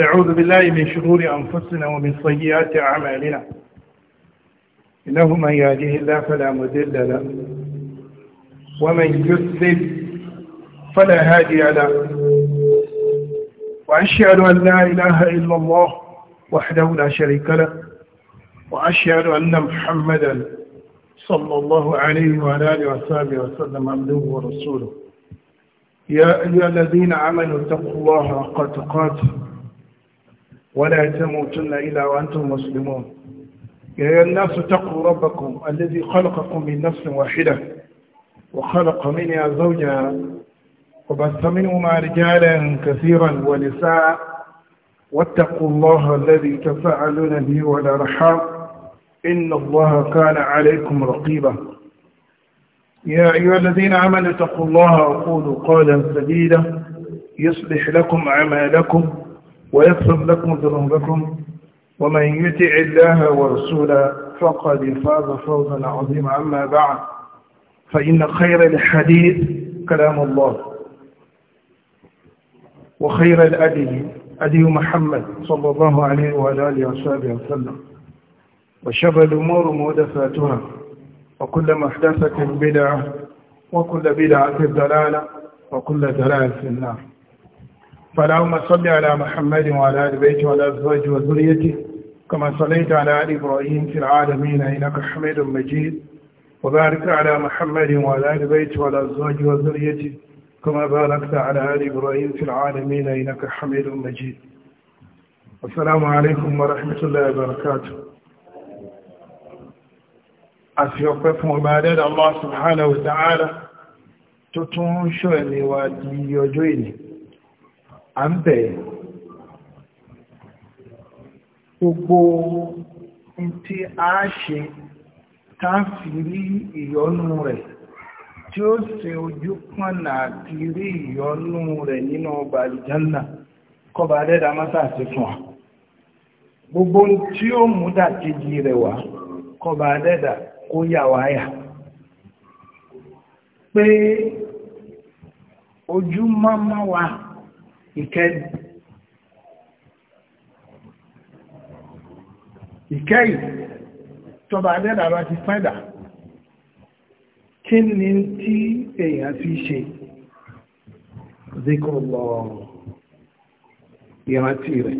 أعوذ بالله من شرور أنفسنا ومن سيئات أعمالنا إنه من يهده الله فلا مذل له ومن يضلل فلا هادي له وأشهد أن لا إله إلا الله وحده لا شريك له وأشهد أن محمدا صلى الله عليه وعلى آله وصحبه وسلم عبده ورسوله يا أيها الذين آمنوا اتقوا الله حق تقاته ولا تموتن إلا وأنتم مسلمون يا أيها الناس اتقوا ربكم الذي خلقكم من نفس واحدة وخلق منها زوجها وبث منهما رجالا كثيرا ونساء واتقوا الله الذي تفاعلون به والأرحام إن الله كان عليكم رقيبا يا أيها الذين آمنوا اتقوا الله وقولوا قولا سديدا يصلح لكم أعمالكم ويغفر لكم ذنوبكم ومن يطع الله ورسوله فقد فاز فوزا عظيما أما بعد فإن خير الحديث كلام الله وخير الأدي أدي محمد صلى الله عليه وعلى آله وصحبه وسلم وشر الأمور مودثاتها وكل محدثة بدعة وكل بدعة ضلالة وكل ضلالة في النار فاللهم صل على محمد وعلى آل بيته وعلى أزواجه وذريته كما صليت على آل إبراهيم في العالمين إنك حميد مجيد وبارك على محمد وعلى آل بيته وعلى أزواجه وذريته كما باركت على آل إبراهيم في العالمين إنك حميد مجيد السلام عليكم ورحمة الله وبركاته أسيقف مبادئ الله سبحانه وتعالى تتون شؤني وأتي يجويني à ń bẹ̀ gbogbo tí a ṣe tá fi rí ìyọnú rẹ̀ tí ó se ojú pọ̀nà àti rí ìyọnú rẹ̀ nínú ọgbà àlìjánà kọba adẹ́dà mọ́sà sí fún wa gbogbo tí ó mú dàkejì rẹ̀ wá kọba adẹ́dà kó yà wáyà pé ojú máa máa wà. ìkẹ́ni ìkẹ́yì tọba adẹ́dà bá ti fẹ́dà kí ni tí èèyàn fi ṣe zikrullah ìrántí rẹ̀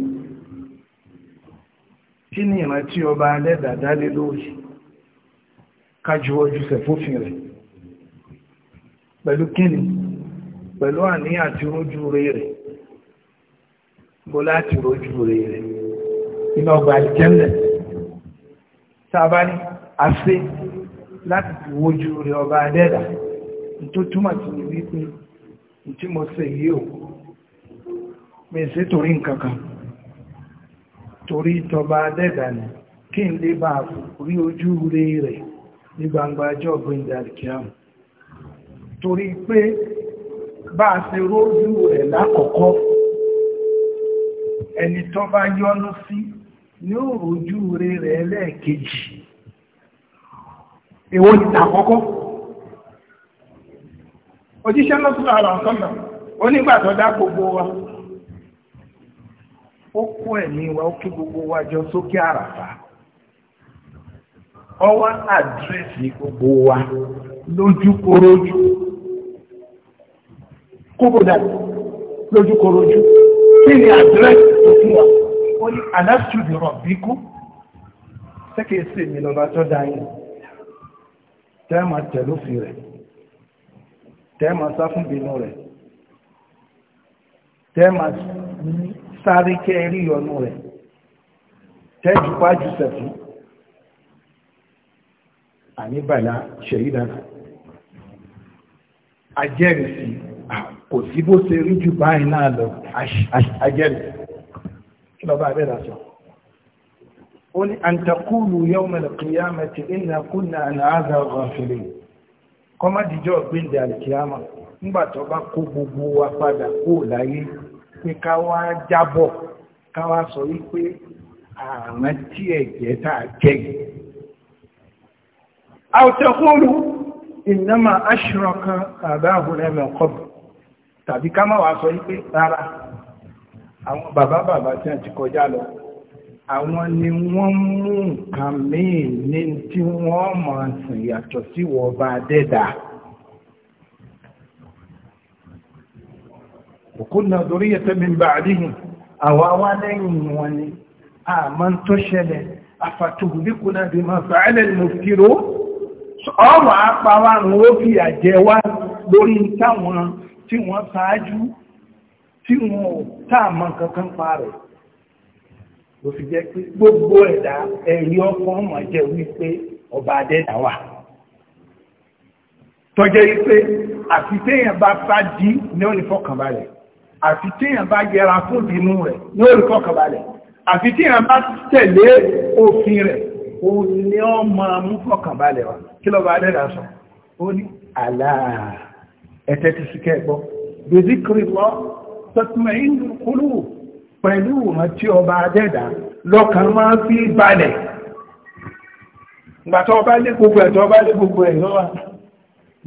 kí ni ìrántí ọba adẹ́dà dálé lórí kájúwọ́jú sẹ̀fófin rẹ̀ pẹ̀lú kíni pẹ̀lú àníyàn àti rójú rẹ̀ rẹ̀ bó láti rojú rẹ̀ rẹ̀ iná ọgbà àlìjẹ́lẹ̀ sábà ní àṣẹ láti fi wojú rẹ̀ ọba adẹ́dà tó túmọ̀ sí ní wípé tí mo ṣe yìí ò mi ṣe torí nǹkankan torí tọba adẹ́dà ni kí n lè bá rí ojú rẹ̀ rẹ̀ ní gbangba ọjọ́ ọ̀gbìn ìdàríkìámù torí pé bá a ṣe rójú rẹ̀ lákọ̀ọ́kọ́ ẹni tó bá yọ́nú sí ní òròjú rẹ̀ rẹ̀ lẹ́ẹ̀kejì èwo ni àkọ́kọ́ òjíṣẹ́ lọ́sùn àrà ọ̀sọ́nà onígbà dá gbogbo wa ó kó ẹ̀mí wa ó kí gbogbo wa jọ sókè àràfà ọwá àdírẹ́sì gbogbo wa lójúkorojú kí ni àdírẹ́sì tó fún wa ó ní aláṣùbì rọ̀bíkú sékèèsè mi lọ́ba tó dáyìn tẹ́ẹ̀mà tẹ̀lófin rẹ̀ tẹ́ẹ̀mà sáfúnbínú rẹ̀ tẹ́ẹ̀mà sáré kẹ́rí ọ̀nù rẹ̀ tẹ́ẹ̀jù pájú sẹ̀fí àníbàlá ṣèyí dára ajẹ́rìsí àwọn kò sí bó ṣe rí jù báyìí náà lọ ajẹ́rì kí lọ bá abẹ́rẹ́ sọ ó ní àǹtakùlù yawm al-qiyamati inna kunna an hadha ghafilin kọ́mádìjọ́ gbéǹdẹ̀ alìkìyàmà nígbà tó bá kó gbogbo wa padà kó láyé pé ká wá jábọ̀ ká wá sọ wípé àrùn tí ẹ̀jẹ̀ tá a jẹ́ yìí. àwòtẹ́kùlù innama ashraka àbáhùn ẹ̀mẹ̀kọ́bù tàbí ká máa wà sọ wípé rárá àwọn bàbá bàbá tí wọ́n ti kọjá lọ àwọn ni wọ́n mú nǹkan míì ní tí wọ́n máa sìn yàtọ̀ sí wọ́ọ̀bá dẹ́dà òkúnnà dorí yẹtẹ́ mi bá àdíhùn àwọn awá lẹ́yìn wọn ni àmọ́ tó ṣẹlẹ̀ afàtùhùdíkùnà bí máa fàálẹ̀ muftirun ọ̀rọ̀ apá wa ń wó fìyà jẹ wá lórí táwọn tí wọ́n ṣáájú tí wọ́n ò táàmà kankan pa rẹ̀ ló fi jẹ́ pé gbogbo ẹ̀dá ẹ̀rí ọkọ̀ ọmọ jẹ́ wípé ọba adẹ́dà wà tọ́jẹ́ wípé àfi téèyàn bá fájí ní ó ní fọkànbalẹ̀ àfi téèyàn bá yẹra fún ìbínú rẹ̀ ní ó ní fọkànbalẹ̀ àfi téèyàn bá tẹ̀lé òfin rẹ̀ ó ní ọmọ mú fọkànbalẹ̀ wa kí lọ́ba adẹ́dà sọ ó ní àlàáfíà ẹ̀tẹ́ ti ṣíkẹ́ ẹ̀gbọ́ bizikrillah tatma'innul qulub pẹ̀lú ìrántí ọba adẹ́dà lọ́kàn máa fi balẹ̀ ìgbàtọ̀ ọba lé gbogbo ẹ̀tọ́ ọba lé gbogbo ẹ̀ lọ́wà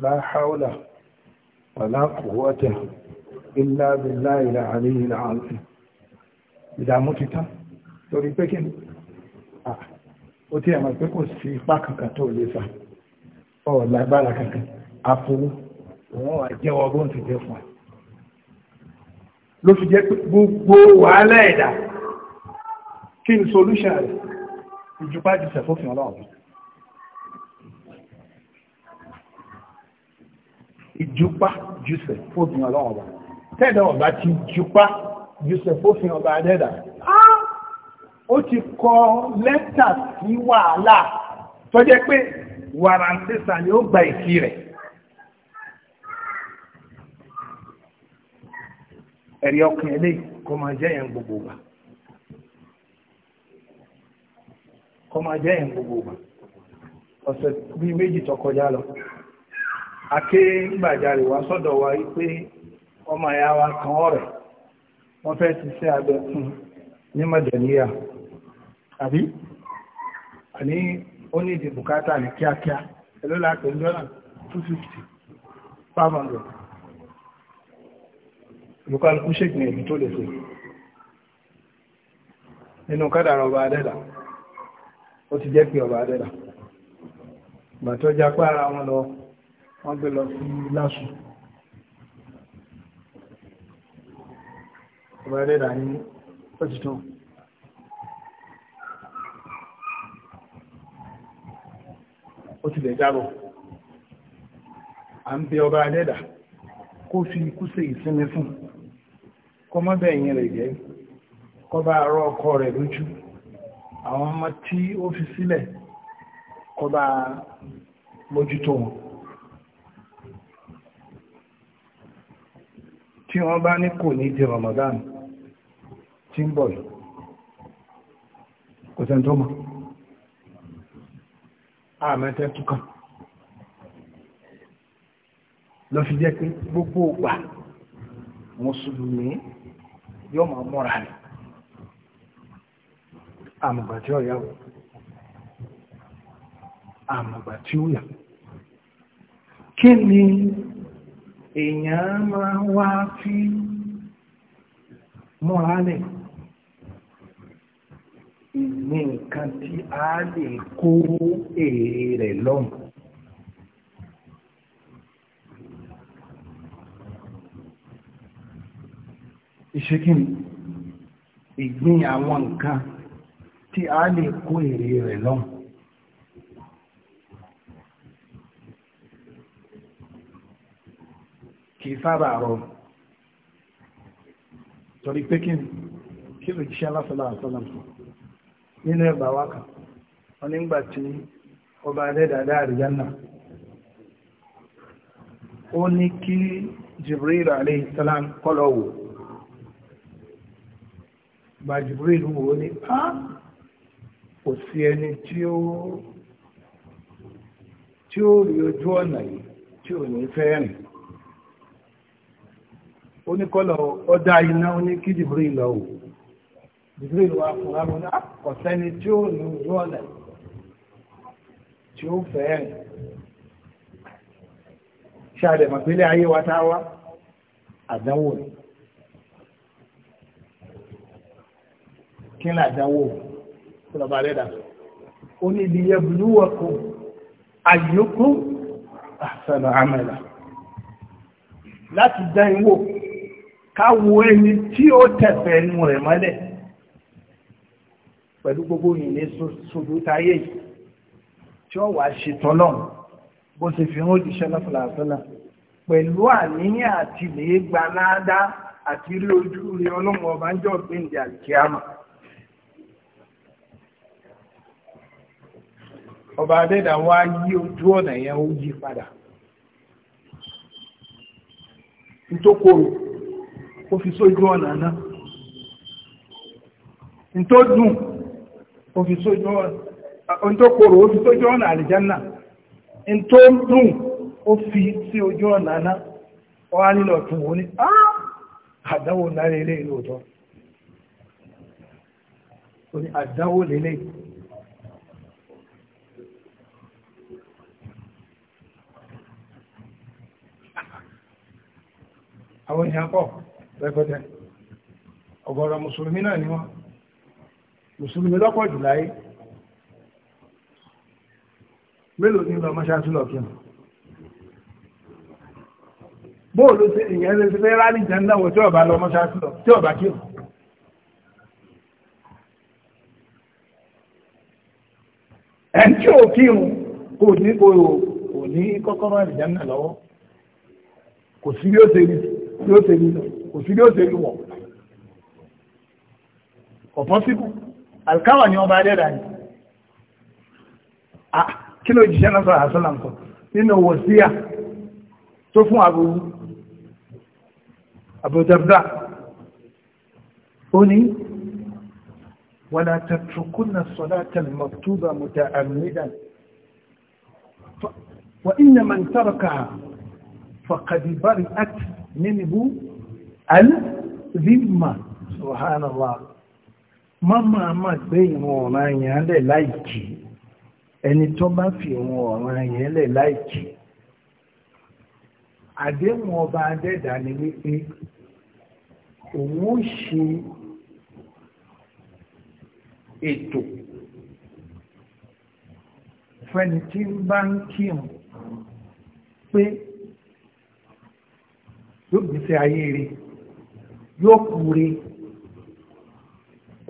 la hawla wala quwwata illa billahi al-aliyyil azim ìdààmú ti tán torí pé kí ni ó ti ẹ̀mọ̀ pé kò sí ipá kankan tó lè fà ọ̀ lágbára kankan àfọwọ́ òun wà jẹ́wọ́ bó ń ti jẹ́ fún ẹ ló fi jẹ́ pé gbogbo wàhálà ẹ̀dá kí ni solution rẹ̀ ìjùpá ti sẹ̀fófin ọlọ́run ìjùpá ju sẹ̀fófin ọlọ́run ọba tẹ́ẹ̀dá ọba ti jùpá ju sẹ̀fófin ọba adẹ́dà ó ti kọ lẹ́tà sí wàhálà tó jẹ́ pé wàràǹtẹ́sà ni ó gba ìsí rẹ̀ ẹ̀rí ọkàn ilé kó máa jẹ́ yẹn gbogbo gbà kó máa jẹ́ yẹn gbogbo gbà ọ̀sẹ̀ bí méjì lọ aké wá sọ́dọ̀ wa wípé ọmọ ìyá wa kan ọ̀rẹ́ wọ́n fẹ́ ti ṣe abẹ fún ní mọ̀dẹ̀níyà àbí àní ó ní ìdìbò kátà ní kíákíá ẹlọ́lá pẹ̀lú 250 500 lùkálùkù ṣègbìyànjú tó lè fò nínú kadara ọba adẹ́dà ó ti jẹ́ pé ọba adẹ́dà gbàtọ́ jápá ara wọn lọ wọ́n gbé lọ fi lasu ọba ti ọba fi kọ́mọ́bẹ̀ ẹ̀yìn rẹ̀ jẹ́ kọba àárọ̀ ọkọ rẹ̀ lójú àwọn ọmọ tí ó fi sílẹ̀ kọba mójútó wọn tí wọ́n bá ní kò ní di Ramadan tí ń bọ̀ yìí kò tẹ́ntọ́mọ̀ àmẹ́tẹ́ túkàn lọ fi jẹ́ pé gbogbo ògbà mùsùlùmí yóò máa múra rẹ̀ àmùgbà tí ọ̀yá wò àmùgbà tí ó yà kí ni èèyàn máa wá fi múra rẹ̀ ní nǹkan tí a lè kó èrè rẹ̀ lọ́hùn ìṣekíni ìgbín àwọn nǹkan tí a lè kó èrè rẹ̀ lọ́wọ́. kìí sábà rọrùn torí pé kí kí ló jíṣẹ́ lásọ̀lá àtọ́làm nínú ẹgbà wákà wọn nígbà tí ọba adẹ́dàdá àríyànnà ó ní kí Jibril alayhi salam kọ́lọ̀ Bàjìbúrìlù wo ni á kò sí ẹni tí ó tí ó rí ojú ọ̀nà yìí tí ò ní fẹ́ rìn ó ní kọ́lọ̀ ọdá iná ó ní kí Jìbúrìlù lọ wò Jìbúrìlù wa fún wa ní àkọ̀sẹ́ni tí ó rí ojú ọ̀nà tí ó fẹ́ rìn ṣáàdẹ̀mọ̀ pélé ayé wa tá a wá àdánwò ni. kí n làdánwò ìjọba rẹ̀dà ó ní ibi yẹ bùlúwọ̀kú àyíkú àṣànà àmàlà láti dán ìwò káwo ẹni tí ó tẹ̀fẹ̀ ẹnu rẹ̀ mọ́lẹ̀ pẹ̀lú gbogbo ìní ṣojú táyé yìí tí ó wà ṣe tọ́lọ̀ bó ṣe fi hàn òjíṣẹ́ lọ́fọ̀làfọ́là pẹ̀lú àníyàn àti lè gbanáadá àti rí ojú rí ọlọ́mọ ọba ń jọ gbé ìdí àkíyàmà. ọba adẹ́dà wá yí ojú ọ̀nà yẹn ó yí padà ntokoro ó fi sójú ọ̀nà náà ntodun ó fi sójú ọ̀nà ntokoro ó fi sójú ọ̀nà àlìjánà ntodun ó fi sí ojú ọ̀nà náà nílò àdáwò náà àwọn èèyàn pọ̀ rẹpẹtẹ mùsùlùmí náà ni mùsùlùmí lọ́pọ̀ jù láyé mélòó ní lọ mọ́ṣáṣí lọ kíọ̀ bóòlù sí ìyẹn lè fẹ́ rálì jẹ́ náà tí ọba lọ mọ́ṣáṣí lọ tí ọba kíọ̀ ẹn tí ò o kò ní kò ní kọ́kọ́rọ́ àlìjẹ́ náà kò sí bí ó ṣe rí bí ó ṣe rí lọ kò sí bí ó ṣe rí wọ̀ kò pọ́sibú alkawa ni ọba adẹ́dà ni ah, kí ló jíṣẹ́ náà sọ̀rọ̀ àṣọ́là nǹkan nínú wọ̀síyà tó fún àbúrú àbúdàbdà ó ní wàlá tàtùkúnnà sọ̀dátàn mọ̀túbà mọ̀tà àmìdàn wa inna man tarakaha fàkàdìbárì act nínú alzimma subhanallah mọ́mọ́ àmà gbé ìwọ̀n ọ̀ràn yẹn lẹ̀ láìkí ẹni tó bá fi ìwọ̀n ọ̀ràn yẹn lẹ̀ láìkí àdéhùn ọba adẹ́dà ni wípé òun ó ṣe ètò fẹ́ni tí ń bá ń kírun pé yóò gbèsè ayé rẹ̀ yóò kú rẹ̀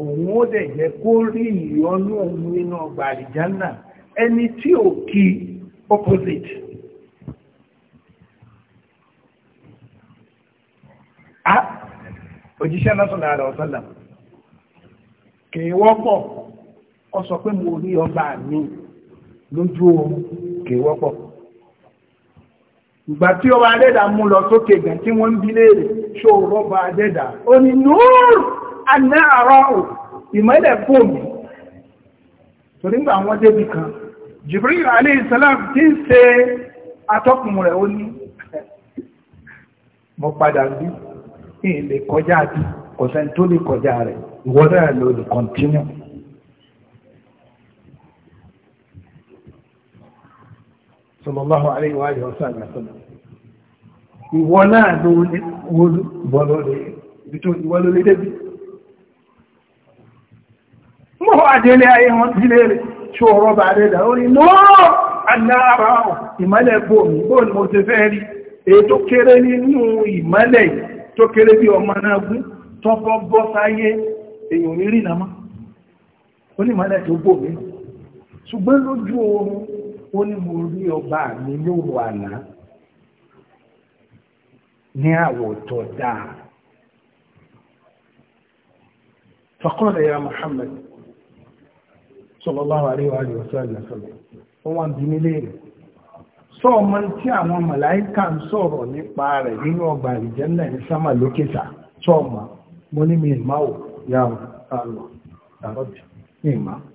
òun ó dẹ̀ jẹ́ kó rí ìyọnú òun inú ọgbà àlìjánà ẹni tí ò kí opposite. a òjíṣẹ́ lọ́sọ̀lá rẹ̀ kì mo rí ọba mi lójú oorun ìgbà tí ọba adẹ́dà mú lọ sókè gàn tí wọ́n ń bí léèrè ṣó rọ́bà adẹ́dà ó ní núúrù àná àárọ̀ ìmọ́lẹ̀ fóòmù torí ń wọ́n débi kan Jibril alayhi salam tí ń ṣe atọ́kùn rẹ̀ ó ní mo padà bí ìlè kọjá àti kọ̀sẹ̀ tó lè kọjá rẹ̀ ìwọ́n náà lè kọ̀ntínú sallallahu alayhi wa alihi wa sallam ìwọ náà ló ní bọ́lọ́lẹ̀ ibi tó ìwọ ló lé débi mọ́ àdélé ayé wọn sílé rẹ̀ ṣó ọ̀rọ̀ bá rẹ̀ dà ó ní lọ́rọ̀ alára ìmọ́lẹ̀ bòmí bóòlù mo ti fẹ́ rí èyí kéré nínú ìmọ́lẹ̀ tó kéré bí ọmọ náà gún tọ́bọ́ bọ́ sáyé èèyàn ní rí nàmá onímọ̀lẹ̀ tó bòmí ṣùgbọ́n lójú oorun ó ní mo rí ọba mi lóru àná ní àwọ̀ dáa ya Muhammad sallallahu alaihi wa sallam wọ́n wá bí nílé rẹ̀ sọ ọmọ tí àwọn màláíkà ń sọ̀rọ̀ nípa rẹ̀ nínú ọgbà ìjẹ́nà ní sámà sọ ọmọ ya àrọ̀ ìmáwò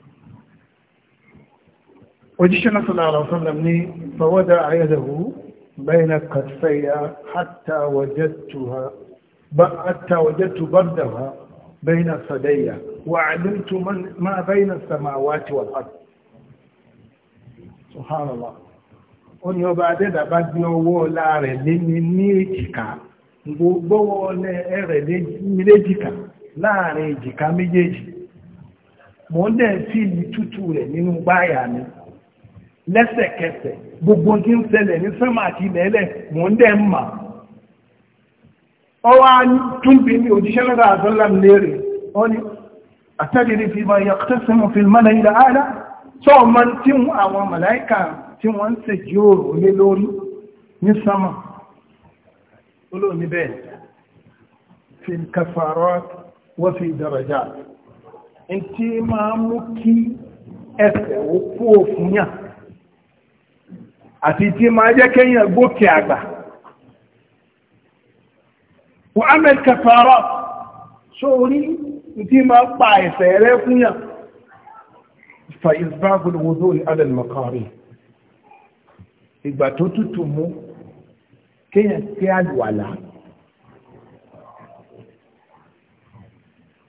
òjíṣẹ́ sallallahu alaihi wasallam ní fawada ayadahu bayna katfaya hatta wajadtuha hatta wajadtu bardaha bayna sadayya wa alimtu ma bayna samawati wal ard subhanallah ó ní ọba adẹ́dà bá gbé ọwọ́ ọlá rẹ̀ lé ní láàrin èjìká méjèèjì mò ń dẹ̀ fi ìlú tútù rẹ̀ nínú báyà mi lẹ́sẹ̀kẹsẹ̀ gbogbo tí ń ṣẹlẹ̀ ní sẹ́mà àti ilẹ̀ẹ́lẹ̀ mò ń dẹ̀ ń mà ọwọ́ túnbí ní òjíṣẹ́ lọ́dọ̀ àzọ́lá lérè ó ní àtẹ́lẹ̀lẹ̀ fi máa yàtọ̀ sí mo fi mọ́nà ilẹ̀ ààrẹ tó ọmọ tí àwọn màláìkà tí wọ́n ń ṣe jíròrò lé lórí ní sẹ́mà olóòní bẹ́ẹ̀ fi kàfàrọ́ wọ́n fi dàrájà ntí máa mú kí ẹsẹ̀ ó kú òfin yàn àti tí máa jẹ́ kéèyàn gòkè àgbà wà amẹ́d kàfàrà sórí tí máa pa ẹ̀ṣẹ̀ rẹ̀ fúnyà fa ìsbáàgùn wòdó ní alẹ́ mọ̀kàrí ìgbà tó tútù mú kéèyàn kí àlùwàlá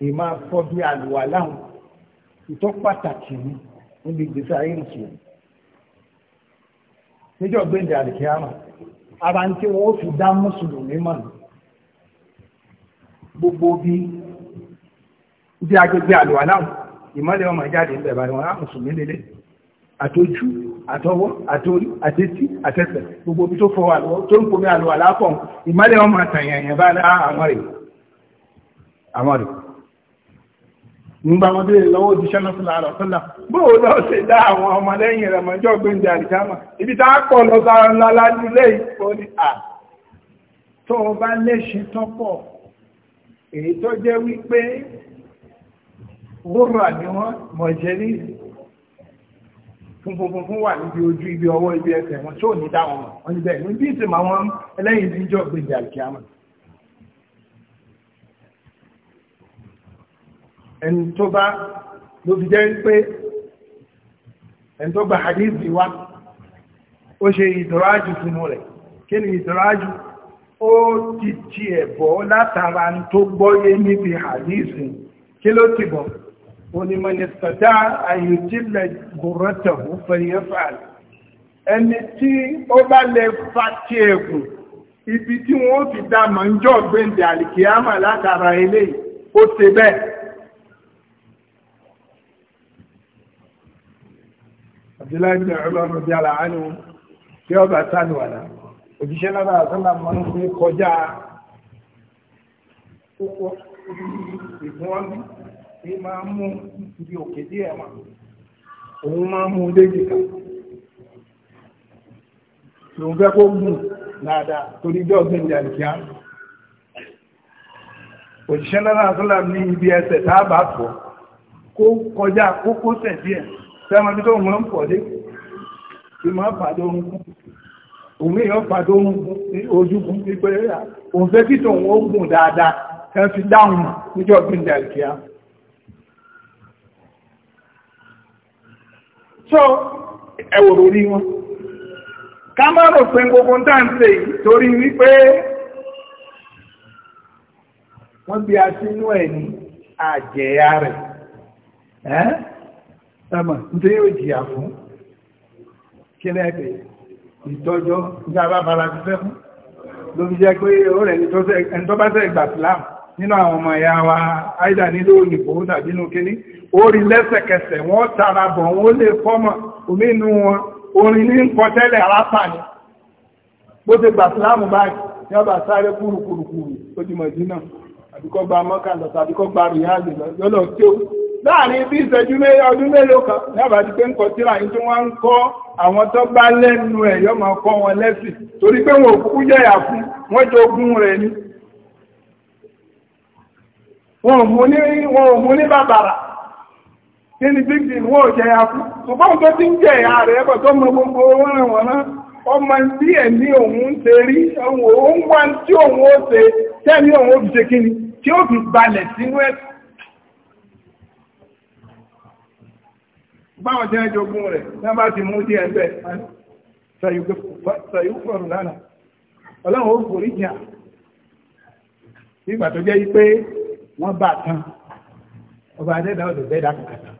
ìmá fọ́ bí àlùwàlá ìtọ́ pàtàkì ní níbi ìgbésí ayé ìṣẹ̀lẹ̀ níjọ́ gbẹ̀ndẹ̀ àlìkíyàmà ara ń tí wọ́n fi dá mùsùlùmí mọ̀ ní gbogbo bí bí agbègbè àlùwà náà ìmọ́lẹ̀ ọmọ ìjáde ń bẹ̀rẹ̀ wọn á mùsùlùmí lélẹ̀ àtọ́jú àtọwọ́ àtọrí àtẹ́tí àtẹ́sẹ̀ gbogbo bí tó fọwọ́ àlọ́ tó ń pomi àlùwà lápọ̀ ìmọ́lẹ̀ ọmọ àtàyàn yẹn bá láwọn rẹ̀ nígbà wọn bèèrè lọ́wọ́ òjíṣẹ́ náà fúnra rẹ̀ fúnra bóò lọ sí dá àwọn ọmọlẹ́yìn rẹ̀ mọ́jọ́ gbéǹdà àríkámà ibi tá a pọ̀ lọ sára ńlá nílé ìfọ́ ni à tó o bá léṣe tọ́pọ̀ èyí tó jẹ́ wípé wúrà ni wọ́n mọ̀jẹ́rí funfunfun fún wà níbi ojú ibi ọwọ́ ibi ẹsẹ̀ wọn tó ní dáwọn wọn níbẹ̀ ní bí ìsìn àwọn ẹlẹ́yìn tí ń jọ ẹni tó bá ló fi jẹ́ pé ẹni tó gba hadithi wá ó ṣe ìdọ́rájù sínú rẹ̀ kí ni ìdọ́rájù ó ti ti ẹ̀bọ́ látara tó gbọ́yé níbi hadithi kí ló ti bọ̀ onímọ̀nìsọ̀dá àyòtílẹ̀ gòrọ́tọ̀hún fẹ̀yẹ́fà ẹni tí ó bá lè fa tí ẹ̀kùn ibi tí wọ́n ti dá mọ̀ ń jọ́ gbẹ̀ǹdẹ̀ àlìkíyàmà látara eléyìí ó ṣe bẹ́ẹ̀ Abdullahi bin Umar radi Allahu anhu tí ó bá sánú àná òjíṣẹ́ náà bá sánú àmọ́ ń fi kọjá púpọ̀ ìgbọ́n ní máa mú ibi òkè díẹ̀ mà òun máa mú déjì kan lòun fẹ́ kó gùn dáadáa torí dọ́ọ̀gbìn ìdàlùkíá òjíṣẹ́ náà sánú àmọ́ ní ibi ẹsẹ̀ tá a bá fọ̀ kó kọjá kókó tẹ̀ díẹ̀. sẹ́wọ̀n tó mọ́ ń pọ̀ dé tí máa pàdé ohun kún òun èèyàn pàdé ohun ojúkún pípẹ́ òun fẹ́ kí tòun ó gùn dáadáa ẹ fi dáhùn níjọ́ rí wọn ká má rò pé gbogbo ń torí wípé a sínú ẹmọ nítorí yóò jìyà fún kí lẹ́ẹ̀dẹ̀ ìtọ́jọ́ ní abábára ti fẹ́ fún ló fi jẹ́ pé ó rẹ̀ ẹni tó bá sẹ́ ìgbà sílámù nínú àwọn ọmọ ẹ̀yà wa àìdà nílò òyìnbó tàbí inú kíní orí lẹ́sẹ̀kẹsẹ̀ wọ́n tara bọ̀ wọ́n lè fọ́mọ̀ omi inú wọn orin ní ń kọtẹ́lẹ̀ arápà ni bó ti gbà sílámù báyìí ní ọba sáré kúrukúrukúrù ojúmọ̀ dínà àbíkọ́ gba mọ́kànlọ́ta àbíkọ́ gba rìálì lọ́lọ́ tí ó láàrin bí ìṣẹ́jú ọdún mélòó kan lábàá ti pé ń kọ tíra yìí kọ awọn ń kọ́ àwọn tó bá lẹ́nu ẹ̀ kọ́ wọn lẹ́sìn torí pé wọn ò jẹ́yà fún wọ́n rẹ̀ ni wọn ò ní kí ni big ò jẹ́yà fún ṣùgbọ́n tó ti ń jẹ́yà rẹ̀ ẹ̀bọ̀ tó mọ gbogbo báwọn jẹ́ jogun rẹ̀ náà bá ti mú díẹ̀ bẹ́ ṣàyúkọ̀rù lánà ọlọ́run ó forí jà nígbà tó jẹ́ pé wọ́n bá tán ọba adẹ́dà ọ̀dọ̀ bẹ́ẹ̀dà kàkàtà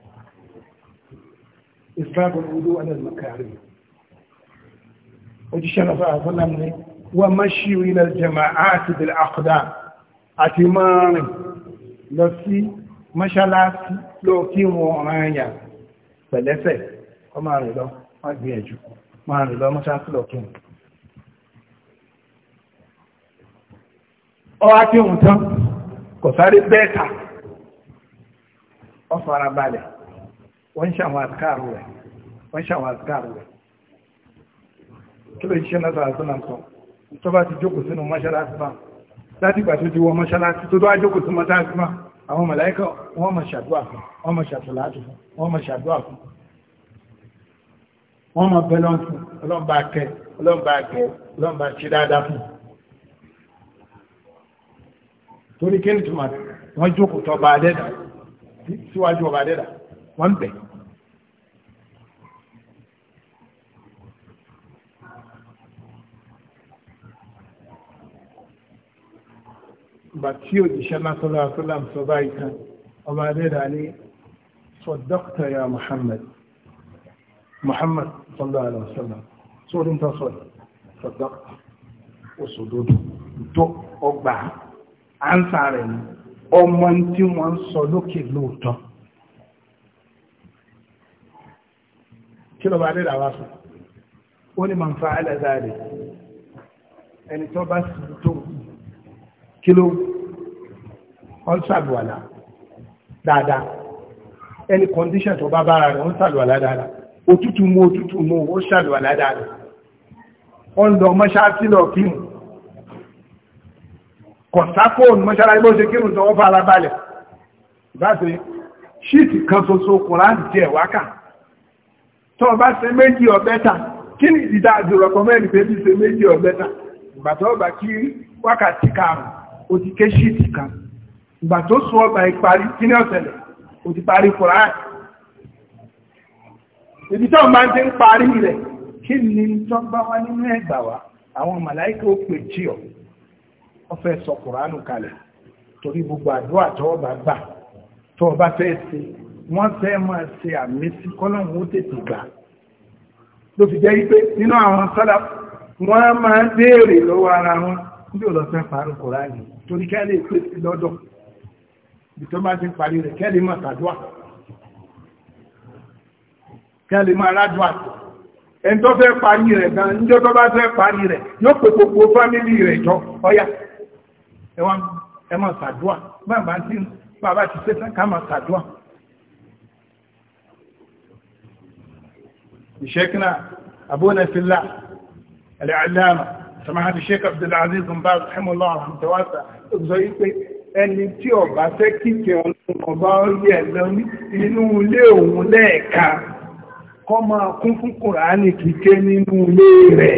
ìsìláàbù ọdún wọn lẹ́nu mọ̀kàrí ojúṣẹ́ lọ́fà àfọ́lámù ni wọ́n pẹ̀lẹ́fẹ̀ ọ máa rìn lọ má gbìyànjú máa rìn lọ mọ́ṣáàkìlọ̀ kí ọ ọwá tí òun tán kò sáré ta ọ fara balẹ̀ wọ́n ṣàwọn àtikáàrù rẹ̀ wọ́n ṣàwọn àtikáàrù rẹ̀ kí ló ṣiṣẹ́ náà sọ̀rọ̀ tó bá ti jókòó sínú mọ́ṣáláṣí láti tó ti wọ mọ́ṣáláṣí tó tó jókòó mọ́ṣáláṣí àwọn màláíkà wọ́n máa ṣàdúà fún wọ́n máa ṣàtọ̀láàtù fún wọ́n máa ṣàdúà fún wọ́n máa bẹ́lọ́ fún ọlọ́mbà kẹ ọlọ́mbà kẹ ọlọ́mbà ṣe dáadáa fún torí kí ní túnmà wọ́n jókòó tọba adẹ́dà síwájú ọba adẹ́dà wọ́n bẹ̀rẹ̀ ìgbà tí òjíṣẹ́ lásọ́lá àtọ́lá sọ báyìí kan ọba adẹ́dà ní sọ̀dọ́kítà ya Muhammad Muhammad sọ́lá àlọ́sọ́lá sórí ń tọ́sọ̀ sọ̀dọ́kítà òṣòdodo tó ọgbà ánsà rẹ̀ ni ọmọ tí wọ́n ń sọ lókè lóòótọ́ kí lọ́ba adẹ́dà wá sọ ó ní màá fa àlẹ́ dáadé ẹni tó bá sì tó kí ló ń ṣàlùwàlà dáadáa ẹni condition tó bá mo rẹ̀ ń ṣàlùwàlà dáadáa òtútù mú òtútù mú ó ṣàlùwàlà dáadáa wọ́n lọ mọ́ṣáàtì lọ kírun kọ̀sáfóònù mọ́ṣáàtì bó ṣe kírun tó wọ́n fara balẹ̀ ìbáṣe ṣíìtì kan ṣoṣo kùránì jẹ́ wákà tó bá ṣe méjì ọ̀bẹ́ta kí ni ìdájọ́ rọ̀kọ́mẹ́rin pé bí ṣe méjì beta ìgbàtọ́ ọba kí wákàtí karùn-ún ó ti ké ṣíìtì kan ìgbà tó sún ọgbà ìparí kí ní ọ̀sẹ̀lẹ̀ ó ti parí Kùránì ibi tó máa ń ti ń parí rẹ̀ kí ni tó bá wá nínú ẹgbà wá àwọn màláìkà ó pè tí ọ wọ́n fẹ́ sọ Kùránì kalẹ̀ torí gbogbo àdúrà tó ọba gbà tó ọba fẹ́ ṣe wọ́n fẹ́ máa ṣe àmì sí kọ́lọ́hún ó tètè gbà ló fi jẹ́ wípé nínú àwọn sálà wọ́n máa ń béèrè lọ́wọ́ ara wọn níbi ò lọ fẹ́ parí Kùránì torí kẹ́lẹ̀ pé lọ́dọ̀ ìtọ́ bá ti ń parí rẹ̀ kẹ́lẹ̀ máa tàdúà kẹ́lẹ̀ máa rádùà ẹni tó fẹ́ parí rẹ̀ gan níjọ́ tó bá fẹ́ parí rẹ̀ yóò pè gbogbo fámílì rẹ̀ jọ ọyá ẹ máa tàdúà bàbá ti bàbá ti ṣe tán sàmáhà ti sheik abdulaziz nbà rahimahullah alhamdulilayi ó sọ yí pé ẹni tí ọba fẹ́ kíkẹ́ ọba yẹ lọ inú ilé òun lẹ́ẹ̀ka kọ́ máa kún fún kùránì kíkẹ́ nínú ilé rẹ̀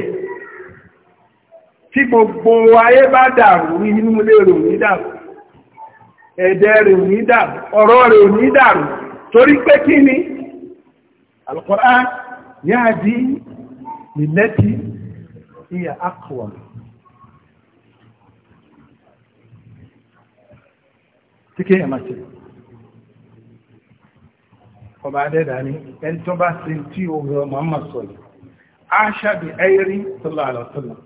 tí gbogbo ayé bá dàrú inú ilé rẹ̀ ò dàrú ẹ̀dẹ̀ rẹ̀ ò dàrú ọ̀rọ̀ rẹ̀ ò dàrú torí pé kí ni Al-Qur'an yáàdí ìlẹ́tì هي أقوى تكيه ما تكيه وبعدها داني انتو بس انتي انتو محمد صلى الله عليه وسلم عاش بأيري صلى الله عليه وسلم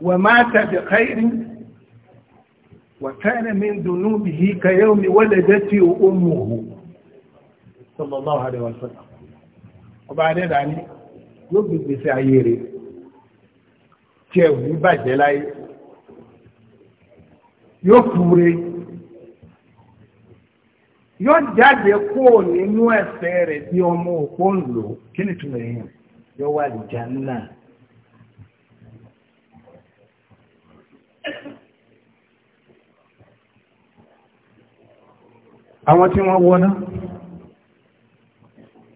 ومات بخير وكان من ذنوبه كيوم ولدتي وأمه صلى الله عليه وسلم وبعدين داني يبدو بسعيري tí ẹ̀ ní bàjẹ́ láyé yóò fure yóò jáde kó nínú ẹ̀fẹ́ rẹ̀ bí ọmọ òpó ń lò kí ni túnmọ̀ èèyàn yóò wà lè jà ńlá àwọn tí wọ́n wọ́n náà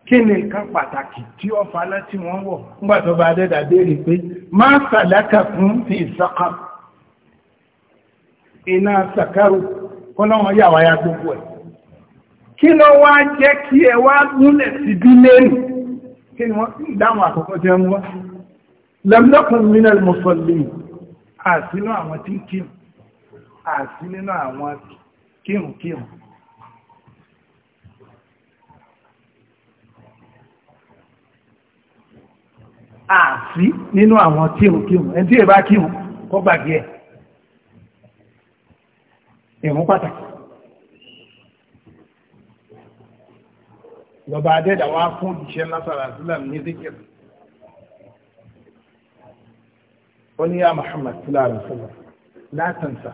kí ni nǹkan pàtàkì tí ó fa láti wọ́n wọ̀ nígbàtọ́ bá dẹ́dà béèrè pé má sàlákà fún fi ìsọ́kà iná sàkárù kọ́lọ́wọ́n yà wáyá gbogbo ẹ̀ kí ló wá jẹ́ kí ẹ wá gúnlẹ̀ sí bí lẹ́nu kí ni wọ́n dáhùn àkọ́kọ́ jẹ́ mú wá lẹ́mdọ́kùn mínal mùsọ̀lẹ̀ àsínú àwọn tí kírun àsínú àwọn kírun kírun àti nínú àwọn kírun kírun ẹni tí èbá kírun kọ́ gbàgbé ẹ̀ ìrún pàtàkì lọba adẹ́dà wá fún ìṣẹ́ lásàrà sílẹ̀ ní zikir ó ní yá Muhammad sílẹ̀ àrùn sílẹ̀ látàǹsà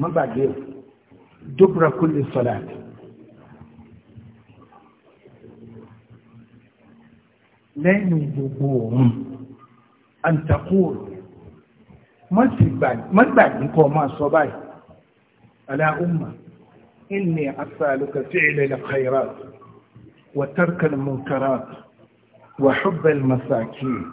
mọ́gbàgbé dúbùrà kulli salati لا يجبهم أن تقول ما بعد ما تبعني كما صباي على أمة إني أسألك فعل الخيرات وترك المنكرات وحب المساكين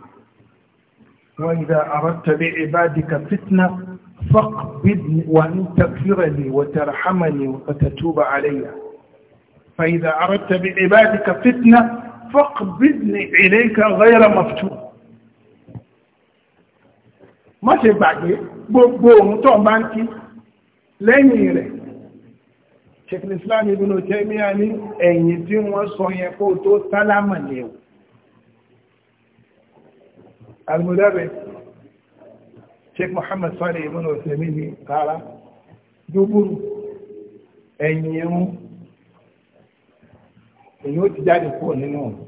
وإذا أردت لعبادك فتنة فاقبضني وأن تغفر لي وترحمني وتتوب علي فإذا أردت بعبادك فتنة fọ́kbìdì ìlẹ́ka ghayra maftun má ṣe gbàgbé gbogbo ohun tó bá ń kí lẹ́yìn rẹ̀ ṣekìlì islam ibn Taymiyyah ní ẹ̀yìn tí wọ́n sọ yẹn kó tó sálámà lẹ́wọ̀ almudarris sheikh muhammad salih ibn Taymiyyah ní rárá dúbúrú ẹ̀yìn ẹ̀hún èyí ó ti jáde kúrò nínú ọ̀nà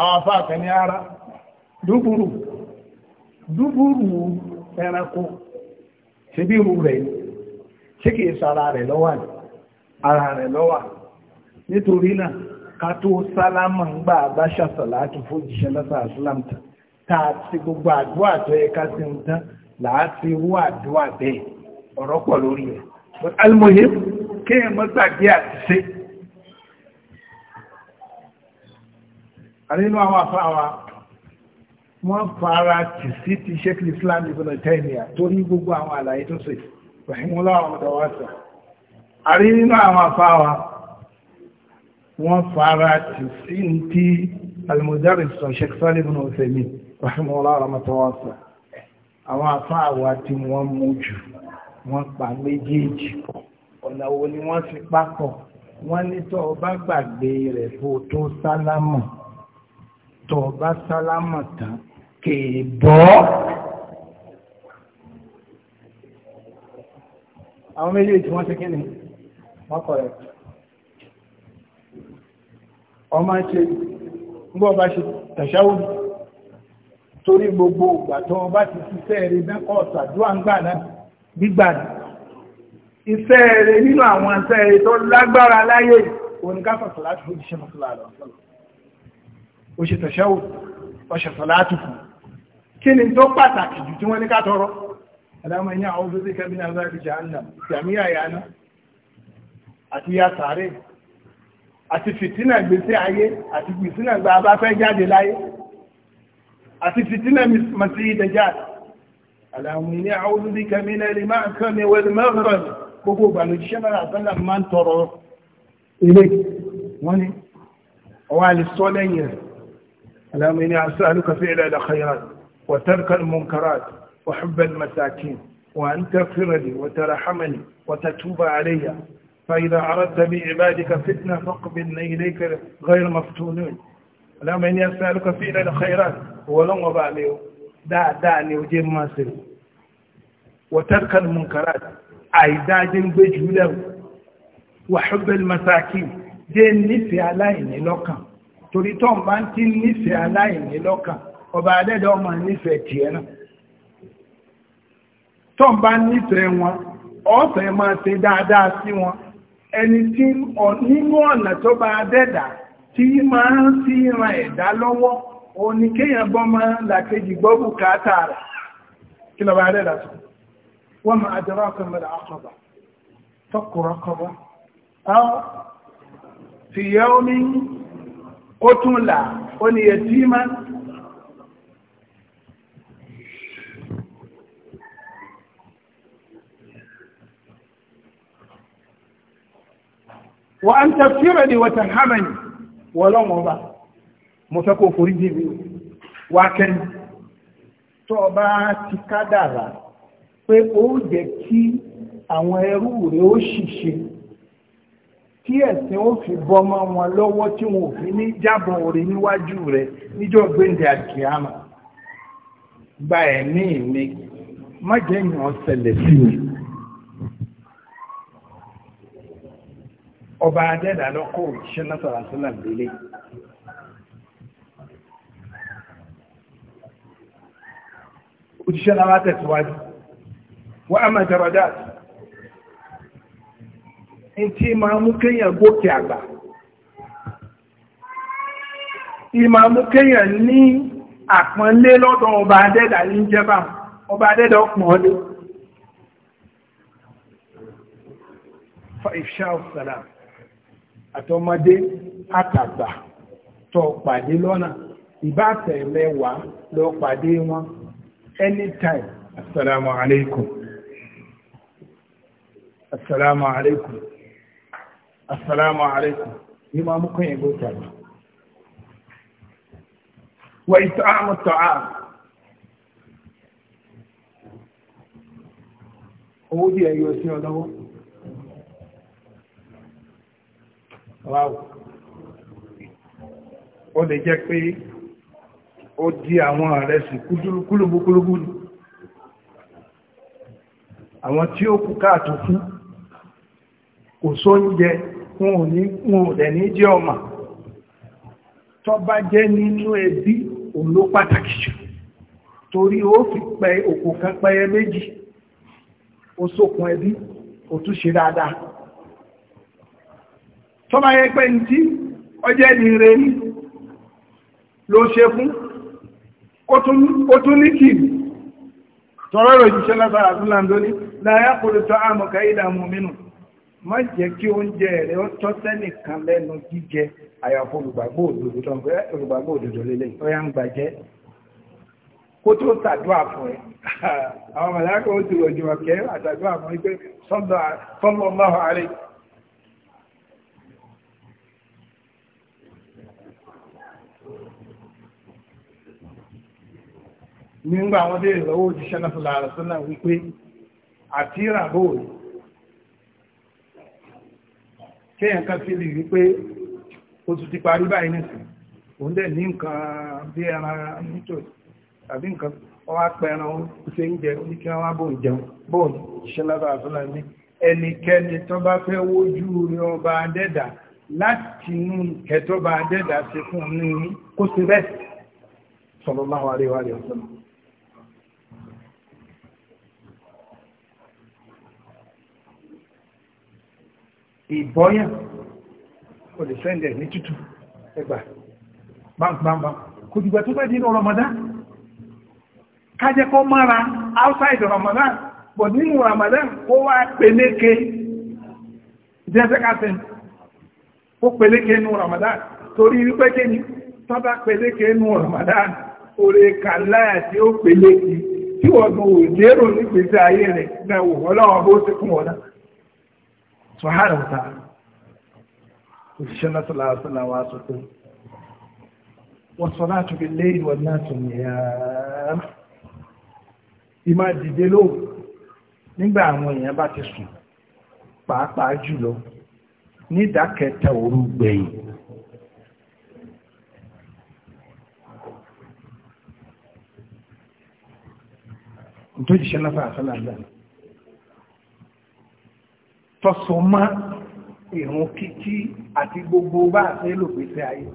àwọn afáàkẹ́ ní ara dúbúrú dúbúrú ẹranko ṣe bí irú rẹ̀ ṣé kìí sara rẹ̀ lọ́wà ní ara rẹ̀ lọ́wà nítorí náà ká tó sálámà ń gbà bá ṣàṣàlá àti fòjìṣẹ́ lọ́sà àṣìlámta tá a ti gbogbo àdúrà tó yẹ ká sí ń tán láti wú àdúrà bẹ́ẹ̀ ọ̀rọ̀ pọ̀ lórí rẹ̀ almohim kéèyàn mọ́ gbàgbé àti ṣe àrínú àwọn afáwa wọ́n fara tì sí ti sheikh islam ibn taymiya torí gbogbo àwọn àlàyé tó ṣe rahimullah àwọn ọ̀dọ̀ wá sọ àrínú àwọn afáwa wọ́n fara tì sí ti almudarris sọ sheikh salih ibn uthaymin rahimullah àwọn ọ̀dọ̀ wá sọ àwọn afáwa tí wọ́n ní tó bá gbàgbé rẹ̀ fò tó sálámù tọ̀ọ̀bá sálámà tán kèè bọ́ àwọn méjèèjì wọ́n ti kíni wọ́n kọ̀ rẹ̀ ọmọ ṣe gbọ́ bá ṣe tàṣáwù torí gbogbo ìgbà tó wọ́n bá ti ṣiṣẹ́ rẹ̀ dákọ̀ ṣàdúrà ń gbà náà gbígbà ní iṣẹ́ rẹ̀ nínú àwọn iṣẹ́ rẹ̀ tó lágbára láyé òníkàfàṣà láti fojúṣe mọ́sálà lọ́sọ̀lọ́ ó ṣe tẹ̀ṣẹ́wò ọṣẹ̀ sọ̀láàtù fún kí ni tó pàtàkì jù tí wọ́n ní ká tọrọ aláma ní àwọn obìnrin kẹ́bínà azáàrí jàánà jàmíyà yàánà àti ya sàárè àti fìtínà gbèsè ayé àti gbèsínà gba abáfẹ́ jáde láyé àti fìtínà màsí ìdẹjà aláma ní àwọn obìnrin kẹ́bínà lè máa kàn ní wẹ́lì gbogbo ìgbàlójíṣẹ́ mẹ́rà sọ́lá máa ń tọrọ اللهم إني أسألك فعل الخيرات وترك المنكرات وحب المساكين وأن تغفر لي وترحمني وتتوب علي فإذا أردت بعبادك فتنة فاقبلنا إليك غير مفتونين اللهم إني أسألك فعل الخيرات ولن وبالي دع دعني وجيب ما سري وترك المنكرات أي داجن بجهله وحب المساكين دين نفي عليني لوكم torí tó ń bá ń tí nífẹ̀ẹ́ aláìní lọ́kàn ọba adẹ́dẹ́ ọmọ nífẹ̀ẹ́ tiẹ̀ náà tó ń bá nífẹ̀ẹ́ wọn ọ̀fẹ́ máa ṣe dáadáa sí wọn ẹni tí nínú ọ̀nà tó bá adẹ́dà tí máa ń sí ran ẹ̀dá lọ́wọ́ òní kéèyàn bọ́ máa ń làkejì rẹ̀ kí lọ́ba adẹ́dà wọ́n máa dọ́rọ́ ọkọ̀ omi ó tún là ó ní yẹtímà wa an tafsira ni wa tarhamani wọ́lọ́wọ́ bá mo fẹ́ kó forí jíbi wá kẹ́ni tó bá ti kádàrà pé ó jẹ́ kí àwọn ẹrú rẹ̀ ó ṣìṣe kí ẹ̀sìn ó fi bọ́mọ wọn lọ́wọ́ tí wọn ò fi ní jábọ̀ orí níwájú rẹ̀ níjọ́ gbéǹde àkìyàmà gba ẹ̀mí mi má jẹ́ èèyàn ṣẹlẹ̀ sí mi. ọba adẹ́dà lọ́kọ̀ òṣìṣẹ́ náà sọ̀rọ̀ sílẹ̀ délé. òṣìṣẹ́ náà wá tẹ̀síwájú wọ́n á máa jẹ́rọ dáàtì. tí máa mú kéèyàn gòkè àgbà ìmọ̀ kéèyàn ní àpọ́nlé lọ́dọ̀ ọba adẹ́dà ní jẹba ọba adẹ́dà ọpọ̀ọ́lé àtọmọdé àtàgbà tọ pàdé lọ́nà mẹ́wàá lọ pàdé wọn anytime assalamu alaikum assalamu alaikum assalamu alaikum ní máa mú kún ìgbó tàbí wà ìtọ́ àmú tọ́á owó bí ẹ̀yọ sí ọlọ́wọ́ wáwù ó lè jẹ́ pé ó di àwọn ààrẹ sí kúlùkúlùkúlùkú ni àwọn tí ó kú káàtó fún kò sóúnjẹ wọn ò ní ní jẹ́ ọmọ tó bá jẹ́ nínú ẹbí òun ló pàtàkì jù torí ó fi pẹ òkú kan pẹyẹ méjì ó sókun ẹbí ó tún ṣe dáadáa tó bá yẹ pé ní tí ọjẹ́ ní rẹ ní ló ṣe fún ó tún ní kìí tọrọ ìròyìn má jẹ́ kí oúnjẹ rẹ̀ ó tọ́ sẹ́nìkan lẹ́nu jíjẹ àyàfó olùgbàgbọ́ òdòdó tó ń pẹ́ olùgbàgbọ́ òdòdó lélẹ̀ ó yá ń gbàjẹ́ kó tó tàdúà fún ẹ àwọn màláàkà ó ti rọ̀jù ọ̀kẹ́ àtàdúà fún pé sọ́lọ́ ọlọ́hà rẹ̀ nígbà àwọn dé ìrọ̀wọ́ òjíṣẹ́ náà fúnra rẹ̀ sọ́nà wípé àtìràbò rẹ̀ kéèyàn kan fi lè rí pé oṣù ti parí báyìí nìsín òun dẹ̀ ní nǹkan bí ẹran nítòsí tàbí nǹkan wọ́n wá pẹ ẹran ṣe ń jẹ ní kí wọ́n wá bò jẹun bóòlù ṣe lábẹ́ àfúlà ní ẹnikẹ́ni tó bá fẹ́ wójú rí ọba adẹ́dà láti inú kẹtọ́ba adẹ́dà ṣe fún un ní kó ṣe bẹ́ẹ̀ sallallahu alaihi wa sallam ìbọ́yàn o lè sẹ́ndẹ̀ ní tútù ẹgbà bámbámbá kò dìgbà tó dínú Ramadan kájẹ́kọ́ mara outside Ramadan bọ̀ nínú Ramadan wá nínú Ramadan torí wípé tọ́bá nínú Ramadan orí kàláyà tí ó tí wọ́n òjérò nígbèsè ayé rẹ̀ ọlọ́wọ́ bó ti kún sọ̀hárà wọ̀ta òṣìṣẹ́ lásìlá àṣìlá wa sọ pé wọ́n sọ láti fi lé ìwọ̀n náà tó ní yàrá ìmá dìde lóòrùn nígbà àwọn èèyàn bá ti sùn pàápàá jùlọ ní ìdákẹta òru gbẹ̀yìn tó jíṣẹ́ tọ́sọ mọ́ ìrun kíkí àti gbogbo bá àṣẹ lòpèsè ayé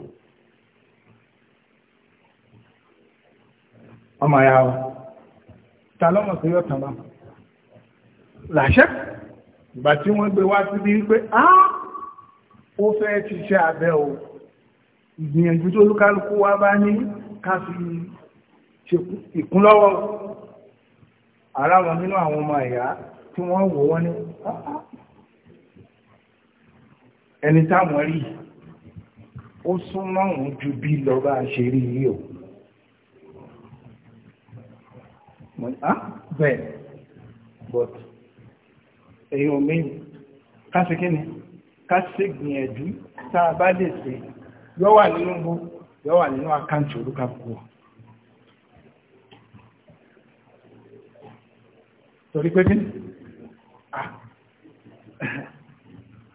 ọmọ ya ọ ta lọ́mọ̀ sí yọ tàn bá làṣẹ ìgbà tí wọ́n gbé wá síbi wípé á ó fẹ́ ti ṣe abẹ́ o ìgbìyànjú tó lúkálùkù wá bá ní ká fi ìkúnlọ́wọ́ ara wọn nínú àwọn ọmọ ẹ̀yà tí wọ́n wò wọ́n ní ẹni táwọn rí ó súnmọ́ òun ju bí lọ bá ṣe rí rí o ah, bẹ́ẹ̀ but èyàn mẹ́rin káṣe kí ni káṣe gbìyànjú tá a bá lè ṣe yọ́ wà nínú bó yọ́ wà nínú àkáǹtì olúkàkú torí pé kí ni ah,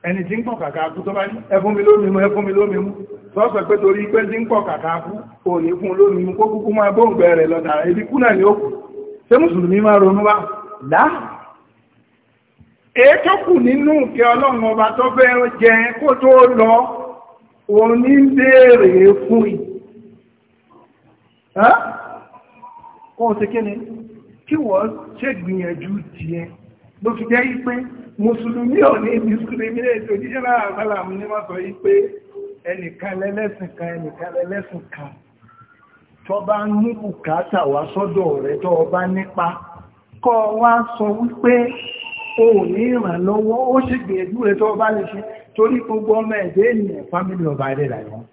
ẹni tí ń pọ̀ kàkà akú tó bá ní ẹfún mi lómi mú ẹfún mi lómi mú sọ́sọ̀ pé torí pé tí ń pọ̀ kàkà akú ò ní fún lómi mú kó kúkú máa bóǹgbẹ̀ rẹ̀ lọ́dà ibi kú náà ni ó kù ṣé mùsùlùmí máa ronú bá dá èé tó kù nínú ìkẹ́ ọlọ́run ọba tó fẹ́ jẹ kó tó lọ òun ní béèrè fún ì kó o ṣe kí ni kí wọ́n ṣègbìyànjú tiẹ̀ ló fi jẹ́ pé mùsùlùmí ò ní discriminate òjíṣẹ́ láàrínlá mú ní wọ́n sọ yí pé ẹnìkan lẹ́lẹ́sìn kan ẹnìkan lẹ́lẹ́sìn kan tọ́ bá ń bùkátà sọ́dọ̀ rẹ tọ́ ọba nípa kọ́ wá sọ wípé o ní ìrànlọ́wọ́ ó sì gbìyànjú rẹ̀ lè gbogbo ọmọ ẹ̀dẹ́ ènìyàn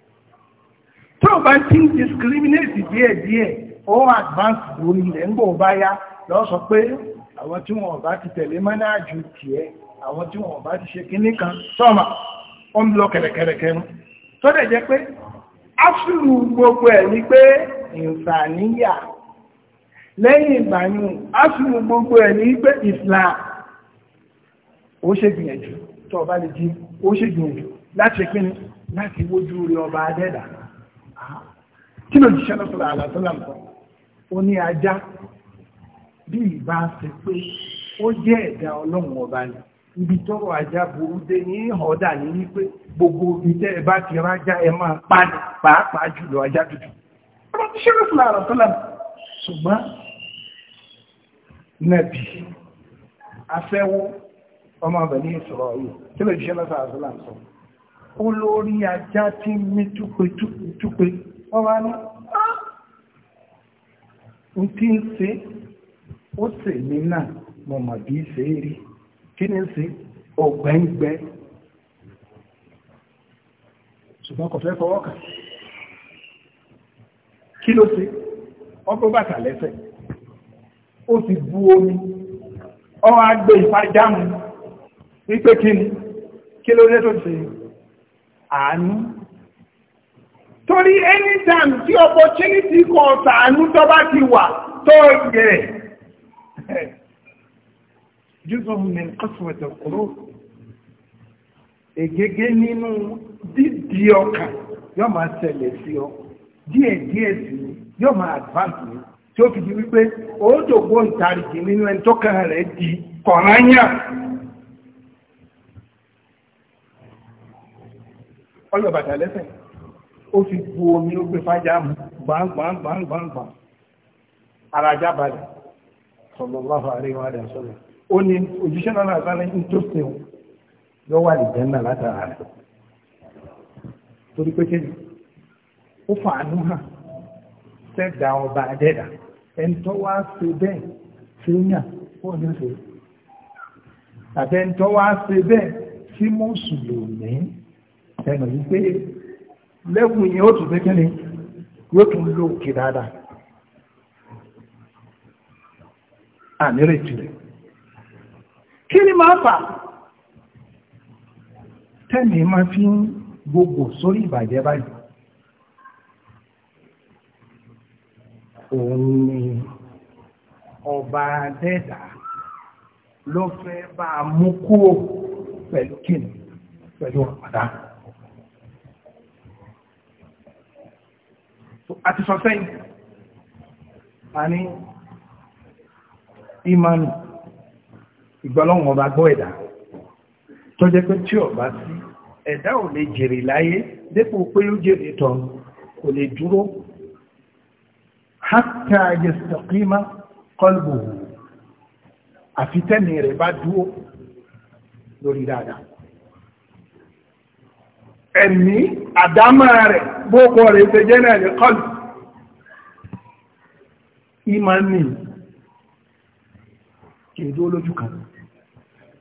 ọba ti ń discriminate díẹ̀díẹ̀ ó advance lórí ń bọ̀ àwọn tí wọ́n bá ti tẹ̀lé mẹ́nájú tiẹ̀ àwọn tí wọ́n bá ti ṣe kíní kan sọ́mà ó ń lọ kẹ̀rẹ̀kẹ̀rẹ̀kẹ̀ mú tó dẹ̀ jẹ́ pé áṣùlù gbogbo ẹ̀ ní pé ìsàníyà lẹ́yìn ìgbàyùn áṣùlù gbogbo ẹ̀ ní pé Islam ó ṣe bí ìbá ṣe pé ó jẹ́ ẹ̀dá ọlọ́run ọba ni ibi tọrọ ajá burú dé ní ọ̀dà ní wípé gbogbo ibi ẹ bá ti rájá ẹ máa pa ní pàápàá jùlọ ajá dúdú ọ̀rọ̀ tí ṣe rúfin àrà tó lẹ́nu ṣùgbọ́n nàbì afẹ́wó ọmọ ọbẹ̀ ní ìṣòro yìí tí lè ṣe lọ́sàá àṣọ láǹsọ̀ ó lórí ajá tí ń mí túpe túpe túpe wọ́n wá ní ń ah, ń ṣe ó sì mí náà mo mọ̀ bí ṣe é rí kí ni sí ọ̀gbẹ́ngbẹ́ ṣùgbọ́n kò fẹ́ fọwọ́ kàn kí ló ṣe ọgbọ́n bàtà lẹ́sẹ̀ ó ti bu omi ọwọ́ agbé ìfajámu wípé kí ni kí ló dé tó ṣe àánú torí anytime tí opportunity kan ṣàánú tó bá ti wà tó yẹ jùzọ mi kọ́sùwẹ̀tẹ̀ kúrò ègégé nínú dídí ọkàn yóò máa ṣẹlẹ̀ sí ọ díẹ̀ díẹ̀ sí i yóò advance tí di wípé òódògbò ìtàríjì nínú ẹni tó kàn di kọ̀ọ̀rányà. ọyọ bàtà lẹ́sẹ̀ bu omi sallallahu alaihi wa sallam ó ní òjíṣẹ́ náà náà sáré ń tó sí o yọ wà lè jẹ́ náà látara rẹ̀ torí pé kéde ó fàánú hàn sẹ́dá ọba àdẹ́dà ẹni tó wá ṣe bẹ́ẹ̀ ṣe ń yàn fún ọdún ṣe àtẹ́ntọ́ wá ṣe bẹ́ẹ̀ tí mùsùlùmí ẹnu yìí pé lẹ́gùn yìí ó tún fẹ́ ni yóò tún lò kí dáadáa ànírètí rẹ̀ kí ni máa fà tẹ́mì máa fi ń gbogbo sórí ìbàjẹ́ báyìí òun ni ọba dẹ́dà ló fẹ́ bá a mú kúrò pẹ̀lú kíni pẹ̀lú ọ̀pàdá àti sọ sẹ́yìn a ní ìmánu ìgbọ́lọ́wọ́n ọba gbọ́ ẹ̀dá tó jẹ́ pé tí ọba sí ẹ̀dá ò lè jèrè láyé dépò pé ó jèrè tán kò lè dúró hátà yẹsẹ̀kímá kọlbù àfitẹ́ni rẹ̀ bá dúró lórí dáadáa ẹ̀mí àdámà rẹ̀ bókọ rẹ̀ ṣe jẹ́ náà ní kọlù ìmánu kì í dúró lójú kan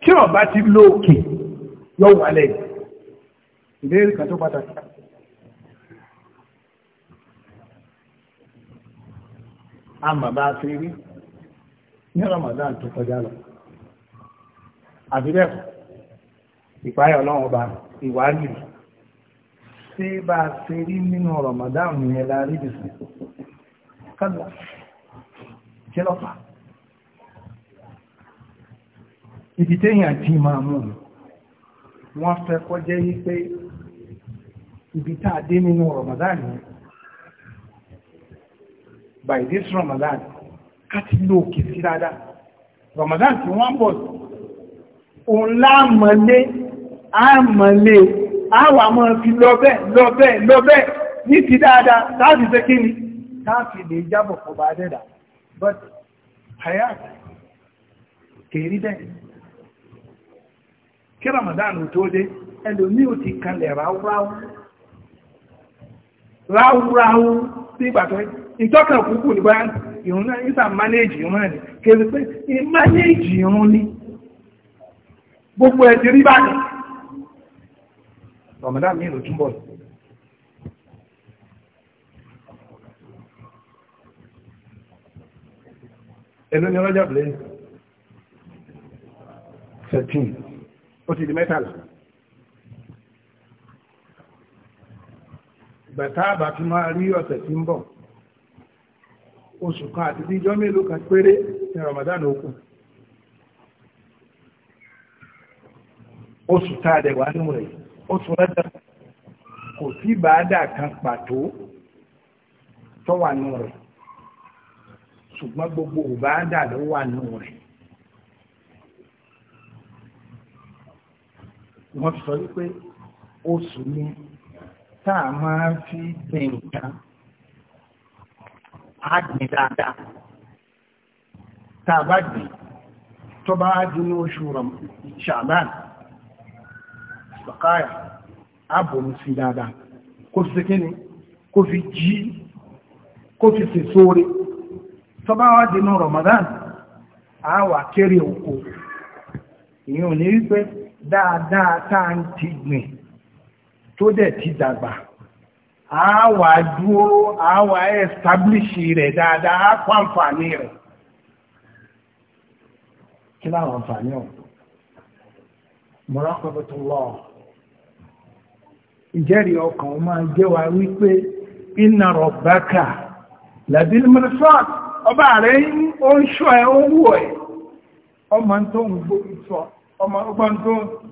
tí ọba ti lóòkè yóò wálẹ̀ ìbéèrè kan tó pàtàkì àmà bá fi rí ní Ramadan tó kọjá lọ àbílẹ̀kọ̀ ìpáyọ̀ ọlọ́run ọba ìwádìí tí bá fi rí nínú Ramadan yẹn la rí bìsìn kí lọ́pàá ibi téèyàn ti máa mú un wọ́n fẹ́ kọjá yí pé ibi tá a dé nínú Ramadan yẹn by this Ramadan ká ti lo òkè sí dáadáa Ramadan tí wọ́n bọ̀ òun láàmọ́lé àmọ́lé àwọn àmọ́ fi lọ́bẹ̀ lọ́bẹ̀ lọ́bẹ̀ ní ti dáadáa táàfi fẹ́ kí ni táàfi lè jábọ̀ fọba adẹ́dà but hayat kèrí bẹ́ẹ̀ kí ramadan tó dé ẹlòmí ò ti kalẹ̀ ráúráú ráúráú sí ìgbàtọ́ ìtọ́kà kúkú ní bá ìrún náà ní sàn mánéjì ìrún ní kèrè pé mánéjì ìrún ní gbogbo ẹ̀ ti rí báyìí ramadan mi ló túnbọ̀ ẹlòmí ọlọ́jà bìlẹ̀ 13 ó di mẹ́tàlá bàtà àbàtí máa rí ọ̀sẹ̀ tí ń bọ̀ oṣù kan àti bíjọ́ mélòó kan péré ní Ramadan ó oṣù tá a dẹ̀wà nínú rẹ̀ oṣù rẹ̀dà kò sí bàádà kan pàtó tó wà gbogbo bàádà ló wà wọ́n fi sọ wípé oṣù ni tá a máa fi gbìn nǹkan á gbìn dáadáa tá a bá gbìn tó bá dín ní oṣù ṣàbán ṣàkáyà ábòmù sí dáadáa kó fi fi jí kó fi sóore tó bá wá a wà oko ìyẹn ò ní dáadáa tá à ń ti gbìn tó dẹ̀ ti dàgbà wà dúró wà ẹ́stablíṣì rẹ̀ dáadáa á kó àǹfààní rẹ̀ kí láwọn àǹfààní ìjẹ́rìí ọkàn máa jẹ́ wa wípé ọba rẹ̀ ń ọmọ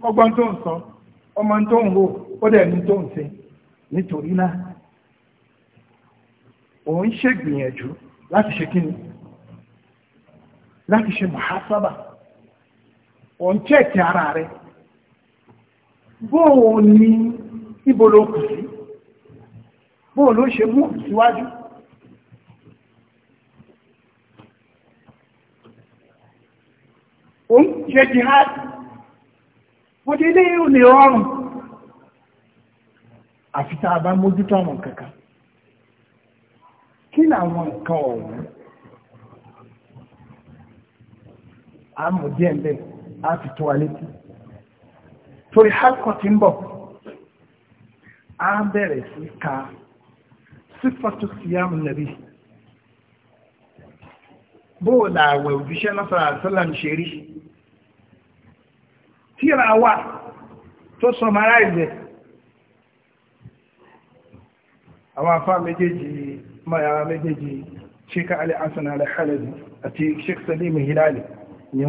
ọgbọ́n tó ń sọ ọmọ tó ń hò ó dẹ̀ ní tó ń ṣe nítorí náà òun ṣègbìyànjú láti ṣe kíni láti ṣe mọ̀hásábà òun chẹ́ẹ̀kì ara rẹ̀ bóò ní ibo kù sí bóò ló ṣe mú síwájú òun ṣe jihad mo ti ilé ìrù lè rọrùn àfi tá a bá mójútó àwọn kankan kí làwọn nǹkan ọ̀hún a mọ̀ díẹ̀ ń bẹ́ a fi tó wa létí torí hákọ̀ tí ń bọ̀ a bẹ̀rẹ̀ sí ka sífọ́tò síyámù nàbí bóòlà àwẹ̀ òjíṣẹ́ náà sọ̀rọ̀ ń ṣe rí tíra wà tó sọmaráìzẹ̀ àwọn afá méjèèjì mayara méjèèjì ṣíkà alẹ́ asana alẹ́ halabi àti sheikh salim hilali ni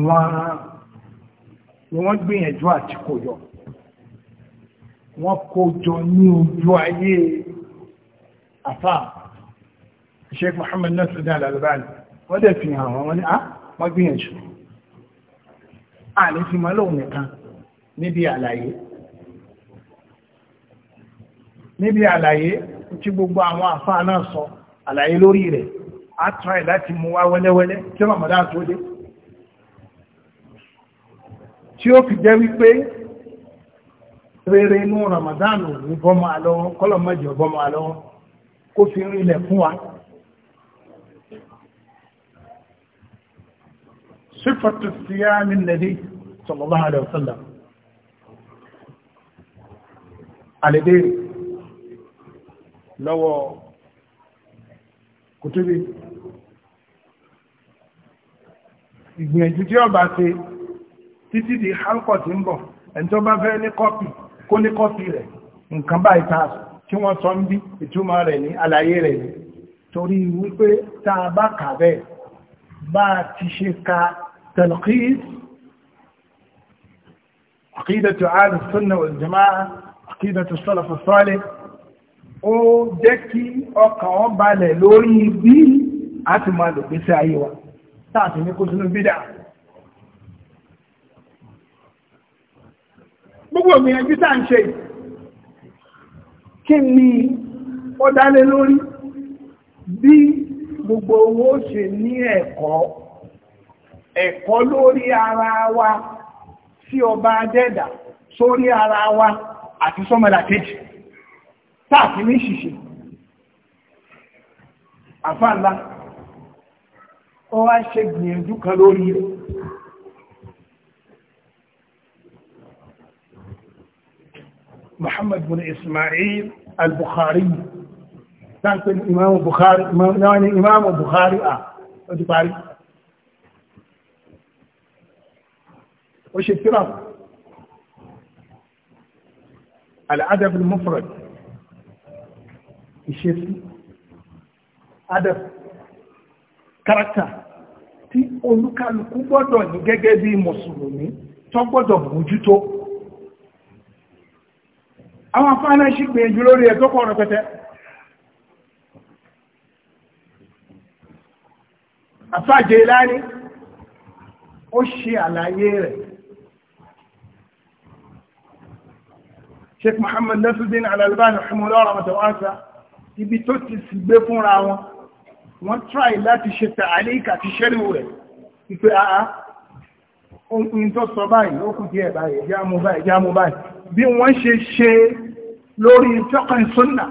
wọ́n gbìyànjú àti kòjọ wọ́n kòjọ ní ojú ayé afá sheikh muhammad nasruddin al-albani wọ́n dẹ̀ fi hàn wọ́n ní a ah, wọ́n gbìyànjú a ní fi mọ́ lóun nìkan níbi àlàyé níbi àlàyé tí gbogbo àwọn àfáà náà sọ àlàyé lórí rẹ̀ á try láti mú wá wẹ́lẹ́wẹ́lẹ́ tí Ramadan tó dé tí ó fi jẹ́ wípé rere inú Ramadan ní bọ́mọ àlọ́wọ́ kọ́lọ̀mọ́jì bọ́mọ àlọ́wọ́ kó fi rinlẹ̀ fún wa sífàtù síyá mi àlèbèrè lọ́wọ́ kùtùbí ìgbìyànjú tí ọba ṣe títí di halkọ̀ tí ń bọ̀ ẹ̀ntọ́ bá fẹ́ ní kọ́pì kó ní kọ́pì rẹ̀ nǹkan báyìí ta tí wọ́n sọ ń bí ìtumọ̀ rẹ̀ ní àlàyé rẹ̀ ní torí wípé tá bá kà bẹ́ẹ̀ bá ti ṣe ka talqis àkídàtù sọ́lọ̀fù sọ́lẹ̀ ó jẹ́ kí ọkàn wọn balẹ̀ lórí bí a ti máa lò gbésẹ̀ ayé wa táàtì ní kó sínú bídà gbogbo ìgbìyànjú tá ń ṣe kí ni ó dálé lórí bí gbogbo owó ṣe ní ẹ̀kọ́ ẹ̀kọ́ lórí ara wa sí ọba adẹ́dà sórí ara wa àti sọ́mọ́lá kejì táàkì ní ṣìṣe àfáàlá ó wá ṣe gbìyànjú kan lórí rẹ̀ Muhammad bin Ismail al-Bukhari táàkì ní imamu Bukhari náà imamu Bukhari à ó parí ó ṣe tíra ala adab al ishefi adab kárátà tí olúkálukú gbọ́dọ̀ ní gẹ́gẹ́ bí mùsùlùmí tó gbọ́dọ̀ bójútó àwọn afáàná sí gbìyànjú lórí ẹ̀ tó sheikh muhammad nasuddin al-albani rahimahullah rahmatu wasa ibi tó ti sì gbé fúnra wọn wọ́n try láti ṣe tààlíkà ti ṣẹ́ríwò rẹ̀ ìpé àá ah, ah, ohun tó sọ báyìí ó kù díẹ̀ báyìí já mú báyìí já mú báyìí bí wọ́n ṣe ṣe lórí tọ́kàn súnnà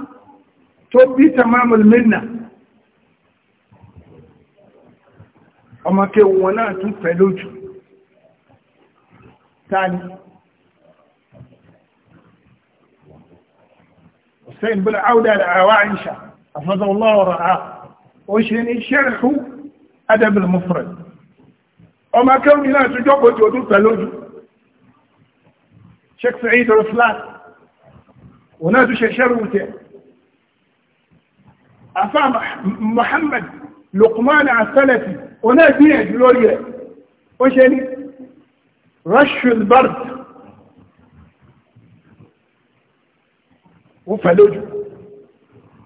tó bí tamamul minna ọmọkẹ́ wọn náà tún pẹ̀lú jù tani حسين بلا عودة وعائشة حفظه الله ورعاه وشين شرح أدب المفرد وما كان من الناس جوبة تلوج شيخ سعيد رسلان ونادو شروته أفا محمد لقمان السلفي ونادي جلوريا وشيني رش البرد ó fẹ́ lójú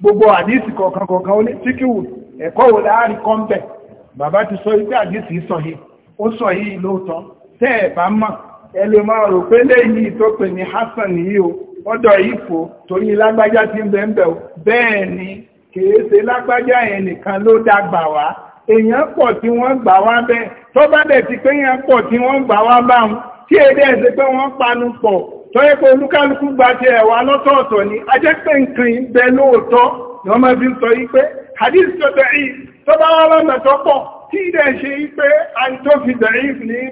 gbogbo àdísì kọ̀ọ̀kan kọ̀ọ̀kan ó ní tíkíwù ẹ̀kọ́ wo láàrin bàbá ti sọ wípé àdísì sọ yìí ó sọ yìí lóòótọ́ tẹ́ ẹ̀ bá mọ̀ ẹ máa rò pé tó pè ní Hassan yìí o ti ń bẹ̀ ń ni kìí ṣe lágbájá yẹn nìkan ló dá gbà wá èèyàn pọ̀ tí wọ́n gbà wá bẹ́ẹ̀ tó bá dẹ̀ ti pé èèyàn pọ̀ tí panu pọ̀ tó yẹ pé olúkálukú gba ti ẹ̀wà lọ́tọ̀ọ̀tọ̀ ni a jẹ́ pé nǹkan bẹ lóòótọ́ ni wọ́n máa fi ń sọ yí pé hadith tó dẹ̀rí tó bá wá lọ́nà tó pọ̀ tí ìdẹ̀ ṣe yí pé àni tó ní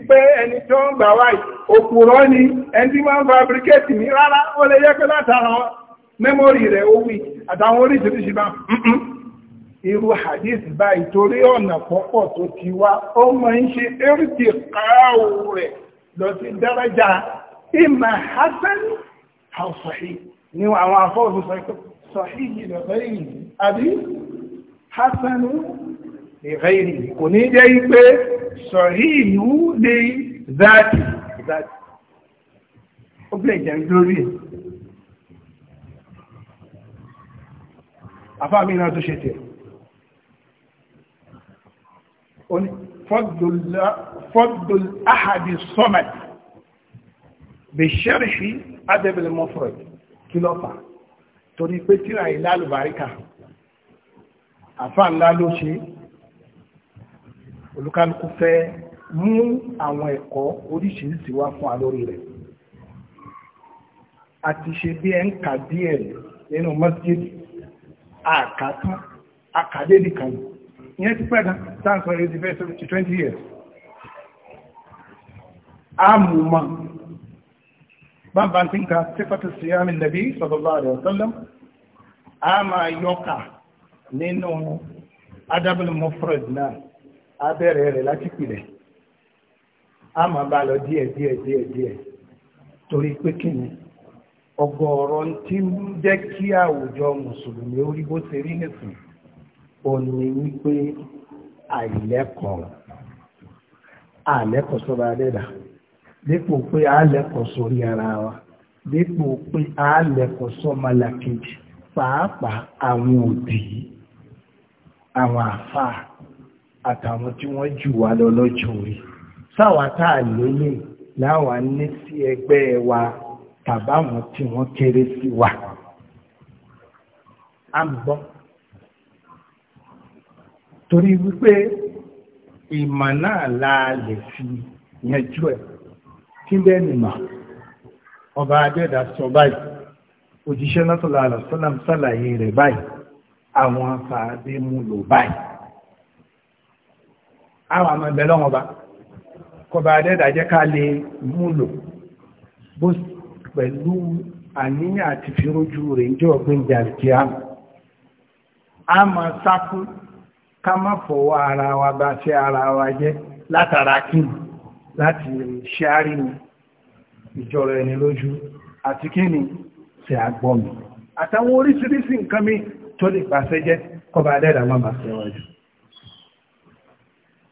pé ẹni tó ń gbà wáyé òkúrọ́ ni ẹni tí máa ń fabricate ní rárá ó lè yẹ pé látara mẹ́mórì rẹ̀ ó wí àtàwọn oríṣiríṣi bá irú hadith báyìí torí ọ̀nà pọ̀pọ̀ tó ti wá ó máa ń ṣe èrìtì káàwó rẹ̀ lọ sí dárájà إما حسن أو صحيح نوع وعفوه صحيح لغيره أبي حسن لغيره كوني جايب صحيح لذاته ذاته أبلي جايب دوري أفهمي نادو شتير فضل فضل أحد الصمد bẹ̀ṣẹ́rìṣì adẹ́bẹ̀lẹ̀ mọ́fọ̀rẹ̀ kí ló fà torí pé tíra ìlà àlùbáríkà àfa ńlá ló ṣe olùkálukú fẹ́ mú àwọn ẹ̀kọ́ oríṣiríṣi wá fún alórí rẹ̀ a ti ṣe bí ẹ ń kà díẹ̀ nínú masjid àkàtún akàdédì kan ìyẹn ti pẹ́ gan sáǹsọ̀ yóò ti fẹ́ 20 years. a bambantin ka sifatu siyamin nabi sallallahu alaihi wasallam a ma yoka ninu adabul mufrid na abere re lati pile a ma ba lo die die die tori pe kini ogoro nti je ki awujo musulumi ori bo se ri nisin oni ni pe ailekon alekosoba leda. leda dípò pé a lẹ́kọ̀ọ́ sórí ara wa dípò pé a lẹ́kọ̀ọ́ sọ́mọlàkejì pàápàá àwọn òbí àwọn àfáà àtàwọn tí wọ́n jù wá lọ lọ́jọ́ sáwà tá a lélẹ̀ láwa ní sí ẹgbẹ́ wa tàbáwọn tí wọ́n kéré wa. a ń gbọ́ torí wípé ìmọ̀ náà kí bẹ́ẹ̀ nìmà ọba adẹ́dà sọ báyìí òjíṣẹ́ lọ́tọ̀lá àlọ́sọ́làm sàlàyé rẹ̀ báyìí àwọn afáàdé mú lò báyìí àwọn àmọ́ ẹ̀bẹ̀ lọ́wọ́ bá kọba adẹ́dà jẹ́ ká lè mú lò bó pẹ̀lú àníyàn àti fìrójú rẹ̀ ń jẹ́ ọ̀gbìn jàǹkìá a máa sákú ká má fọwọ́ ara wa bá ṣe ara wa jẹ́ látara kíni láti ṣáárí ni ìjọra ẹni lójú àti kí ni ṣe àgbọ́ mi àtàwọn oríṣiríṣi nǹkan mi tó lè pàṣẹ jẹ́ kọba adẹ́dà máa bá ṣe wájú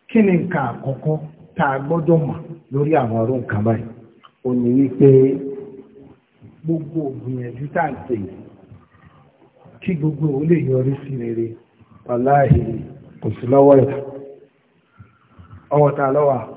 kí ni nǹkan àkọ́kọ́ tá a gbọ́dọ̀ mọ̀ lórí àwọn ọ̀rọ̀ nǹkan báyìí ó ní wípé gbogbo ògbìyànjú tá à ń ṣe kí gbogbo òun lè yọrí sí rere wàláhì kò sí lọ́wọ́ ẹ̀ ọwọ́ ta lọ́wọ́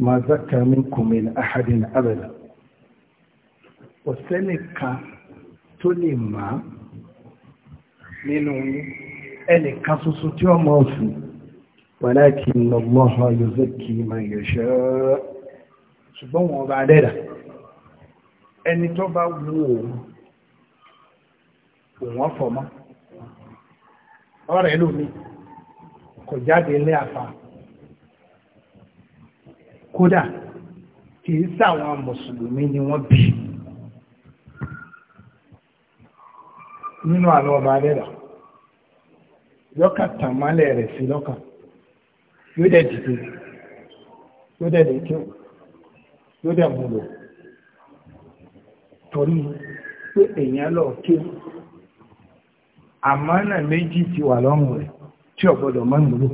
ma zaka minkum min ahadin abada ọ̀sẹ́nìkan tó lè má nínú ẹnìkan ṣoṣo tí ó mọ̀ ọ̀sùn walakin Allaha yuzakki man yasha ṣùgbọ́n wọn bá dẹ́dà ẹni tó bá wù òun ọ̀fọ̀ mọ́ ọ̀rẹ́ lómi kò jáde ilé àfàà kódà kìí sáwọn mùsùlùmí ni wọ́n bí nínú àlọ́ ọba rẹ̀rà lọ́kà tàmálẹ̀ rẹ̀ sí lọ́kà yóò dìde yóò lẹ́kẹ́ yóò múlò torí pé èèyàn lọ ké àmánà méjì ti wà lọ́rùn rẹ̀ tí ọ̀gbọ́dọ̀ máa ń múlò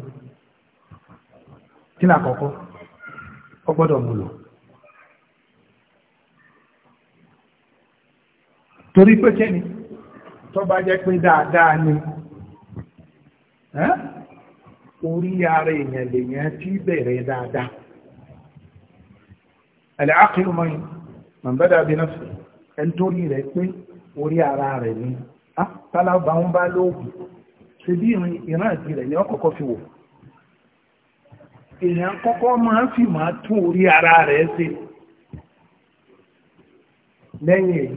kí ó gbọ́dọ̀ mú lò torí pé kẹ́ni tó bá jẹ́ pé dáadáa ni orí ara èèyàn lèèyàn tí bẹ̀rẹ̀ dáadáa àlẹ́àkìlù mọ́yìn mọ̀bẹ́dà bí náà ẹni tó rí rẹ̀ pé orí ara rẹ̀ ni tálábà ń bá lóògùn ṣe bí ìran ìran ìrẹ̀ ni ọkọ̀ọ̀kọ̀ fi wò èèyàn kọ́kọ́ máa fi máa tún orí ara rẹ̀ ṣe lẹ́yìn èyí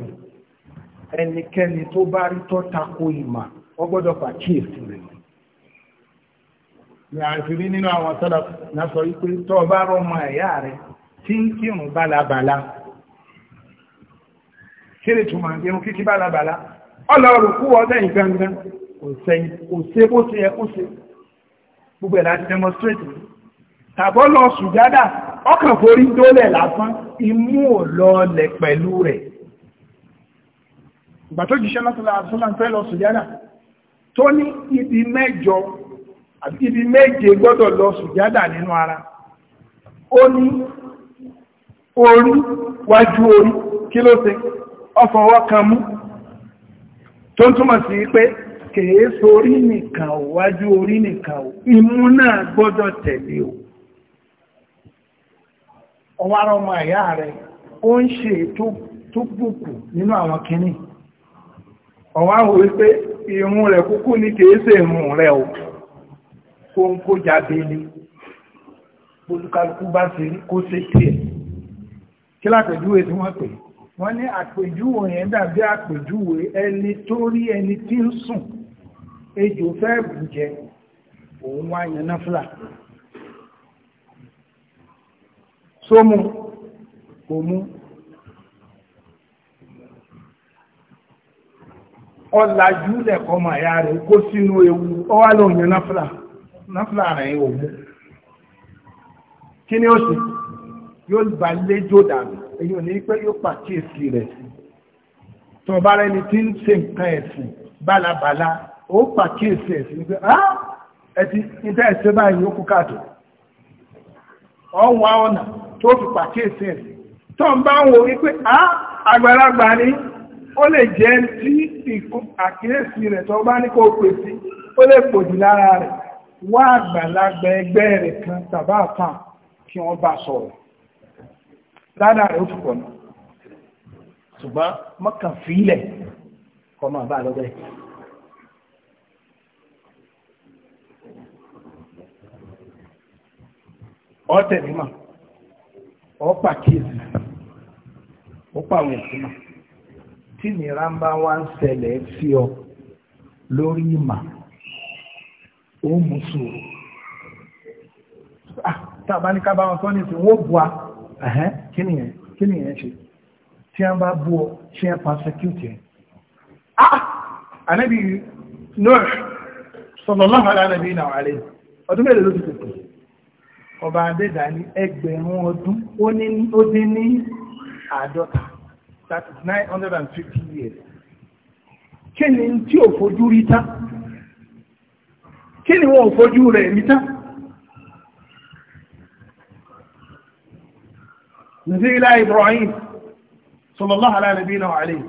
ẹnikẹ́ni tó bá rí tọ́ tako ìmà ó pàkíyèsí rẹ̀ ní àìfìrí nínú àwọn sọ́dọ̀ náà sọ wípé tó bá rọmọ ẹ̀yà rẹ̀ tí ń kírun bálabàla kíkí kú tàbọ́ lọ sùjádà ọkàn forí dólẹ̀ lásán imú ò lẹ pẹ̀lú rẹ̀ ìgbà tó jíṣẹ́ lọ́sọ̀lá lọ tó ní ibi mẹ́jọ àti ibi méje gbọ́dọ̀ lọ sùjádà nínú ara ó ní orí wájú orí kí ló ṣe ọfọwọ́ kan mú tó ń túmọ̀ sí pé kèé nìkan ò wájú o. ọwárọ̀ ọmọ ẹ̀yà rẹ̀ ó ń ṣe tó bùkù nínú àwọn kìíní ọwárọ̀ wípé irun rẹ̀ kúkú ní kèése irun rẹ̀ o kó ń kó jáde ní olúkálukú bá ṣe kó ṣe tiẹ̀ kí lápèjúwe tí wọ́n pè wọ́n ní àpèjúwe yẹn dàbí àpèjúwe ẹni tó rí ẹni tí ń sùn ejò fẹ́ bùjẹ òun wá yan náfìlà sómù kò mú ọ̀làjú lẹ̀kọ́ mà ya rẹ̀ kó sínú ewu ọwá lóun yẹn náfìlà náfìlà rẹ̀ ò mú kí ni ó sì yóò bá léjò dànù èyí ò ní pé yóò pàkíyèsí rẹ̀ tó bá rẹni tí ń ṣe nǹkan ẹ̀sìn bálabàlá ó pàkíyèsí ẹ̀sìn pé á ẹ̀tí ìdá ẹ̀sẹ̀ báyìí ó kú káàtó ọ̀hún wa ọ̀nà tó fi pàkíyèsí ẹ̀ tó ń bá ń wo wípé a àgbàlagbà ni ó lè jẹ́ tí àkíyèsí rẹ̀ tó bá ní kó pè sí ó lè pòdì lára rẹ̀ wá àgbàlagbà ẹgbẹ́ rẹ̀ kan tàbá àfàn kí wọ́n bá sọ̀rọ̀ ládàá rẹ̀ ó fi pọ̀ náà ṣùgbọ́n mọ́kàn fílẹ̀ kọ́ máa bá ọ̀tẹ̀ mímọ̀ ọ̀pá kéèsì ọ̀pá wẹ̀sìmà tí wá ń sẹlẹ̀ sí ọ lórí ìmà ó mú sòrò ah, tàbá ní kábàá sọ ní ìsìn wọ́n kí nìyẹn kí ṣe tí a bá bu ọ ṣé ẹ ah ẹ. ànábì Nuh sallallahu ala nabiyina wa alayhi ọdún ló ti ọba adẹ́dà ní ẹgbẹ̀rún ọdún ó dín ní àádọ́ta that is nine hundred and fifty years kí ni tí ò fojú rí tán kí ni wọ́n ò fojú rẹ̀ rí tán nìsírílá Ibrahim sallallahu ala nabina wa alayhi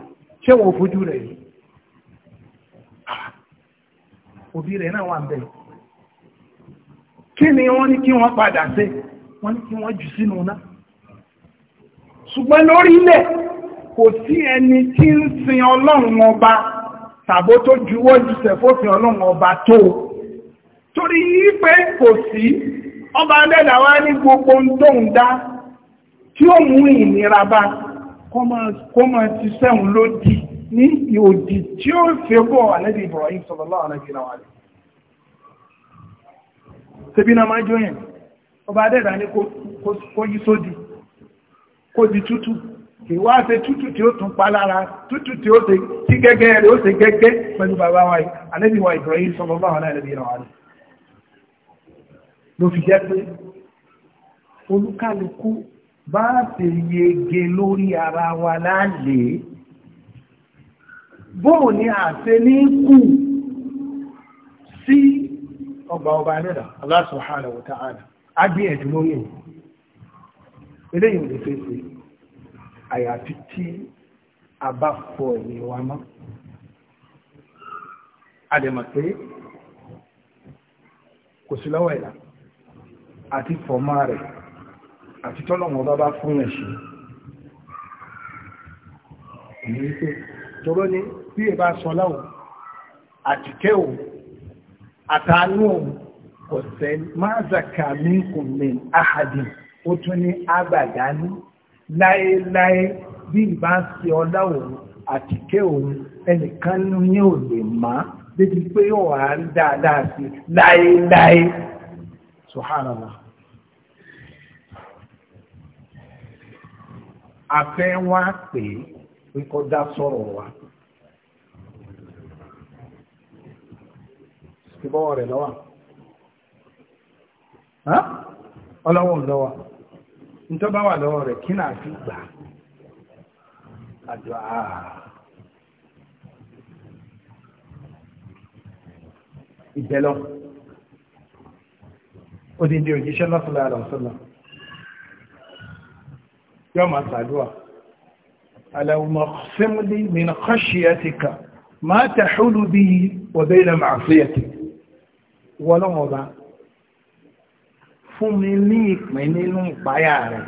ṣé wọn ò fojú rẹ̀ rí ah, òbí rẹ̀ náà wà ń bẹ̀rẹ̀ kí ni wọ́n ní kí wọ́n padà sí wọ́n ní kí wọ́n jù sínú náà ṣùgbọ́n lórílẹ̀ kò sí ẹni tí ń sin ọlọ́run ọba tàbó tó juwọ́ jùsẹ̀ fófin ọlọ́run ọba tó torí wípé kò sí ọba dẹ́dà wá ní gbogbo tóun dá tí ó mú ìnira bá kó máa ti sẹ́hùn lódì ní ìòdì tí ó fẹ́ bọ̀ àlẹ́bí Ibrahim sallallahu alaihi wa sallam ṣebí náà máa jóyìn ọba adẹ́dà ní kó yí sódì kó di tútù kì wá ṣe tútù tí ó tún pa lára tútù tí ó ṣe kí gẹ́gẹ́ rẹ̀ ó ṣe gẹ́gẹ́ pẹ̀lú bàbá wa ànábì wa Ibrahim sọ bàbá wọn lẹ́lẹ́bí ìrànwọ́ rẹ̀ ló fi jẹ́ pé olúkálukú bá ṣe yege lórí ara wa láàlè bóò ni àṣẹ ní kù sí ọgbà ọba náà Allah subhanahu wa ta'ala á gbé ẹ̀dùn lórí ẹ̀ eléyìí ò lè fẹ́ ṣe àyàfi tí a bá fọ ẹ̀yìn wa mọ́ a dẹ̀ pé kò sí lọ́wọ́ ẹ̀dá àti fọ̀mọ́ rẹ̀ àti tọ́lọ̀mọ́ bá bá fún ẹ̀ ṣe pé toró ní bí ẹ bá sọ láwọn àtìkẹ́ òun àtàánú kò sẹ́ máa zàkà mí kò mí àhàdì ó tún ní àgbàdá ní láéláé bí ìbá ń ṣe ọlá òun àtìkẹ́ òun ẹnìkan ní ò lè má débi pé ó wà dáadáa sí láéláé subhanallah. afẹ́ wá pé pé kọ́ dá sọ̀rọ̀ wa. ti bọ́wọ́ rẹ̀ lọ́wọ́ ọlọ́wọ́ lọ́wọ́ nítorí bá wà lọ́wọ́ rẹ̀ kí náà fi gbà àjọ àà ìbẹ̀lọ́ odindi òjíṣẹ́ lọ́sọ̀lá àlọ́sọ̀lá yọ́ ma sàdúwà aláwọ̀mọ̀ símúlì min khashiyatika ma tahulu bihi wa bayna ma'siyatika ìwọ ọlọ́run ọba fún mi ní ìpín nínú ìpáyà rẹ̀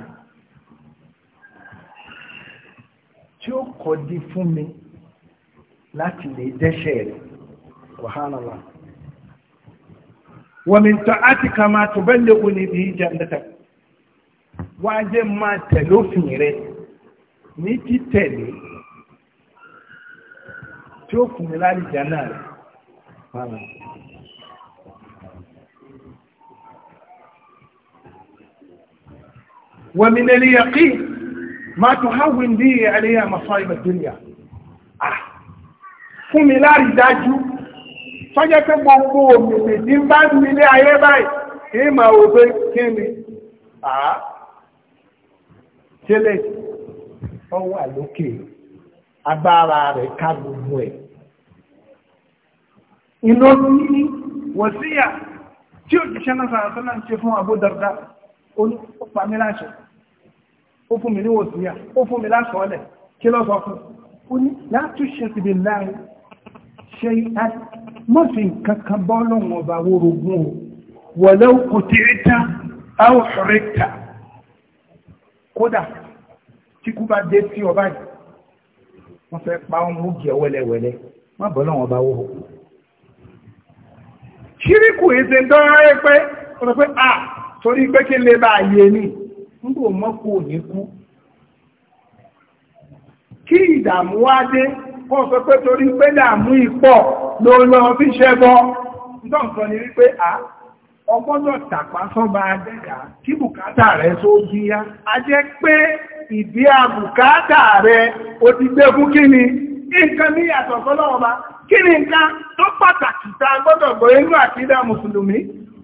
tí ó kọ́ di fún mi láti lè dẹ́ṣẹ̀ rẹ̀ wàhálàlá wọ́n mi tọ́ àti kà máa tó bẹ́ẹ̀ lé òní bí jàǹdàtà wá jẹ́ máa tẹ̀lé òfin rẹ̀ ní títẹ̀lé tí ó fún mi láti jà náà rẹ̀ ومن اليقين ما تهون به عليها مصائب الدنيا fún mi láàrí dájú sọ́jẹ́ pé gbogbo òmìnir tí ń bá ní ilé ayé báyìí kí ma ò pé kí ni àá ah, tẹ́lẹ̀ ọ wà lókè agbára rẹ̀ ká gbogbo ẹ̀ iná ní wọ̀síyà tí òjíṣẹ́ náà sàrásọ́lá ń ṣe fún Abu Darda ó pa mí láṣẹ ó fún mi ní wòsíyà ó fún mi láṣọ ọlẹ̀ kí ló sọ fún ó ní látúnṣe ti lè láàrin ṣe mọ́sí nǹkan kan bọ́ lọ́wọ́ ọba wórogún o wọ̀lẹ́ kò tí ì ta áwòrẹ́ta kódà tí kú bá dé sí ọba yìí wọ́n fẹ́ pa ọmọ ògì ọwẹ́lẹ́wẹ́lẹ́ má bọ́ ọba wóró ṣíríkù èsè dọ́rọ́ torí pé kí lè bá yé ní nígbò mọ́kù òní kú kí ìdààmú wá dé kọ́ sọ pé torí pé dààmú ìpọ̀ ló lọ fi ṣẹ́bọ́ ǹtọ́ǹkan ni wípé a ọgbọ́dọ̀ tàpá sọ́ba adẹ́gà kí bùkátà rẹ tó yíyá a jẹ́ pé ìdí àbùkátà rẹ̀ o ti gbé fún kí ni nǹkan ní yàtọ̀ sọ́lọ́ọ̀ba kí ni nǹkan tó pàtàkì tá a gbọ́dọ̀ gbọ́ inú àkídá mùsùlùmí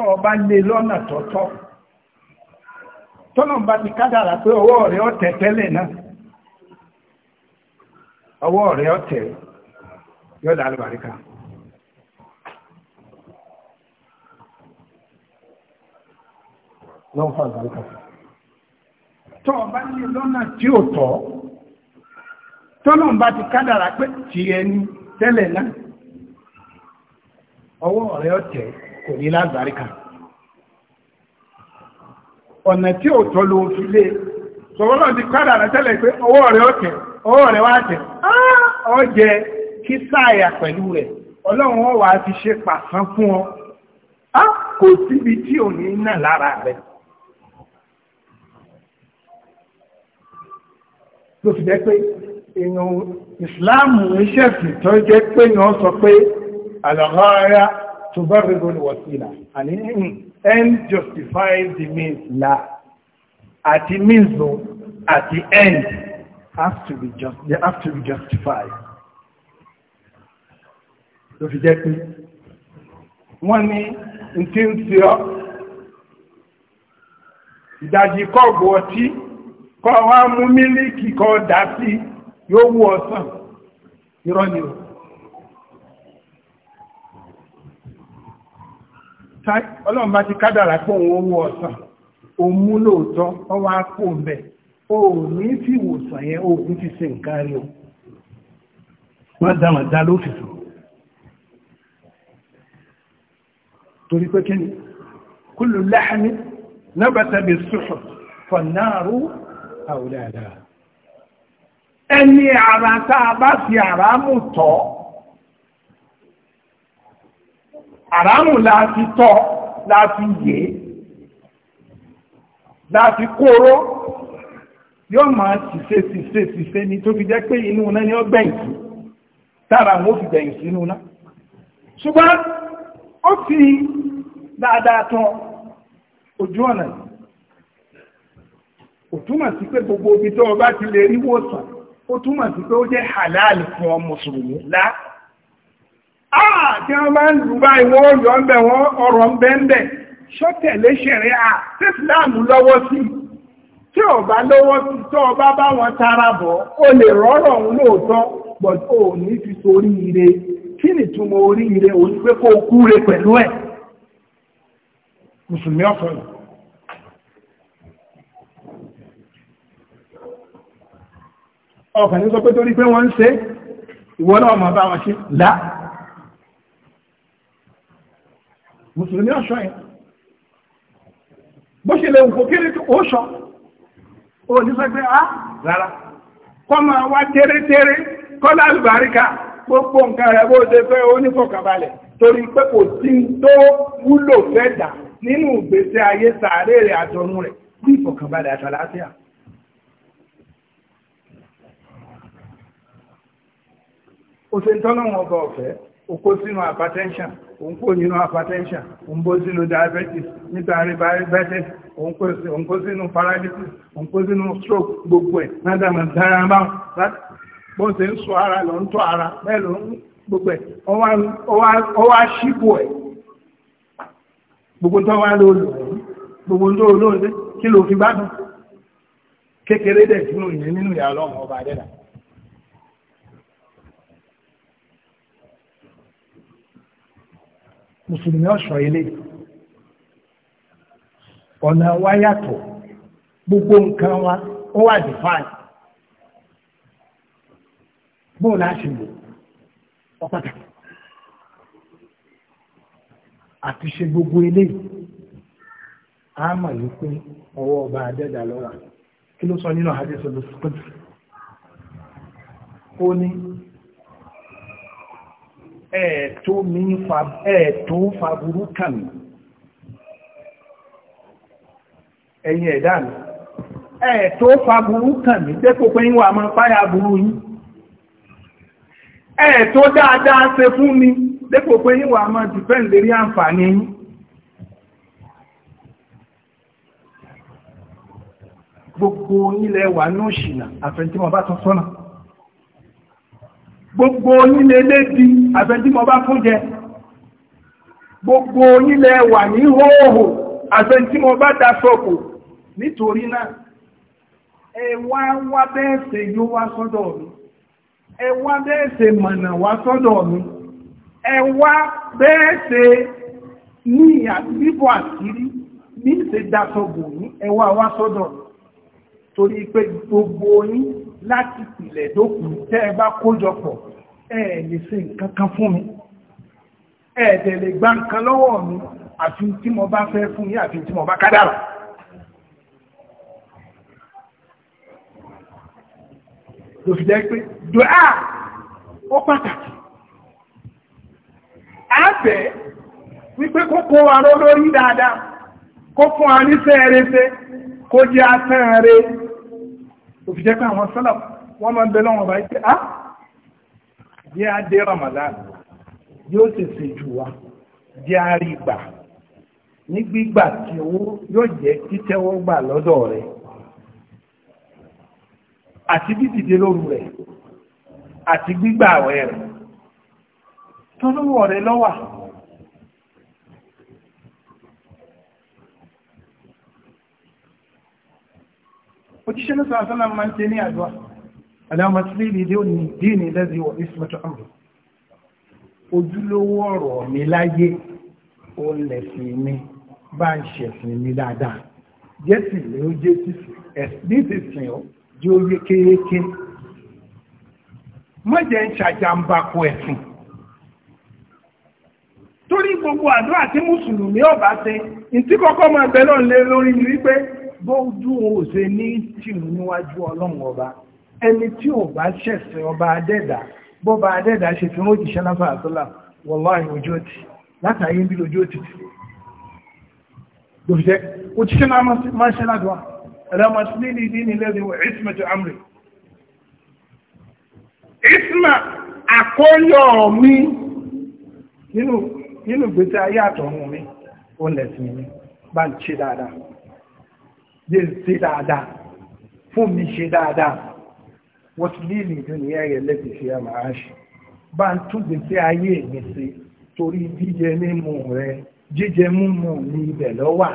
tó ọba lè lọ́nà tọ́tọ́ tọ́nà bá ti kádàrà pé ọwọ́ rẹ̀ ọ̀tẹ̀ tẹ́lẹ̀ náà ọwọ́ rẹ̀ ọ̀tẹ̀ yọ́dà alùbáríkà tọ́nà bá ti kádàrà pé kò ní lálùbáríkà ọ̀nà tí ò tọ́ ló fi lé sọ̀rọ̀ náà ti kádà rẹ̀ tẹ́lẹ̀ pé ọwọ́ rẹ̀ ọ̀tẹ̀ ọwọ́ rẹ̀ wá tẹ̀ ọjẹ́ kí sáàyà pẹ̀lú rẹ̀ ọlọ́run ọwà ti ṣe pàṣán fún ọ á kò síbi tí ò ní náà lára rẹ̀ ló fi jẹ́ pé èèyàn ìsìláàmù iṣẹ́ ìtọ́jẹ́ pé èèyàn sọ pé àlọ́rọ̀ tubarrigu al-wasila àní end justify the means la the means o the end has to be just they have to be justified ló fi jẹ́ pé wọ́n ní n tí ń ti ọ́ ìdajì kọ́ọ̀bù ọtí kọ́ wá mú mílíkì kọ́ dá sí yóò wú ọ̀sán irọ́ ni o ọlọ́run bá ti kádàrà pé òun owó ọ̀sán òun mú lóòótọ́ ọwọ́ àpò mbẹ̀ o ní fi ìwòsàn yẹn oògùn ti ṣe nǹkan rí o wọ́n dá wọn dá lófìsù torí pé kí ni kúlù láhání nábàtàbí sùfù fọ̀nàrú àwòrán ẹni ara bá fi àrá tọ́ àrámù láti tọ́ láti yé láti kóró yóò máa ṣìṣe ṣìṣe ṣìṣe ni tó fi jẹ́ pé inú náà ni ó gbẹ̀yìn sí tára wọn ó fi gbẹ̀yìn sí inú náà ṣùgbọ́n ó fi dáadáa tán ojú ọ̀nà ò túmọ̀ sí pé gbogbo ibi tó o ti lè rí wòsàn ó túmọ̀ sí pé ó jẹ́ halal fún ọ mùsùlùmí láà tí wọ́n bá ń lù bá ìwọ́ ọ̀yọ́ ń bẹ̀ wọ́n ọ̀rọ̀ ń bẹ́ ń bẹ̀ ṣọ́tẹ̀lé ṣẹ̀rẹ́ à tẹ́síláàmù lọ́wọ́ sí tí ò bá lọ́wọ́ sí tọ́ ọba bá wọn tara bọ̀ ó lè rọ́rọ̀ òun lóòótọ́ but ó ní fi torí ire kí ni túmọ̀ orí ire òun pé kó kú re pẹ̀lú ẹ̀ mùsùlùmí ọ̀fọ̀ yìí. ọkàn ní sọ pé torí pé wọ́n ń ṣe ìwọ náà mọ̀ bá wọn ṣe láà mùsùlùmí ọ̀ṣọ́ yẹn bó ṣe lè wùkó kéré tó ọ̀ṣọ́ ó ní sọ pé á ah, rárá kọ́ máa wá térétéré kọ́ lálùbáríkà gbogbo nǹkan rẹ̀ bó ṣe fẹ́ onífọ̀kànbalẹ̀ torí pé kò sí tó wúlò fẹ́ dà nínú ìgbésí ayé sàárè rẹ̀ àtọ̀run rẹ̀ bí ìfọ̀kànbalẹ̀ àtàlàáfíà. òṣèǹtọ́nà wọn bọ̀ ọ̀fẹ́ okó sínú hypertension òun kó nínú hypertension òun bó sínú diabetes nítorí diabetes òun kó sínú paralysis òun kó sínú stroke gbogbo ẹ̀ nádàmà dára máa láti bọ́n ṣe ń sọ ara lọ ń tọ́ ara bẹ́ẹ̀ lọ ń gbogbo ẹ̀ ọwá ṣípò ẹ̀ gbogbo tó wá lóòlù gbogbo tó olóòlù kí ló fi gbádùn kékeré dẹ̀ sínú ìyẹn nínú ìyá ọba adẹ́dàá mùsùlùmí ọ̀ṣọ́ ilé ọ̀nà wa yàtọ̀ gbogbo nǹkan wa ó wà dìfáì bóò láti lò ọpàtàkì àti ṣe gbogbo ilé a mọ̀ wípé ọwọ́ ọba adẹ́dà lọ́wọ́ kí ló sọ nínú àdéṣe lọ́sọ̀kọ́tì ó ní ẹ̀ẹ̀tún fàbúrú kàmì ẹ̀yìn ẹ̀dá mi ẹ̀ẹ̀tún fàbúrú kàmì dépò pé yíwà máa páyà burú yín ẹ̀ẹ̀tún dáadáa ṣe fún mi dépò pé yíwà máa dìpẹ́ǹ lérí àǹfààní yín gbogbo ilẹ̀ wà ní òṣìnà àfẹ́ntímọ̀ gbogbo onílé lédi àfẹ́ntí mo bá fún jẹ gbogbo onílé wà ní hóòhò àfẹ́ntí bá da sọ́kù nítorí náà ẹ wá wá bẹ́ẹ̀ ṣe yó wá sọ́dọ̀ mi ẹ wá bẹ́ẹ̀ ṣe mọ̀nà wá sọ́dọ̀ mi ẹ wá ní bíbọ̀ àṣírí bí ṣe da sọ́kù ní ẹ wá wá sọ́dọ̀ torí pé gbogbo yín láti ìpìlẹ̀ dókun tẹ́ ẹ bá kójọpọ̀ ẹ lè ṣe nǹkan kan fún mi ẹ dẹ̀ lè gba nǹkan lọ́wọ́ mi àfi tí mo bá fẹ́ fún yín àfi tí mo bá kádàrà. lòfìdá pé dùá ó pàtàkì á bẹ̀ wípé kó kó wa lórí dáadáa kó fún wa ní sẹ́ẹ̀rẹ́sẹ́ kó jẹ́ asẹ́ẹ̀rẹ́ òfin jẹ́ pé àwọn sọ́là wọ́n máa ń bẹ lọ́wọ́ báyìí pé á ah, jẹ́ adé Ramadan yóò tètè jù wá jẹ́ àrígbà ní gbígbà tí owó yóò jẹ́ títẹ́wọ́ gbà lọ́dọ̀ rẹ̀ àti dídìde lóru rẹ̀ àti gbígbà àwẹ̀ rẹ̀ tọ́lọ́wọ́ rẹ̀ lọ́wọ́ òjíṣẹ́ ní sàásánà máa ń ṣe ní àdúrà alámàtílé ìdí òní díìní lẹ́sí wọ ìsìmọ̀tò àmì ojúlówó ọ̀rọ̀ mi láyé ó lẹ̀sìn mi bá ń ṣẹ̀sìn mi dáadáa jẹ́sì lè ó jẹ́ sísìn ẹ̀sìn ó jẹ́ ó yékéyéké mọ́jẹ̀ ń ṣàjàmbákò ẹ̀sìn torí gbogbo àdúrà tí mùsùlùmí ọ̀bá ṣe ìtí kọ́kọ́ máa bẹ̀ lọ́n lé wípé bójú o ṣe ní tìrù níwájú ọlọ́run ọba ẹni tí ò bá ṣẹ̀ṣẹ̀ ọba adẹ́dà bọ́ba adẹ́dà ṣe fi wọ́n jìṣẹ́ náà fàásọ́là wọ̀láì ojú òtì látàyé bí ojú òtì tì gbòfìṣẹ́ òjíṣẹ́ náà máa ṣe ládùá ẹ̀rọmọ̀sí nílì jẹ́ ṣe dáadáa fún mi ṣe dáadáa wọ́n ti lé ní ìdúnìyà rẹ̀ lẹ́tì fi àmà áṣì bá ń túnbẹ̀ sí ayé mi sí torí jíjẹ mímu rẹ̀ jíjẹ mímu ní ibẹ̀ lọ́wà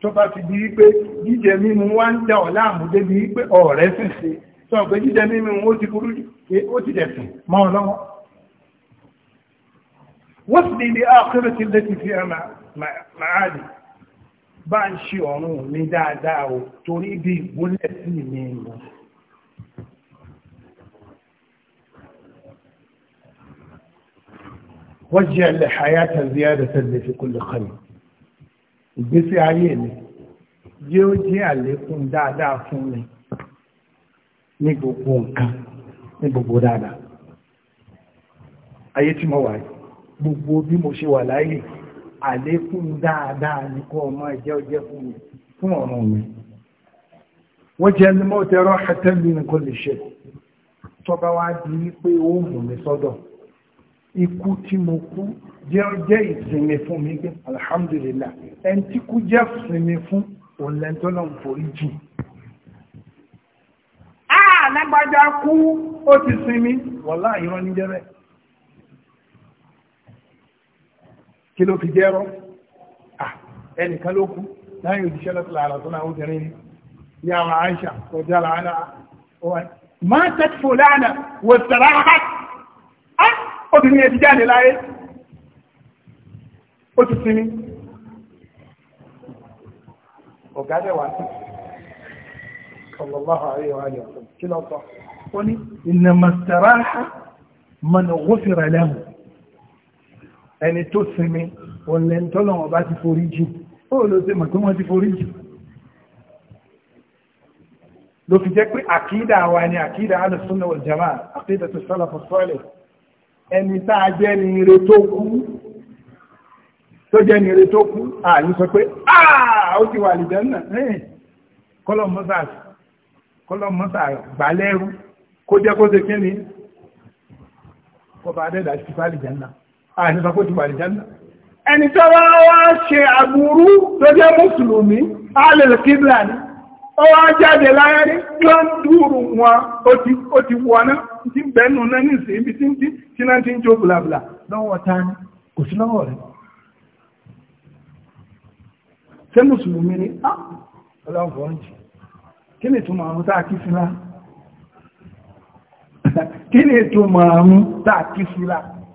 tó bá ti di wípé jíjẹ mímu wá ń dá ọ̀la àmúdé bí wípé ọ̀rẹ́ sì ṣe sọ pé jíjẹ mímu ó ti burú ó ti dẹ̀sìn mọ́ ọ lọ́wọ́ wọ́n sì lè ní àkérè tí lẹ́tì fi àmà áṣì bá ń ṣe ọ̀run mi dáadáa o torí bí ìgbólẹ̀ sí mi mọ̀. واجعل الحياة زيادة لي في كل خير ìgbésí ayé mi jẹ́ ó jẹ́ àlékún dáadáa fún mi ní gbogbo nǹkan ní gbogbo dáadáa ayé tí mo wà gbogbo bí mo ṣe wà láyé àlékún dáadáa ní kọ́ ọmọ ẹjẹ́ ọjẹ́ fún mi fún ọ̀run mi wọ́n jẹ́ ní mọ́ tẹ́rọ àtẹ́lú nǹkan lè ṣe tọ́ba wá di wípé ó mú mi sọ́dọ̀ ikú tí mo kú jẹ́ ọjẹ́ ìsinmi fún mi gbé alhamdulillah ẹni tí kú jẹ́ ìsinmi fún òǹlẹ́ntọ́nà forí jì lágbájá kú ó ti sinmi wọ́lá ìrọ́ ní jẹ́rẹ̀ẹ́ kí ló fi jẹ́rọ ẹnìkan ló kú láyé òjíṣẹ́ lọ́tọ̀lá àràtọ́ náà obìnrin ni yàwó Aisha kọjá làánà máa tẹ́tìfò lánà wò tẹ̀lá á obìnrin yẹn ti jáde láyé ó ti sinmi ọ̀gá dẹ̀wà sí sallallahu alaihi wa sallam kí lọ́tọ̀ ó ní ìnàmọ̀sáráhà mọ̀nà òwúfẹ̀rẹ̀ lẹ́hùn ẹni tó sinmi ọ̀lẹ́ tọ́lọ̀wọ̀n bá ti forí jì ó ló ṣe mọ̀ tí wọ́n ti forí jì ló fi jẹ́ pé àkídà wa ni àkídà alùsùnà wal jamaa àkídà tó sọ́lá fún sọ́lẹ̀ ẹni tá a jẹ́ ni ire tó kú tó jẹ́ ni ire tó kú àyí sọ pé ó ti wà lìjẹ́ náà ẹ̀yìn kọ́lọ̀mọ́sà gbálẹ́rú kó jẹ́ kó ṣe kí ni kọba àìsàkó ti wà ní jẹ́nà ẹni tó wá wá ṣe àgbúrú tó jẹ́ mùsùlùmí alẹ́lẹ́kíblà ní ó wá jáde láyárí tó ń dúrù wọn ó ti wọná tí bẹ̀ẹ́nù náà ní ìsìn ibi tí tí náà ti ń jó blabla lọ́wọ́ ta kò sí lọ́wọ́ rẹ̀ ṣé mùsùlùmí ni á jì kí ni ìtumọ̀ àwọn tá a kí sí lá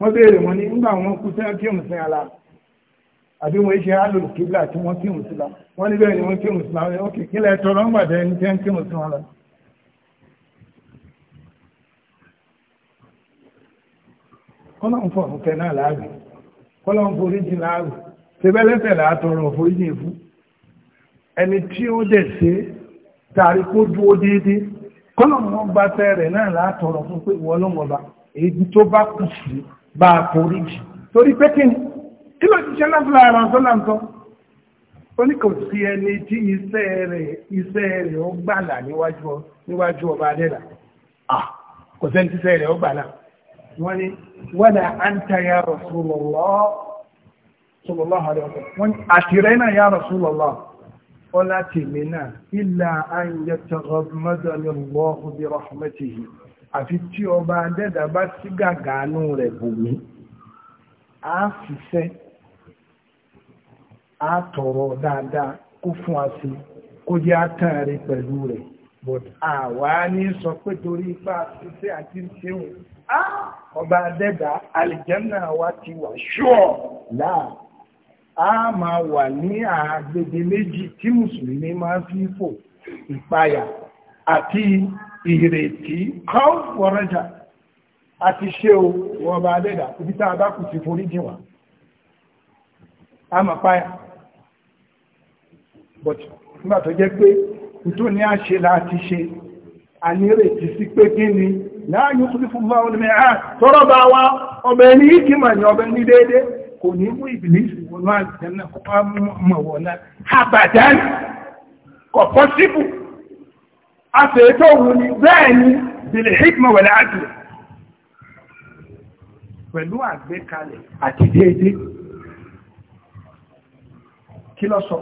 wọ́n béèrè wọn ní nígbà wọn kú sẹ́yà kí òun sin ala àbí wọn ṣe alòlù kíbla tí wọ́n kí òun sí la wọ́n ní bẹ́ẹ̀ ni wọ́n kí òun sí la wọ́n kì í lẹ̀ tọrọ ń gbàdẹ ẹni tí wọ́n kí òun sí wọn la. kọ́lá ń fọ ọ̀fẹ́ náà láàrú kọ́lá ń foríjì láàrú tẹ́bẹ́lẹ́fẹ̀ látọrọ foríjì fún ẹni tí ó dẹ̀ ṣe tàrí kó dúó déédéé kọ́lá ń wọ́n gbàtẹ́ rẹ̀ náà látọrọ fún bá a forí jì torí pé kí ni kí ló ti ṣe lọ́sọ̀lá ara sọ́làǹtọ́ ó ní kò sí ẹni tí iṣẹ́ rẹ̀ iṣẹ́ rẹ̀ ó gbàlà níwájú ọba adẹ́là kò sẹ́ni tí iṣẹ́ rẹ̀ ó gbàlà wọ́n ní wọ́n àǹtà ya Rasulullah sallallahu alaihi wasallam wọ́n ọlá tèmi náà illa an yataghmadani Allahu bi rahmatihi àfi tí ọba adẹ́dà bá sí gàgánú rẹ̀ bò mí á fiṣẹ́ á tọrọ dáadáa kó fún wa sí kó jẹ́ átàn rẹ̀ pẹ̀lú rẹ̀ but àwa ní sọ pé torí ipá fiṣẹ́ àti ṣéun á ọba adẹ́dà àlìjẹ́nà wa ti wà ṣúọ̀ láà á máa wà ní àgbègbè méjì tí mùsùlùmí máa fi fò ìpayà àti ìrètí kọ́ wọ́rọ́jà àti ṣe o wọ́n bá dẹ́dà ibi tá a bá kù sí forí jìn a mọ̀ páyà but nígbà tó jẹ́ pé tó ní a ṣe láti ṣe a ní ìrètí sí pé kí ni láàyò tó fún bá olùmẹ̀ à tọ́rọ bá wá ọbẹ̀ ní ìkìmọ̀ ní ọbẹ̀ ní déédé kò ní mú ìbìlísì wọn náà jẹ́ náà mọ̀wọ̀ náà àbàdán kọ̀ pọ́síbù àtẹ̀ẹ́tọ́ òun ni bẹ́ẹ̀ ni bìlẹ̀ hikma wẹ̀lẹ̀ àdìlẹ̀ pẹ̀lú àgbékalẹ̀ àti déédé kí lọ sọ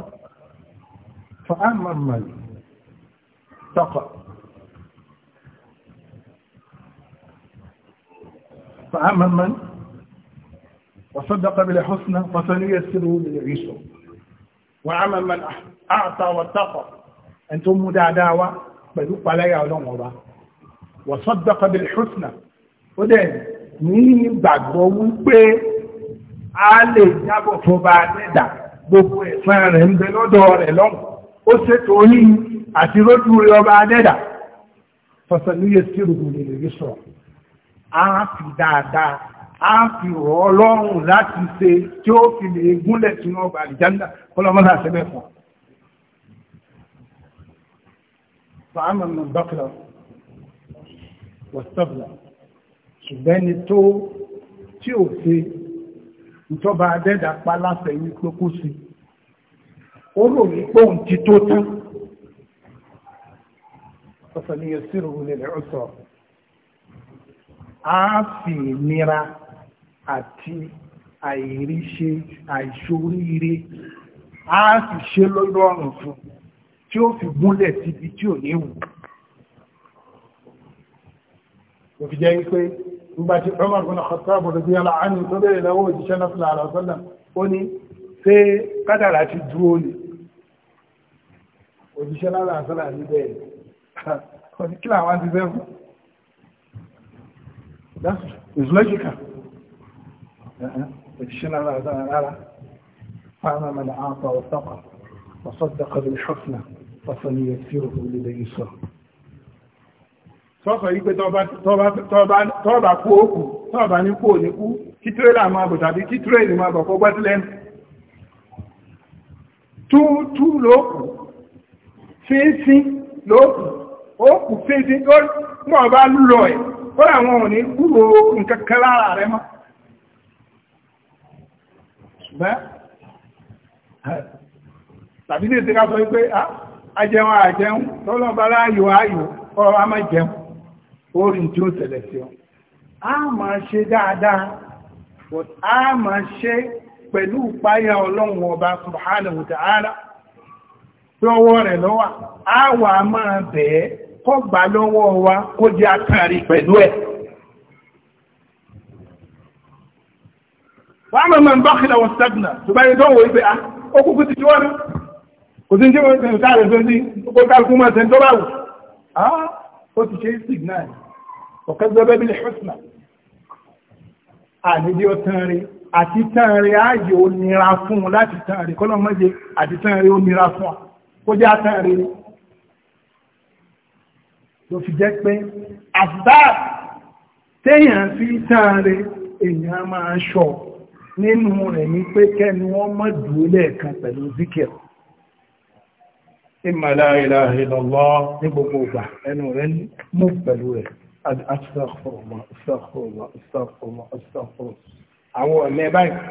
fa'amamali tọ́kọ̀ fa'amamali وصدق بالحسنى فسنيسره للعسر وعمل من أعطى واتقى أنتم مدعداوة pẹ̀lú paláyà ọlọ́run ọba wasadaqa bil husna ó dẹ̀ ní ìgbàgbọ́ wípé a lè jábọ̀ fọba dẹ́dà gbogbo ẹ̀san rẹ̀ ń bẹ lọ́dọ̀ rẹ̀ lọ́rùn ó ṣètò orí àti rójú rẹ̀ ọba dẹ́dà fọsẹ̀lúyẹ sí rògbòdì lè sọ̀rọ̀ a fi dáadáa a fi fàámà من bákìlá wọ̀sọ́bìlá ṣùgbẹ́ ni tó tí ò ṣe ìjọba adẹ́dà pa láṣẹ wípé kó sí ó rò wípé òun ti tó tán ọ̀sán ni yẹn sírò wọlé rẹ̀ ọ̀sọ̀ á nira àti àìríṣe àìṣoríire á sì ṣe lọ́rùn fún un tí ó fi gúnlẹ̀ síbi tí ò ní wù ó fi jẹ́ wípé nígbà tí Umar bin Khattab radiyallahu anhu tó bẹ̀rẹ̀ lọ́wọ́ òjíṣẹ́ náà sallallahu alaihi wasallam ó ní ṣé kádàrà ti dúró ni òjíṣẹ́ náà sallallahu alaihi wasallam ní bẹ́ẹ̀ ó ní kí làwọn ti mẹ́lẹ̀ àwọn ọ̀sọ́kọ̀, ọ̀sọ́dọ̀kọ̀ lè ṣọ́fìnà fàfàní ẹ̀fí òfin lè lẹ́yìn sọ. sọ́sọ̀ yí pé tọ́ọ̀bà kú òkú tọ́ọ̀bà ní kú òní kú kí tírélà máa bọ̀ tàbí kí tírélì máa bọ̀ kó gbọ́ sílẹ̀ túútú lóòkù fífín lóòkù òkù fífín tó mọ̀ bá lúlọ ẹ̀ ó làwọn òní kúrò nǹkan kan lára rẹ̀ mọ́ ṣùgbọ́n tàbí ní ìsinmi sọ wípé ah ajẹun àjẹun tọ́lọ́ba láàyò ayò kọ́ a máa jẹun orin tí ó tẹ̀lẹ̀ sí ọ a máa ṣe dáadáa a máa ṣe pẹ̀lú ìpáyà ọlọ́run ọba subhanahu wa ta'ala lọ́wọ́ rẹ̀ lọ́wà a wà máa bẹ̀ẹ́ kọ́ gbà lọ́wọ́ wa kó jẹ́ àkàrí pẹ̀lú ẹ̀ wọ́n a máa máa bá kìlà wọ́n stagnant tó bá yẹ dánwò ibẹ̀ a ó kúkú ti jọ́rọ̀ kò sí tí wọ́n ti sá rẹ̀ sósí kó kálukú máa ṣe tó bá wù á ó ti ṣe signal ọ̀kẹ́ gbẹ́bẹ́ bí husna àníbi ọ̀tàn rẹ̀ àti tán rẹ̀ ààyè ó nira fún un láti tán rẹ̀ kọ́lọ́ mọ́jẹ àti tán rẹ̀ ó nira fún un kó jẹ́ àtàn rẹ̀ ni ló fi jẹ́ pé àbá téèyàn fi tán rẹ̀ èèyàn máa ń ṣọ nínú rẹ̀ ní pé kẹ́ni wọ́n mọ̀ dúró lẹ́ẹ̀kan pẹ̀lú zikir إما لا إله إلا الله نبقوبة أنه رن مقبل وين أستغفر الله أستغفر الله أستغفر الله أستغفر الله àwọn ọ̀lẹ́ báyìí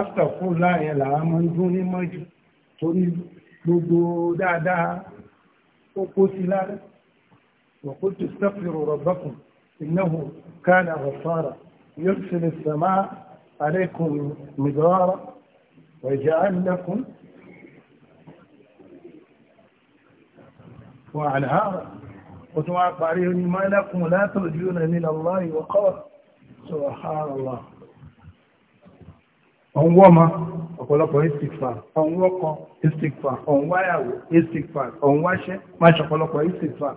astagfo láàrin làwọn máa ń dún ní mọ́jú torí gbogbo dáadáa ó kó sí lára wọ́pọ̀ tó وأنهارا وتوعى عليهم ما لكم لا ترجون من الله وقال سبحان الله ọ̀n wọ́ ma ọ̀pọ̀lọpọ̀ istikfar ọ̀n wọ́kọ istikfar ọ̀n wáyàwó istikfar ọ̀n wáṣẹ́ máa ṣọ̀pọ̀lọpọ̀ istikfar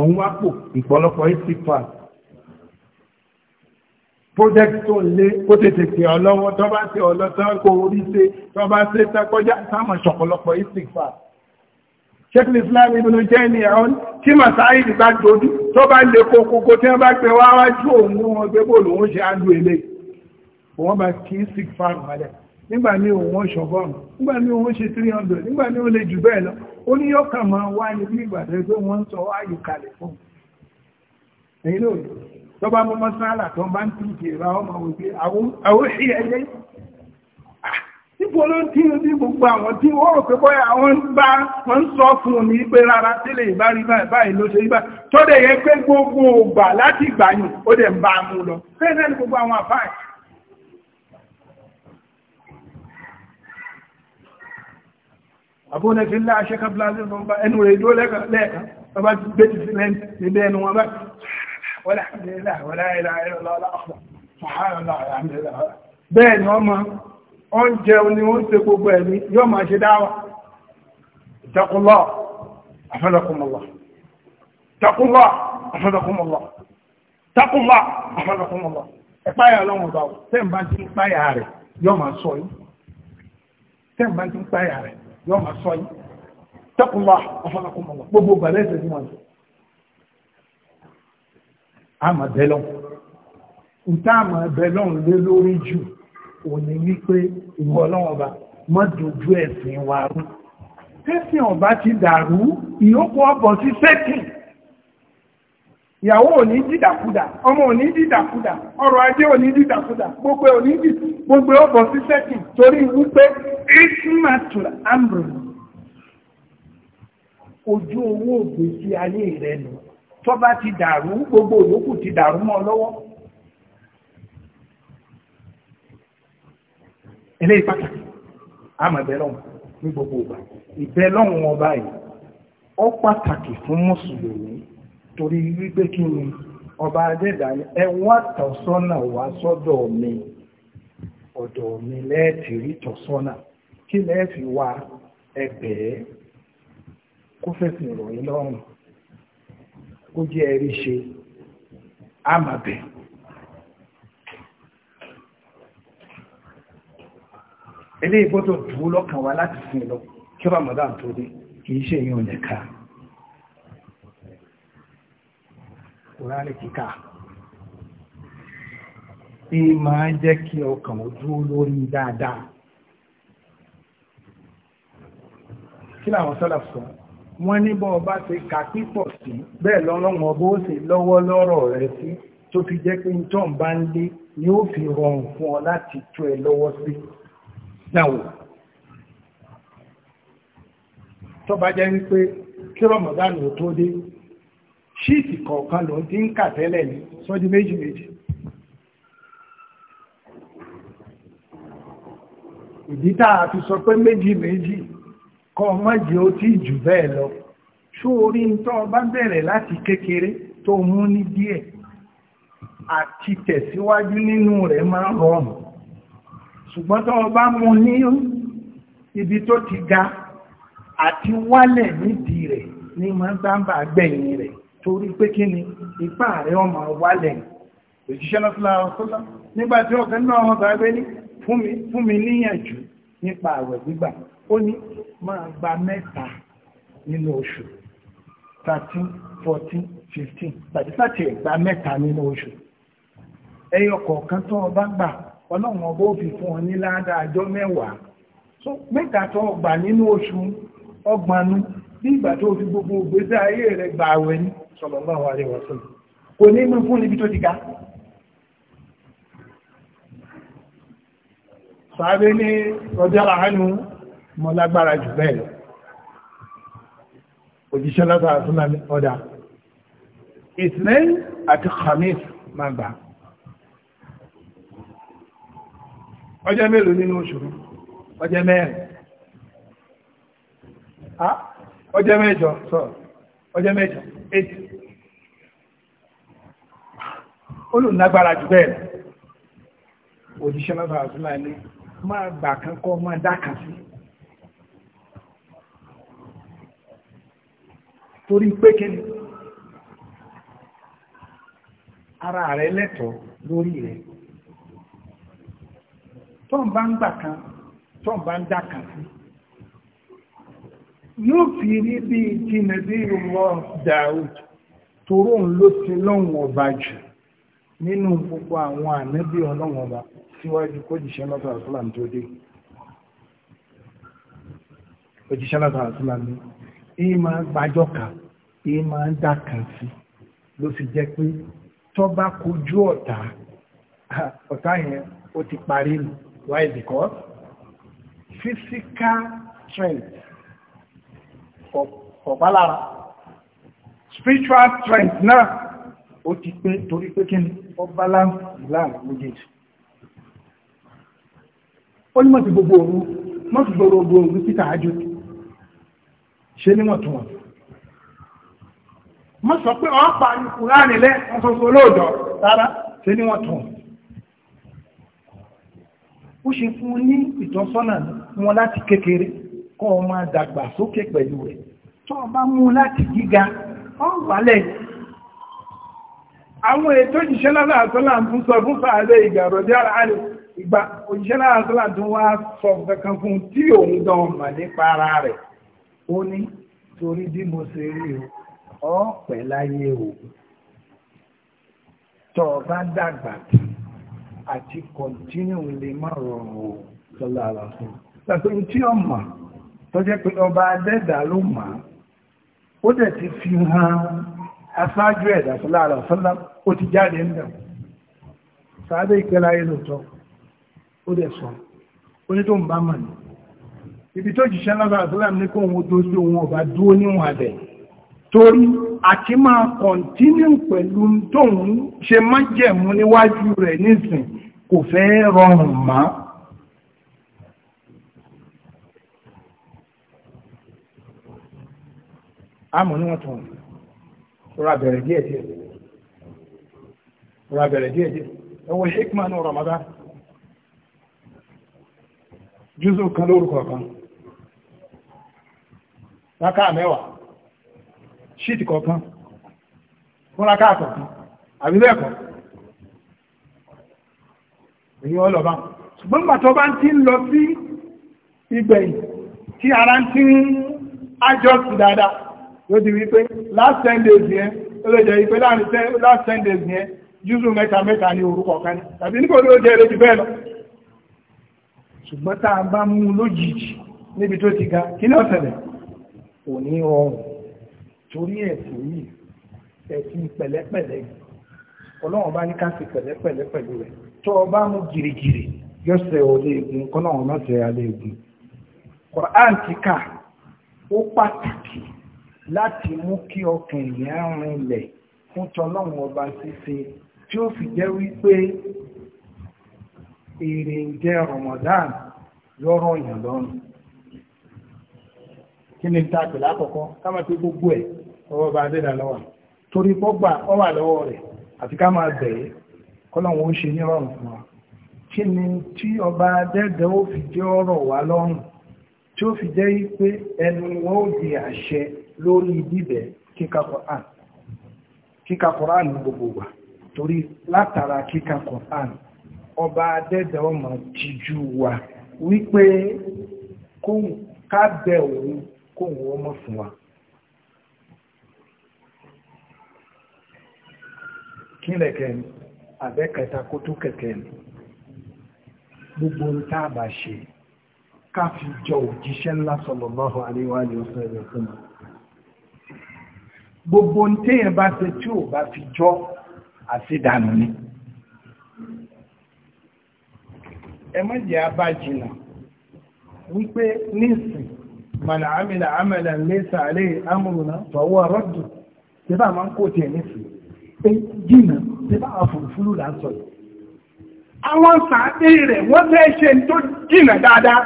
ọ̀n wápò ìpọ̀lọpọ̀ istikfar project tó lé kó tètè pè ọ lọ́wọ́ tó bá tẹ ọ lọ́tọ́ kó orí ṣe tó bá ṣe tẹ́kọ́já sáàmà ṣọ̀pọ̀lọpọ̀ istikfar ṣẹ́kùn islam ibùnú jẹ́ ní ẹ̀hún tí masáyì bá dojú tó bá lè kókókó tí wọ́n bá gbé wá wájú òun wọn gbé bò lòun ṣe àlú ilé wọ́n bá kí sick farm wálẹ̀ nígbà ní òun wọ́n ṣọ̀gọ́rùn nígbà ní òun ṣe 300 nígbà ní ó lè jù bẹ́ẹ̀ lọ ó ní yóò kàn máa wá ní bí ìgbà tẹ́ pé wọ́n ń sọ ayò kalẹ̀ fún ẹ̀yìn lóòrùn tó bá mọ́ mọ́sálà tó bá ń tìkì ra ọmọ wípé àwọn òṣìṣẹ́ Níbo ló ń tí ń bí gbogbo àwọn tí wọ́n rò pé bọ́yá àwọn bá wọ́n sọ fún ní pé rárá tẹ́lẹ̀ ìbárí báyìí ló ṣe rí tó dẹ̀ yẹ pé gbogbo ògbà láti ìgbàyàn ó dẹ̀ ń bá mú lọ. Fẹ́ẹ̀fẹ́ ni gbogbo àwọn àfáà àbúrò fi ńlá aṣẹ́ká blazil wọn bá oúnjẹ ni ó ń ṣe gbogbo ẹ̀mí yóò máa ṣe dáwà ìtẹ́kùnlọ́ àfẹ́lẹ́kùnmọ̀lọ́ tẹ́kùnlọ́ àfẹ́lẹ́kùnmọ̀lọ́ tẹ́kùnlọ́ àfẹ́lẹ́kùnmọ̀lọ́ ẹ̀páyà ọlọ́run ọba tẹ́ǹbá ti ń páyà rẹ̀ yóò máa sọ yìí tẹ́ǹbá ti ń páyà rẹ̀ yóò máa sọ yìí tẹ́kùnlọ́ àfẹ́lẹ́kùnmọ̀lọ́ gbogbo gbàlẹ́ òní wípé ìwọ ọlọ́run ọba mọ́ dojú ẹ̀sìn wa rú tẹ́sìn ọba ti dàrú ìyókù ọbọ̀ sí sẹ́kìn ìyàwó òní dídàkudà ọmọ òní dídàkudà ọrọ̀ ajé òní dídàkudà gbogbo òní dì gbogbo ọbọ̀ sí sẹ́kìn torí wípé ismatul ambrose ojú owó ògbésí ayé rẹ nù tọ́ba ti dàrú gbogbo òyókù ti dàrú mọ́ lọ́wọ́ ele ipataki àmọ́ ìbẹ̀ ní gbogbo ìgbà ìbẹ̀ ọ pataki ó pàtàkì fún mùsùlùmí torí wípé kí ọba adẹ́dà ni ẹ wá tọ̀sọ́nà wá sọ́dọ̀ mi ọ̀dọ̀ mi lẹ́ẹ̀tì rí tọ̀sọ́nà kí lẹ́ẹ̀ fi wá ẹbẹ̀ kó fẹ̀sìn ilé ìgbọ́dọ̀ dúró lọ́kàn wa láti sin lọ kí Ramadan tó dé kìí ṣe yíò nìka Kùránì kíkà ìyí máa jẹ́ kí ọkàn ó dúró lórí dáadáa kí làwọn sọ́lá sọ wọ́n ní bọ́ ọba ṣe kà pípọ̀ sí bẹ́ẹ̀ lọ́lọ́wọ́ bó ṣe lọ́wọ́ lọ́rọ̀ rẹ̀ sí tó fi jẹ́ pé ń ń bá ń lé ni ó fi rọrùn fún ọ láti tó ẹ lọ́wọ́ sí. dánwò tó bá jẹ́ wípé kí rọmọdánù tó dé ṣíìtì kọ̀ọ̀kan ló ti ń kà tẹ́lẹ̀ ní sọ́dí méjì méjì ìdí tá a fi sọ pé méjì méjì kọ́ mọ́jì ó tí jù bẹ́ẹ̀ lọ ṣó orí tó ọba bẹ̀rẹ̀ láti kékeré tó mú ní díẹ̀ àti ṣùgbọ́n tó ọba mú ní ibi tó ti ga àti wálẹ̀ nídìí rẹ̀ ní máa ń sábà gbẹ̀yìn rẹ̀ torí pé kí ni ipá rẹ̀ ọmọ wálẹ̀ òjíṣẹ́ náà fúnra ọ̀sọ́lá nígbà tí ọ̀kan náà wọn bá gbé ní fún mi níyànjú nípa àwẹ̀ gbígbà ó ní máa gba mẹ́ta nínú oṣù 13 14 15 tàbí sátì ẹ̀gbà mẹ́ta nínú oṣù ẹyọ kọ̀ọ̀kan tó ọba gbà ọlọ́run ọba ó fi fún ọ ní ládàá àjọ mẹ́wàá so mẹ́ta tó gbà nínú oṣù ọgbọ̀nú bí ìgbà tó fi gbogbo ògbésẹ̀ ayé rẹ̀ gbà àwẹ̀ ní sallallahu alaihi wasallam kò ní mú fún níbi tó ti ga sáré ní ọjọ́ àánú mọ́ lágbára jù bẹ́ẹ̀ lọ òjíṣẹ́ látara súnmọ́ ọ̀dà ìsìnlẹ̀ àti khamis máa gbà ọjọ́ mélòó nínú oṣù rẹ̀ ọjọ́ mẹ́rin ọjọ́ mẹ́jọ ọjọ́ mẹ́jọ eight olùnagbára jù bẹ́ẹ̀ òjíṣẹ́ mẹ́fà àtúnlá ní máa gbà kan kọ́ máa dákà sí torí pé ara rẹ̀ lẹ́tọ̀ lórí rẹ̀ tọ́n bá ń gbà kan tọ́n bá ń kan sí yóò fi rí bí ń ló ti ọba jù nínú gbogbo àwọn ànábì ọlọ́wọ́n ọba síwájú kó jìṣẹ́ lọ́tọ̀ àtúlàm tó dé òjìṣẹ́ lọ́tọ̀ àtúlàm ní ìyí máa gbàjọ́ kan ìyí máa ń fi jẹ́ pé tọ́ bá kojú ọ̀tá ọ̀tá yẹn ó ti parí Why? Because physical strength for for lára spiritual strength náà ó ti pé torí pé kí ni ó balance láàrin méjèèjì ó ní mọ̀sí gbogbo òru mọ̀sí gbogbo òru òru títà ájú ṣe níwọ̀ntúnwọ̀n mọ̀ sọ pé ọ̀pá ní kùránì lẹ́ ọ̀sọ̀sọ̀ lóòjọ́ rárá ṣe níwọ̀ntúnwọ̀n ó ṣe fún ní ìtọ́sọ́nà wọn láti kékeré kọ́ ọ máa dàgbà sókè pẹ̀lú rẹ̀ tó o bá mú láti gíga ọ wálẹ̀ àwọn ètò ìṣẹ́ lára àtọ́là ń fún sọ fún fàálẹ̀ ìgbà rọ̀dí ara rẹ̀ ìgbà òṣìṣẹ́ lára àtọ́là tó wá sọ kankan fún tí òun dán mà nípa ara rẹ̀ ó ní torí bí mo ṣe rí o ọ pẹ̀ láyé o tọ́ ọ bá dàgbà tán àti kọ̀ntínú lè má rọrùn o sọ́lá àlàfún pẹ̀lú tí ó mà tó jẹ́ pé ọba adẹ́dà ló mà ó dẹ̀ ti fi hàn aṣáájú ẹ̀dà sọ́lá àlàfún ó ti jáde ń bẹ̀ sáré ìkẹlẹ̀ ayé lóòótọ́ ó dẹ̀ sọ ó ní tó ń bá mà ní ibi tó jìṣẹ́ lọ́sọ̀ àṣálàm ní kóhun tó sí ohun ọba dúó níwọ̀n àbẹ̀ torí àti máa kọ̀ntínú pẹ̀lú tóhun ṣe májẹ̀mú níwájú rẹ̀ nísìn kò fẹ́ rọrùn má ní wọ́n tún díẹ̀ díẹ̀ díẹ̀ díẹ̀ ní Ramadan kan lórúkọ kan mẹ́wàá kọ̀ọ̀kan fún èyí ọlọ́bá ṣùgbọ́n gbà tó bá ti ń lọ sí ìgbẹ̀yìn tí ara ti ń ájọ́sì dáadáa ló di wípé last ten days yẹn ó lè jẹ́ wípé láàrin last ten days yẹn júùsù mẹ́ta mẹ́ta ní orúkọ kan tàbí nígbà tó jẹ́ èrè jù bẹ́ẹ̀ lọ ṣùgbọ́n tá a bá mú lójijì níbi tó ti ga kí ní ọ̀sẹ̀lẹ̀ kò ní rọrùn torí ẹ̀sìn yìí ẹ̀sìn pẹ̀lẹ́pẹ̀lẹ́ ọlọ́run bá ní ká sí pẹ̀lẹ́pẹ̀lẹ́ pẹ̀lú rẹ̀ tó o bá mú gìrìgìrì yóò ṣe olè ègún kọ́nà wọn náà ṣe alẹ́ ègún Quran ti kà ó pàtàkì láti mú kí ọkàn èèyàn rinlẹ̀ fún tọ́lọ́run ọba ṣíṣe tí ó fi jẹ́ wípé èrè jẹ́ Ramadan lọ́rọ̀ èèyàn lọ́rùn kí ni ta pè lákọ̀ọ́kọ́ ká máa fi gbogbo ẹ̀ ọwọ́ bá dé dà lọ́wọ́ torí pọ́gbà ọwà lọ́wọ́ rẹ̀ àti ká máa bẹ̀ẹ́ kọ́lọ́wọ́n ó ṣe nírọ̀rùn fún wa kí tí ọba adẹ́dẹ́ ó fi jẹ́ ọ̀rọ̀ wá lọ́rùn tí ó fi jẹ́ pé ẹnu wọn ó di àṣẹ lórí bíbẹ̀ kíka Quran gbogbo wa torí látara kíka Quran ọba adẹ́dẹ́ ọmọ jíjú wa wípé ká òun kóhun ọmọ fún wa. kí àbẹ́kẹta kó tó kẹ̀kẹ́ ni gbogbo ń tá a bá ṣe ká fi jọ òjíṣẹ́ ńlá sallallahu alaihi wa sallam gbogbo ń téèyàn bá ṣe tí ò bá fi jọ àṣedànù ni ẹ má jẹ́ abájìnà wípé nísìn màlà àmìlà àmàlà laysa alaihi amruna fahuwa radd ṣé máa ń kó tiẹ̀ nísìn pé jìnnà ti bá àwọn fùrùfúrù là ń sọ yìí àwọn sàádé rẹ̀ wọ́n fẹ́ ṣe tó jìnà dáadáa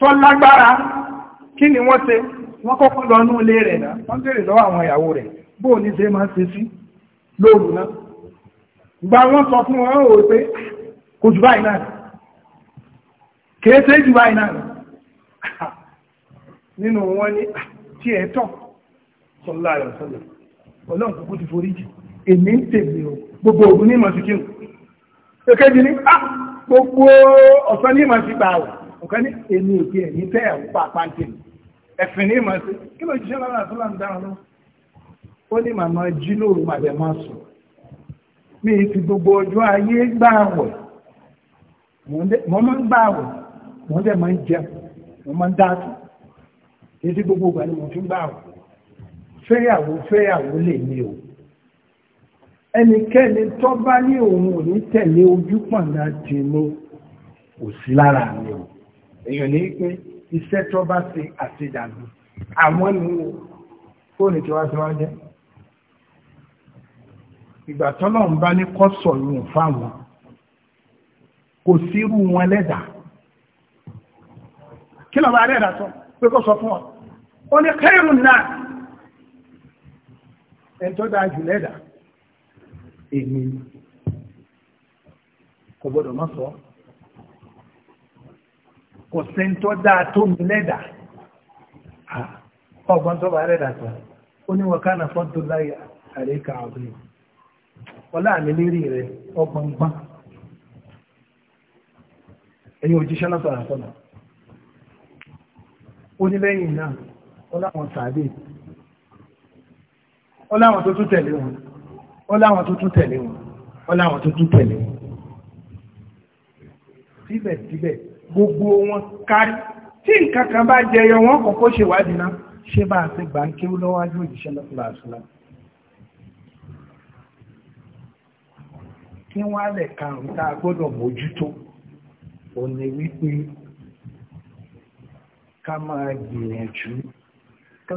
tó lágbára kí ni wọ́n ṣe wọ́n kọ́kọ́ lọ ní ilé rẹ̀ náà wọ́n bèèrè lọ́wọ́ àwọn ìyàwó rẹ̀ bó ní ṣe máa ṣe sí lóòrùn náà gba wọ́n sọ fún wọn ó pé kò jù báyìí náà kìí ṣe jù báyìí náà nínú wọn ní ah, tí ẹ tọ̀ sọ́lá ayọ̀ sọ́lá ọlọ́run kúkú ti forí jù èmi ń tèmi o gbogbo ògùn ní ìmọ̀ sí kírun kékeré ní á ah, gbogbo ọ̀sán ní ìmọ̀ sí gbà wọ̀ ọ̀kan ní èmi òkè ẹ̀mí tẹ́ ẹ̀wọ́ pàpà ń tèmi ẹ̀fìn ní ìmọ̀ sí kí ló jíṣẹ́ lára tó là ń dáhùn lọ ó ní màmá jí lóru màdẹ máa sùn mi ti gbogbo ọjọ́ ayé gbà wọ̀ mo máa ń gbà wọ̀ mo dẹ̀ máa ń jẹun mo máa ń dáàtò kí gbogbo ìgbà ni mo fi ń gbà fẹ́yàwó fẹ́yàwó lè ní o ẹnikẹ́ni tó bá ní òun ò ní tẹ̀lé ojú pàǹdà tì mú sí lára mi o èèyàn ní pé iṣẹ́ tó bá ṣe àṣedàgbò àwọn ni o fóònù tí wàá ṣe wá jẹ́ ìgbà tọ́lọ́run bá ní kọ́ sọ̀rọ̀ fáwọn kò sírú wọn lẹ́dàá kí lọ́ba lẹ́dàá sọ pé kó sọ fún ọ ó ní kẹ́rù náà ẹ̀ tó dáa jù lẹ́dàá. èmi kobodo gbọ́dọ̀ má sọ kò sẹ́ńtọ́ dáa tó mi lẹ́dà ọgbọ́n tó bá lẹ́dà sọ ó ní wọ́n kánà fọ́ńtò láyé àríkà ọ̀gbìn ọlá lẹ́yìn náà tó tún tẹ̀lé wọn ó láwọn tó tún tẹ̀lé wọn ó láwọn tó tún tẹ̀lé wọn. síbẹ̀síbẹ̀ gbogbo wọn kárí tí nǹkan kan bá jẹyọ wọn kọ́kọ́ ṣèwádìí náà ṣé bá a ti gbà ń kéwú lọ́wọ́dún òjíṣẹ́ lọ́sọ̀lá àṣọlá. kí wọ́n á lẹ̀ karùn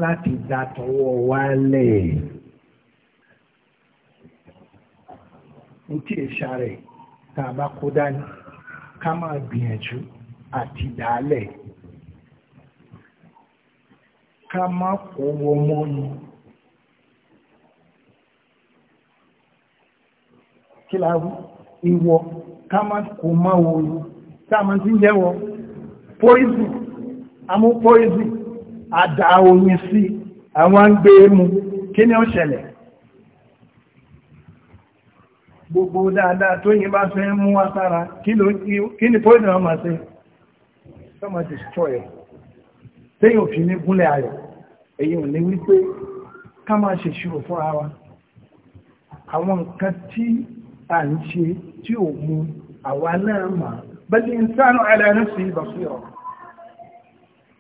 láti dá tọwọ́ wálẹ̀. ní tí èṣà rẹ̀ tá a bá kó dání ká máa gbìyànjú àti dàálẹ̀ ká má kó wọ mọ́nu. kí la rú ìwọ ká má kó má wọlú tá a máa ti ń jẹ́wọ́ poison amú poison àdá oyin sí àwọn ń e mu kí ni ó ṣẹlẹ̀ gbogbo dáadáa tó yí bá fẹ́ mú wá sára kí ni tó ìdàn ọmọ sí sọmọ destroy ẹ̀ tẹ́yìn òfin ní gúnlẹ̀ ayọ̀ èyí ní wípé ká máa ṣe ṣírò fúnra wa àwọn nǹkan tí na ń ṣe tí ò mú àwa náà mà bẹ́ẹ̀ sánú sí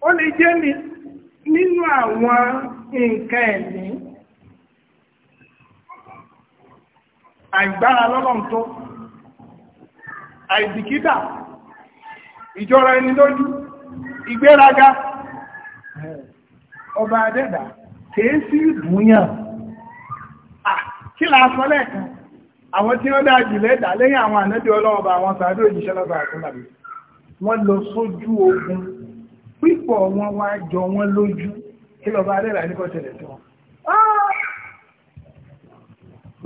ọ̀ lè jẹ́ nínú àwọn nǹkan ẹ̀mí àìgbára lọ́lọ́run tó àìbìkítà ìjọra ẹni lójú ìgbéraga ọba adẹ́dà kèé sí ìdúnyàn kí la sọ lẹ́ẹ̀kan àwọn tí wọ́n dáa jùlẹ̀ dà lẹ́yìn àwọn ànẹ́dẹ̀ ọlọ́ọba àwọn sàádọ́ òjíṣẹ́ lọ́gbà àkúnlàbí wọ́n lọ sójú ogun pípọ̀ wọn wá jọ wọn lójú kí lọ bá adẹ́dà nípọ̀ tẹ̀lẹ̀ tí wọn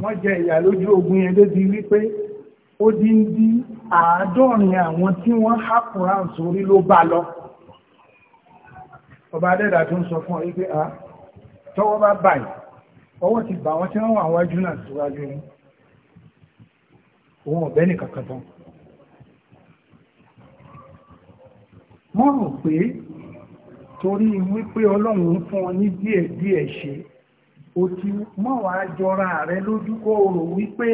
wọ́n jẹ ìyà lójú ogun yẹn débi wípé ó dín dí àádọ́rin àwọn tí wọ́n há Kùránì sórí ló bá lọ ọba adẹ́dà tó ń sọ fún ọ a tọ́wọ́ bá báyìí ọwọ́ ti bà wọ́n tí wọ́n wà wájú náà síwájú yìí òun ọ̀bẹ́ nìkan kan tán wọ́n rò pé torí wípé ọlọ́run fún ọ ní díẹ̀ ṣe otu ti mọ́wàá jọra rẹ lójú kó wípé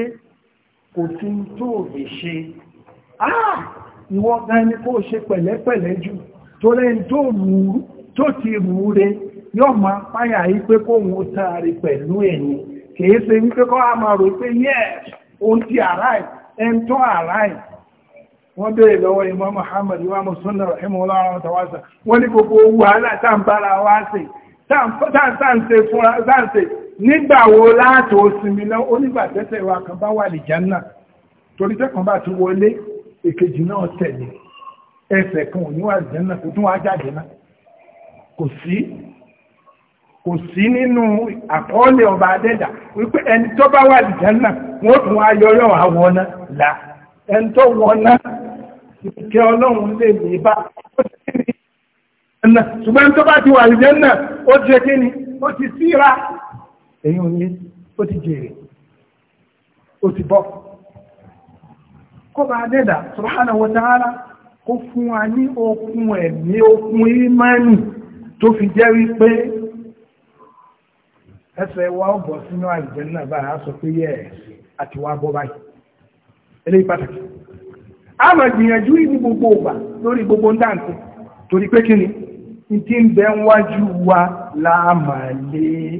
kò sí tó ṣe ah ìwọ gan kó ṣe pẹ̀lẹ́pẹ̀lẹ́ jù tó lẹ́ni tó ti rú re yóò ma páyà yí pé taari pẹ̀lú ẹ̀yìn kìí ṣe wípé kọ́ a máa rò pé yes ohun ti àráì ẹn tó àráì wọ́n Muhammad wa rahimu wá táǹtàǹtà fúnra táǹtà nígbàwo láàtò sinmi lọ onígbàtẹ́tẹ̀ wa kan bá wà lè jánà torí tẹ́kàn bá ti wọlé èkejì náà tẹ̀lé ẹsẹ̀ kan ò ní wà lè jánà kò tún wá jáde náà kò sí kò sí nínú àkọọ́lẹ̀ ọba adẹ́dà wípé ẹni tó bá wà lè jánà wọ́n tún wá yọyọ̀ àwọ̀nà là ẹni tó wọ̀nà ìkẹ́ ọlọ́run lè lè bá ó ẹ̀nà ṣùgbọ́n tó bá ti wà àlùjànnà ó ti ṣe kíni ó ti síra èyí ò ó ti jèrè ó ti bọ́ kó bá dẹ́dà subhanahu wa ta'ala kó fún wa ní okun ẹ̀mí okun ìmánì tó fi jẹ́ wípé ẹsẹ̀ wa ó bọ̀ sínú báyìí pé yẹ wa bọ́ báyìí eléyìí pàtàkì a máa gbìyànjú ìdí gbogbo ògbà lórí gbogbo torí pé tí ń bẹ wájú wa láàmà lé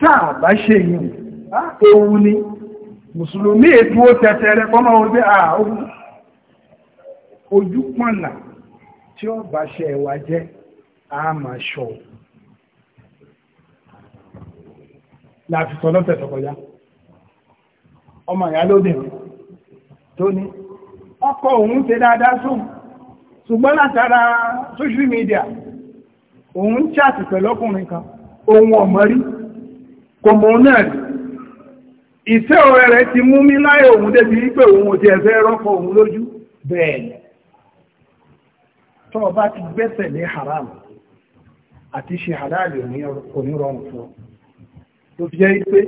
táà bá ṣe yìí ewu ni mùsùlùmí ètò ó tẹ̀tẹ̀ rẹ kọ́mọ orí àwọn ojú pọ̀nà tí ó bá ṣe ẹ̀wà jẹ́ àmà ṣọ̀ láti sọ lọ́tẹ̀ tọkọjá ọmọ ìyá lóbìnrin tó ní ọkọ òun ṣe dáadáa sóhun ṣùgbọ́n látara social media òun ń chat pẹ̀lú ọkùnrin kan òun ọ̀mọ́ rí kò mọ̀ òun náà rí ìfẹ́ ọ̀rẹ́ rẹ̀ ti mú mi láyé òun débi wípé òun ò ẹ̀fẹ́ rọ́pò òun lójú bẹ́ẹ̀ tó bá ti gbẹ́sẹ̀ ní haram àti ṣe halali onírọ̀rùn fún ọ tó fi jẹ́ pé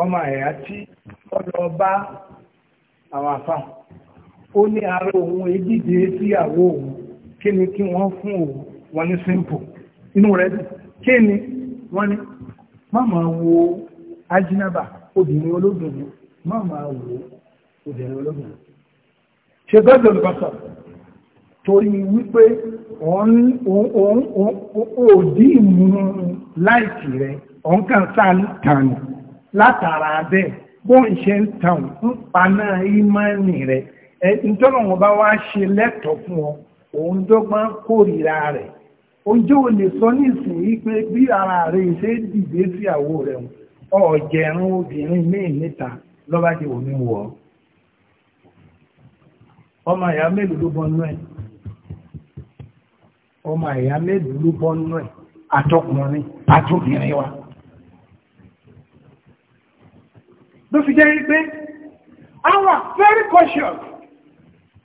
ọmọ ẹ̀yà tí ọlọ́ bá àwọn afá ó ní ara òun èdìdì síyàwó òun kí ni kí wọ́n fún òun wọ́n ní simple inú rẹ̀ kí ni wọ́n ní máma wo ajínàbà obìnrin olóbìnrin máma wo obìnrin olóbìnrin ṣe gbọ́dọ̀ lọ́sọ̀ torí wípé òdí ìmúnú láìkì rẹ̀ òun kàn sáà tàn látara bẹ́ẹ̀ bóun ṣe ń tàn ń paná ìmánì rẹ̀ ntọ́lọ́wọ́n bá wá ṣe lẹ́tọ̀ fún ọ òun dọ́gbọ́n kórìíra rẹ̀ oúnjẹ ò lè sọ nísìnyí pé bí ara rẹ̀ ṣe dìde sí àwo rẹ̀ ọ̀jẹ̀rún obìnrin míì níta lọ́ba ti wò mí wọ̀ ọ́ ọmọ ìyá mélòó ló bọ́nú ẹ̀ ọmọ ìyá wa ló fi jẹ́ pé I very cautious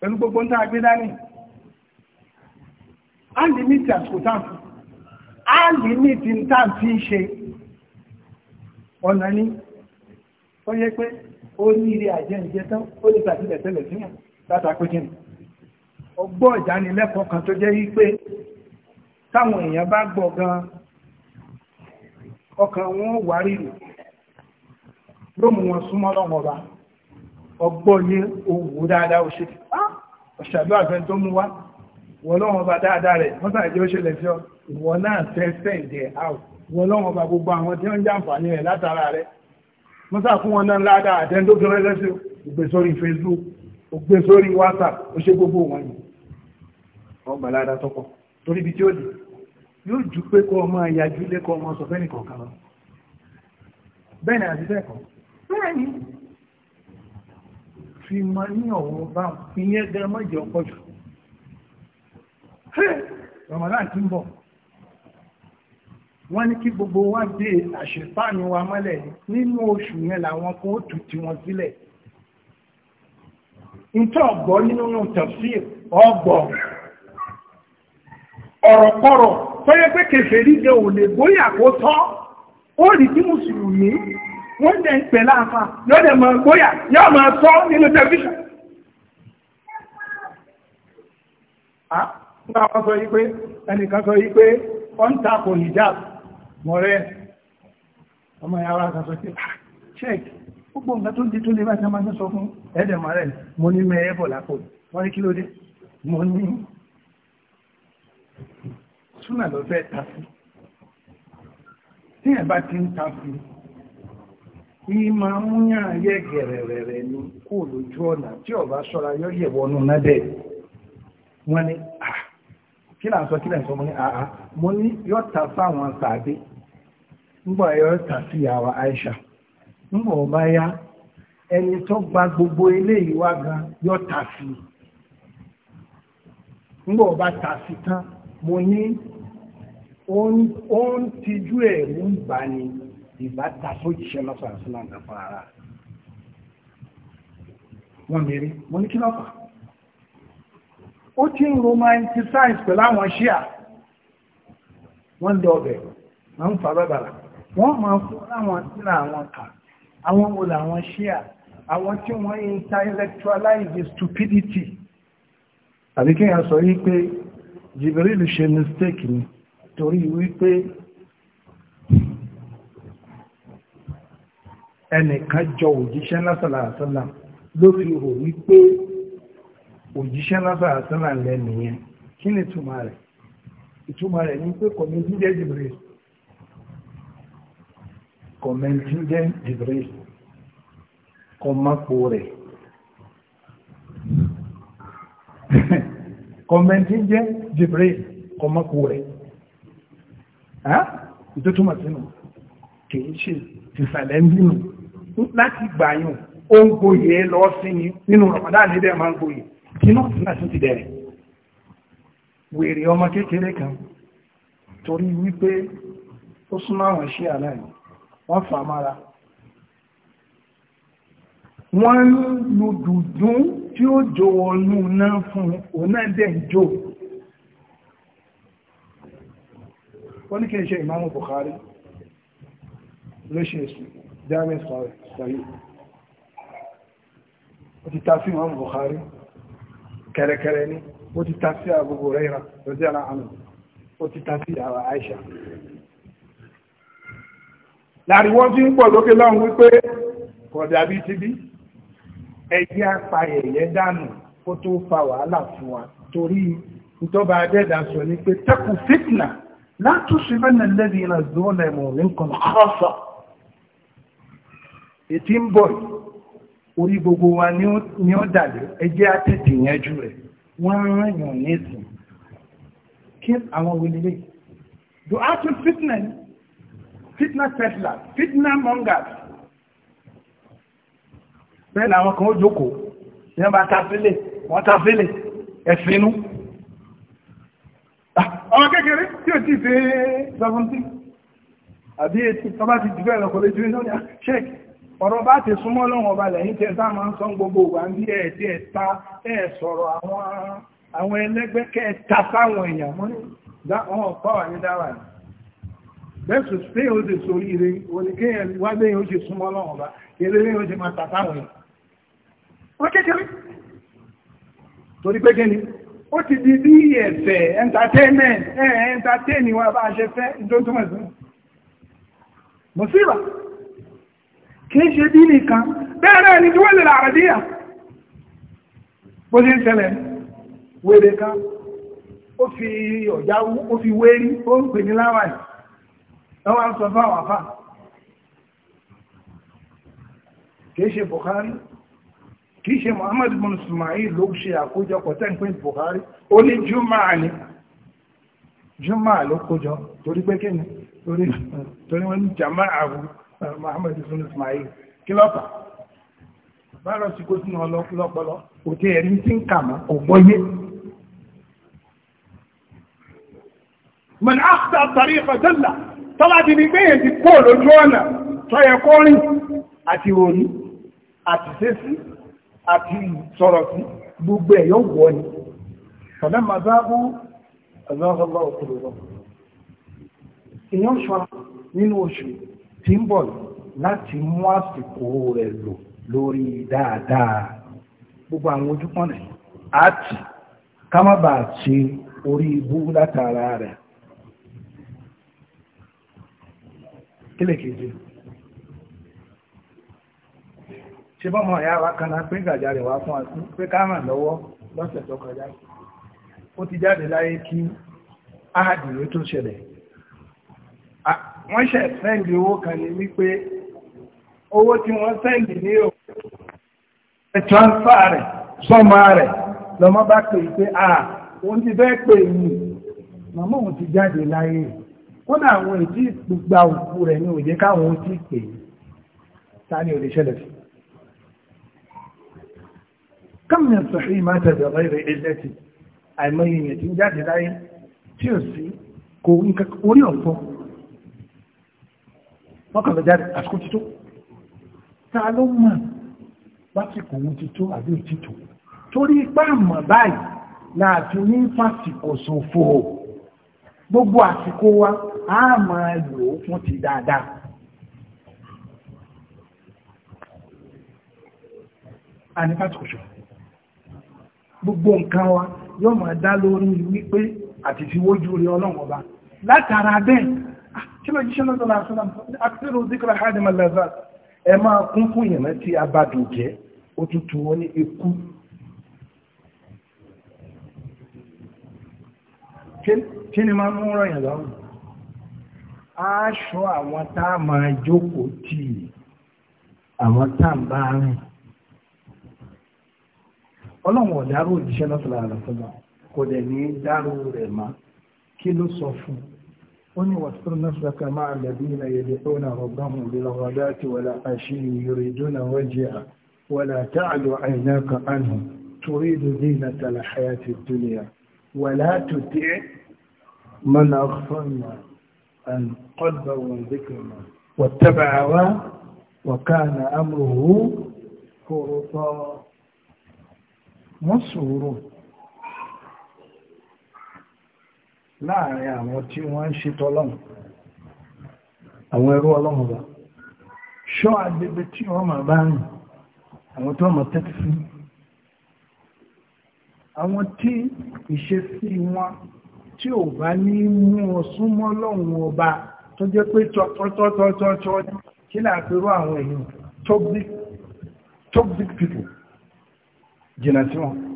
pẹ̀lú gbogbo ń tàà gbé dání a lè ní ti àsìkò táàfù a lè ní ti ń táàfù ń ṣe ọ̀nà ní ó yẹ pé ó ní ilé àjẹ́ǹjẹ́ tán ó lè tàbí lẹ̀tẹ̀lẹ̀ síyàn látàkó jìnnà ọgbọ́ ìdánilẹ́kọ̀ọ́ kan tó owó dáadáa ó ṣe á ọ̀ṣàdó àfẹ́ tó mú wá wọ́n lọ́wọ́ bá dáadáa rẹ̀ wọ́n sàrẹ̀ jẹ́ ó ṣẹlẹ̀ sí ọ ìwọ náà fẹ́ send it out wọ́n lọ́wọ́ bá gbogbo àwọn tí wọ́n ń jàǹfààní rẹ̀ látara rẹ̀ wọ́n sà fún wọn náà ládàá àtẹ́ńdó tó rẹ́ lẹ́sìn ògbé sórí Facebook ògbé sórí WhatsApp ó ṣe gbogbo wọn yìí wọ́n gbà ládàá tọ́pọ̀ torí ibi tí ó dì yóò ju pé kọ́ ọmọ ayájú lé kọ́ ọmọ sọfẹ́nì kọ̀ọ̀kan lọ bẹ́ẹ̀ ni àti bẹ́ẹ̀ kọ́ bẹ́ẹ̀ ni fi mọ ní ọ̀rọ̀ bá ìyẹn gẹ mọ́jẹ ọ̀pọ̀ jù Ramadan ti ń bọ̀ wọ́n ní kí gbogbo wa dé àṣepánu wa mọ́lẹ̀ nínú oṣù yẹn làwọn kan ó tù tí wọn sílẹ̀ ìtọ́ ọ̀gbọ́ nínú tafsir ọgbọ̀ ọ̀rọ̀kọ̀rọ̀ tó yẹ pé kèfèrí jẹ ò bóyá kó tọ́ ó rí tí mùsùlùmí wọ́n jẹ́ pè láàfà yóò dẹ̀ mọ̀ gbóyà yóò mọ̀ sọ nínú tẹlifíṣàn. a nígbà wọn pé ẹnìkan sọ yí pé ń takò hijab ọmọ ìyá ah, check gbogbo nǹkan tó di tó lè bá ṣe sọ fún mọ̀rẹ́ mo ní lápò wọ́n ní kí ló ìmọ̀ ń yàn ayẹ́ ni kò lójú ọ̀nà tí ọba ṣọ́ra yọ yẹ̀wọ́nú nádẹ̀ wọ́n ni kí mo ní àá mo ní yọ ta ta sí àwa Aisha ńgbà ọba ya ẹni gba gbogbo eléyìí gan yọ ta ọba ta si ìbá da fójìṣẹ́ lọ́sọ̀rọ̀ sí láǹdà fún ara wọn mèrè mo ní kí lọ́pàá ó ti ń romanticize pẹ̀lú àwọn ṣíà wọ́n ń dẹ ọbẹ̀ wọ́n ń fa bàbàrà wọ́n máa fún láwọn síra àwọn kà àwọn wo làwọn ṣíà àwọn tí wọ́n intellectualize stupidity àbí kéèyàn sọ yí pé Jibril ṣe mistake ni torí wípé ẹnìkan jọ òjíṣẹ́ lásàlá àsálà ló fi rò wípé òjíṣẹ́ lásàlá àsálà lẹ́nìyẹn kí ni ìtumọ̀ rẹ̀ ìtumọ̀ rẹ̀ ní pé kọ̀mẹ́ntì jẹ́ Jibril kọ̀mẹ́ntì jẹ́ Jibril kọ̀mọ́pò rẹ̀ kọ̀mẹ́ntì jẹ́ Jibril kọ̀mọ́pò rẹ̀ ìtútùmọ̀ sínú kìí ṣe tìsàlẹ̀ ń bínú láti gbàyàn ó ń gboyè lọ sí ni nínú Ramadan níbẹ̀ máa ń gboyè kí náà sí náà tún ti bẹ̀rẹ̀ wèrè ọmọ kékeré kan torí wípé ó súnmọ́ àwọn iṣẹ́ aláìní wọ́n fà mára wọ́n ń lu dùdún tí ó jò wọnú náà fún òun náà dẹ̀ ń jò wọ́n ní kí n ṣe ìmáàmù Bukhari ló ṣe sùn jami sọ̀rí ó ti ta sí wọn Bukhari kẹrẹkẹrẹ ní ó ti ta sí Abu Hurairah rọ̀dí ara àmì ó ti ta sí àwọn Aisha láàrin wọ́n tí ń pọ̀ lókè lọ́run wípé kọ̀dà bí ti bí ẹgbẹ́ apá ẹ̀yẹ dànù kó tó fa wàhálà fún wa torí ìtọ́ba adẹ́dà sọ ní pé tẹ́kù fitna látúnṣe bẹ́ẹ̀ lẹ́yìn ìrìnàjò ọ̀nà ẹ̀mọ̀ ní nǹkan kọ́sọ̀ ètí ń bọ̀ orí gbogbo wa ní ó dàlẹ̀ ẹjẹ́ àtẹ̀tẹ̀ yanjú rẹ̀ wọ́n rán yàn nísìn kí àwọn wọlé do out of fitna fitna peddler mongers bẹ́ẹ̀ làwọn kan ó jókòó ní wọ́n bá ta sílẹ̀ wọ́n ta sílẹ̀ ẹ̀fínú ọmọ kékeré tí ò tí fẹ́ 17 àbí ètò tọ́bá ti jù bẹ́ẹ̀ lọ́kọ̀ọ́ lójú ní ọ̀nà ṣẹ́ẹ̀kì ọ̀rọ̀ bá ti súnmọ́ lọ́wọ́n balẹ̀ yìí tẹ́ sá máa ń sọ gbogbo wà ń bí ẹ̀ẹ́dí ẹ̀ta ẹ̀ sọ̀rọ̀ àwọn ẹlẹ́gbẹ́ kẹta sáwọn èèyàn mọ́ ní wọn ọ̀pá wà ní dáwà ní bẹ́ẹ̀sù pé ó ti sọ ire oníkéyàn wá bẹ́ẹ̀ ó ti súnmọ́ lọ́wọ́n bá eré rẹ̀ ó ti máa tà sáwọn èèyàn entertainment ẹ̀ entertain wa bá a ṣe fẹ́ ìdótúmọ̀ kìí ṣe bí nìkan bẹ́ẹ̀rẹ̀ ni tí wọ́n lè àrẹ̀díyà bó ṣe ń ṣẹlẹ̀ wèrè kan ó fi ọ̀já ó fi wérí ó ń pè ní láwàì lọ́wọ́ sọ fún àwọn àfà kìí ṣe Bukhari kìí ṣe Muhammad bin Ismail ló ṣe àkójọpọ̀ tẹ́ǹpín Bukhari ó ní jùmọ̀ ní jùmọ̀ ló kójọ torí pé kí ni torí wọ́n ní jàmáà àwùjọ Muhammad ibn Ismail kí lọ́pà bára sí kó sínú ọlọ́pọlọ kò tí ẹ̀rí tí ń kà mọ́ ọ̀gbọ́yé mọ̀n áfẹ́ àtàrí ìfẹ̀dẹ́là tọ́lá ti ní gbéyẹ̀ ti kó lójú ọ̀nà tọ́yẹ kọ́rin àti òní àti sẹ́sí àti sọ̀rọ̀ sí gbogbo ẹ̀yọ́ wọ́ ni ọ̀dá mazáàbù ọ̀zọ́ ọ̀gbọ́ òkúrò lọ tí láti mú àsìkò rẹ̀ lò lórí dáadáa gbogbo àwọn ojúpọ̀nà àti ká ṣe orí ibú látara rẹ̀ kílèkejì ṣe bọ́ mọ̀ ẹ̀yà wa pé rẹ̀ wá fún àti pé ká lọ́wọ́ lọ́sẹ̀ ó ti jáde wọ́n ṣẹ̀ sẹ́ndì owó kan ní wípé owó tí wọ́n sẹ́ndì ní òun ẹ̀ transfer rẹ̀ sọ́mọ rẹ̀ lọ́mọ bá pè pé à òun ti fẹ́ pè mí màmá òun ti jáde láyé kódà àwọn ètí gbogbo òkú rẹ̀ ní òye káwọn ó ti pè é ta ni ò lè ṣẹlẹ̀ sí. كم من صحي مات بغير علته àìmọye èèyàn tí ń jáde láyé tí ò sí kò orí ọ̀pọ̀ wọ́n kàn lọ jáde àsìkò tító ta ló mọ̀ lásìkò òun tító àbí òtítò torí ipá mọ̀ báyìí láti ní fásìkò ṣòfò gbogbo àsìkò wa a máa lò ó fún ti dáadáa a ní fásìkò ṣòfò gbogbo nǹkan wa yóò máa dá lórí wípé àti fi wójú rí ọlọ́run ọba látara bẹ́ẹ̀ Ah, kí ló jíṣẹ́ náà tọ́lá àṣọ́lá àkílò zikra hadima lazat ẹ máa kún fún ìyẹn tí a bá dùn jẹ́ òtútù wọn ní ikú kí ni máa mú ràn yàn lọ́rùn aṣọ àwọn tá a máa jókòó tì àwọn tá a bá rìn ọlọ́run ọ̀dáró òjíṣẹ́ náà tọ́lá àṣọ́lá kò dẹ̀ ní dáró rẹ̀ mọ́ kí ló sọ fún un قل وصل نفسك مع الذين يدعون ربهم بالغداة ولا عشي يريدون وجهه ولا تعد عيناك عنهم تريد زينة الحياة الدنيا ولا تتع من أغفلنا أن قلب وذكرنا واتبع وكان أمره فرطا مصورون láàrin àwọn tí wọ́n ń ṣe tọ́lọ́run àwọn ẹrú ọlọ́run bá ṣọ́ agbègbè tí wọ́n máa bá rìn àwọn tó máa tẹ́tí sí àwọn tí ìṣesí wọn tí ò bá ní mú ọsún mọ́ lọ́run ọba tó jẹ́ pé tọ́tọ́tọ́tọ́ kí láàpẹrú àwọn èèyàn top big people jìnà sí wọn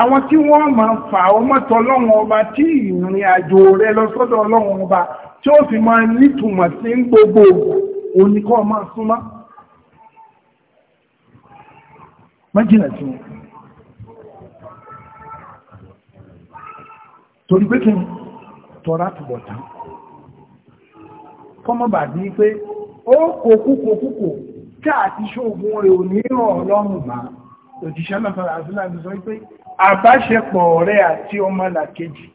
àwọn tí wọ́n máa fà ọmọ́tọ̀ ọlọ́run ọba tí ìrìn àjò rẹ lọ sọ́dọ̀ ọlọ́run ọba tí ó fi máa nítumọ̀ sí gbogbo oníkọ́ máa súnmọ́ májìnà tí wọ́n torí pé kí n tọ́ra túbọ̀ tán kọ́mọ́bà bí pé ó kòkúkòkúkò tí àti ṣóògùn rẹ̀ ò ní ọ̀rọ̀ lọ́rùn máa òjíṣẹ́ lọ́sọ̀rọ̀ àti láti sọ pé àbáṣepọ̀ ọ̀rẹ́ àti ọmọlàkejì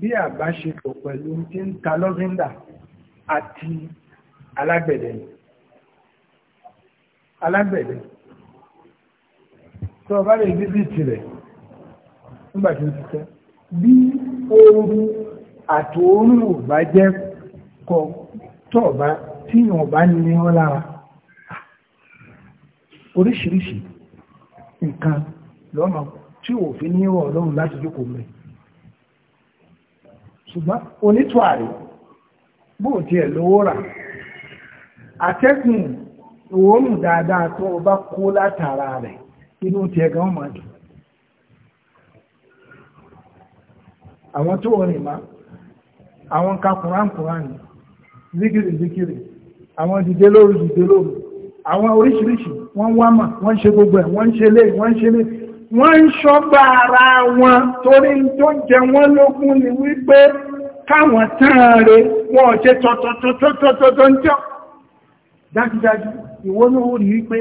bí àbáṣepọ̀ pẹ̀lú tí ń ta lọ́fíńdà àti alágbẹ̀dẹ alágbẹ̀dẹ tó bá lè bí bíi tirẹ̀ nígbà tí ó ti tẹ́ bí ooru àti oorun ò bá jẹ́ kọ tó bá tí yàn bá ní wọn lára ah, oríṣiríṣi nǹkan lọ́mọ tí òfin ní ìwọ̀ ọlọ́run láti jókòó mẹ́ ṣùgbọ́n onítùàrí bóò tí ẹ̀ lówó rà àtẹ́kùn òórùn dáadáa tó o bá kó látara rẹ̀ inú ti ẹ̀gá wọn máa dùn àwọn tó rìn má àwọn ka kùránkùrán zikiri zikiri àwọn dìde lóru dìde lóru àwọn oríṣiríṣi wọ́n wá mà wọ́n ṣe gbogbo ẹ̀ wọ́n ṣe lé wọ́n ṣe lé wọ́n ń ṣọ́gbà ara wọn torí tó jẹ wọ́n lógún ni wípé káwọn tán rẹ̀ wọ́n ṣe tọ́tọ́tọ́tọ́tọ́tọ́ ń jọ dájúdájú ìwọ́n ló rí wípé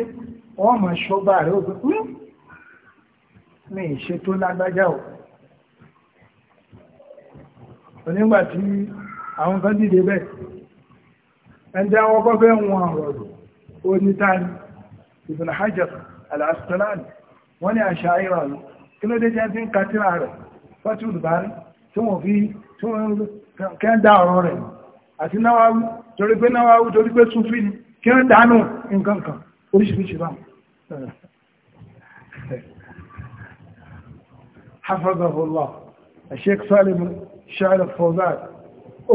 wọ́n ma ṣọ́gbà rẹ̀ òfin fún hmm, ní ìṣe tó lágbájá ò onígbà tí àwọn kan dìde bẹ́ẹ̀ ẹjẹ́ àwọn kọ́fẹ́ wọn àrọ̀dù wọ́n ní àṣà ìrọ̀ rẹ̀ kí ló dé jẹ́ tí ń ka tíra rẹ̀ fọ́tí olùbárí tí wọ́n fi tí wọ́n kẹ́ ń dá ọ̀rọ̀ rẹ̀ àti náwáwú torí pé náwáwú torí pé súnfí ni kí ń dánú nǹkan kan oríṣiríṣi bá hafazahullah sheikh salim shalif fawzan ó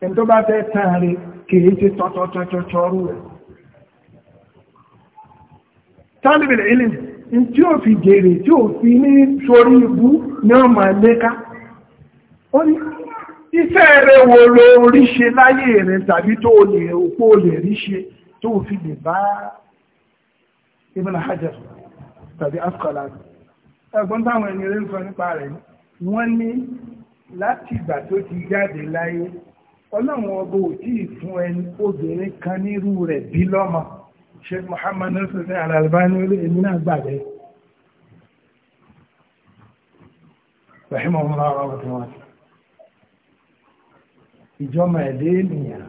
ẹni tó bá fẹ́ tán rí kìí ṣe tọ́tọ́tọ́tọ́rú rẹ̀ tálíbìlì ilim tí ó fi jèrè tí ó fi ní sórí ibú ní ọmọ ẹlẹ́ká ó ní iṣẹ́ rẹ̀ wo ló rí ṣe láyé rẹ̀ tàbí tó lè òpó lè rí ṣe tó fi lè bá Ibn Hajar tàbí Asqalani ẹgbọ́n táwọn ẹni rẹ̀ ń sọ nípa rẹ̀ wọ́n ní láti ìgbà tó ti jáde láyé ọlọ́run ọgbọ̀ òtí ìfún ẹni obìnrin kan nírú rẹ̀ bí lọ́mọ Sheikh Muhammad Nasir al-Albani orí èmi náà gbà bẹ́ẹ̀ rahimahullah rahmatullah ìjọmọ̀ ẹ̀dẹ́ ènìyàn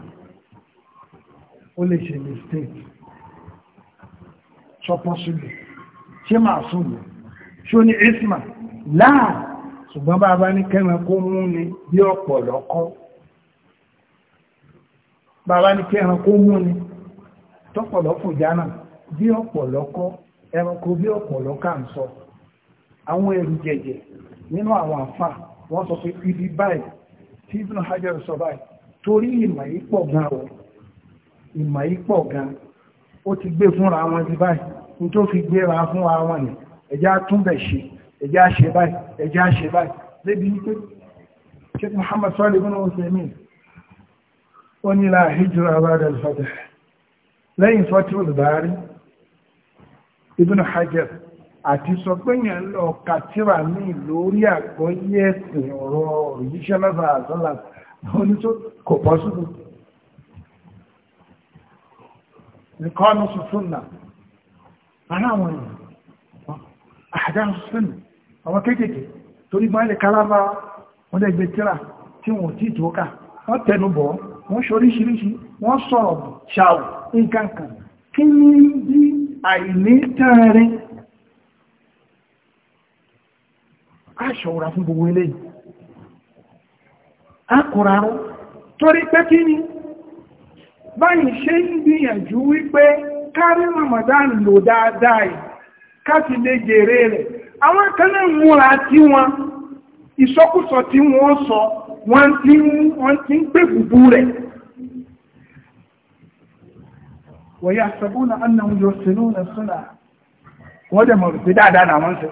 ó lè ṣe mistake ṣọpọ́sílẹ̀ ṣe máa súnmù ṣó ní isma láà ṣùgbọ́n bá bá ní kẹ́mẹ́kó mú ni bí ọ̀pọ̀ lọ́kọ́ bàbá ní kí ẹranko mú ni tọ́pọ̀lọ́ bí ọ̀pọ̀lọ́kọ́ ẹranko bí ọ̀pọ̀lọ́kà ń sọ àwọn ẹrù jẹjẹ nínú àwọn àfà wọn sọ pé ibi báyìí tí Ibn sọ báyìí torí ìmọ̀ yìí pọ̀ o ìmọ̀ yìí pọ̀ gan ti gbé fúnra wọn ti báyìí ní tó fi gbéra fúnra wọn ni ṣe báyìí báyìí débi Sheikh Muhammad sọ́ọ́lì ó ní la hijra ba'da al-fath lẹ́yìn Fathul Bari Ibn Hajar àti sọ pé yẹn lọ kàtíra ní lórí àgbọ́yé ẹ̀sìn ọ̀rọ̀ òyíṣẹ́ mẹ́fà àtọ́là ní tó kò pọ́ síbò nìkan ní tuntun náà ara àwọn èèyàn àdá sínú àwọn kéékèèké torí bá lè kálábá wọ́n lè gbé tíra tí wọ́n tí ìtòkà wọ́n tẹnu bọ̀ ọ́ wọ́n ṣoríṣiríṣi wọ́n sọ̀rọ̀ ṣàwò nǹkankan kí ní bí àìní aṣọ́ra fún gbogbo ilé akùrarú torí pé kí ni báyìí ṣe ń gbìyànjú wípé kárí Ramadan lò dáadáa káti lè rẹ̀ àwọn tí tí wọ́n sọ wọ́n ti ń pè bùbú rẹ̀ wọ́yá sàbúnà annan na suna wọ́n dẹ̀ mọ̀ rùfẹ́ dáadáa na wọ́n sẹ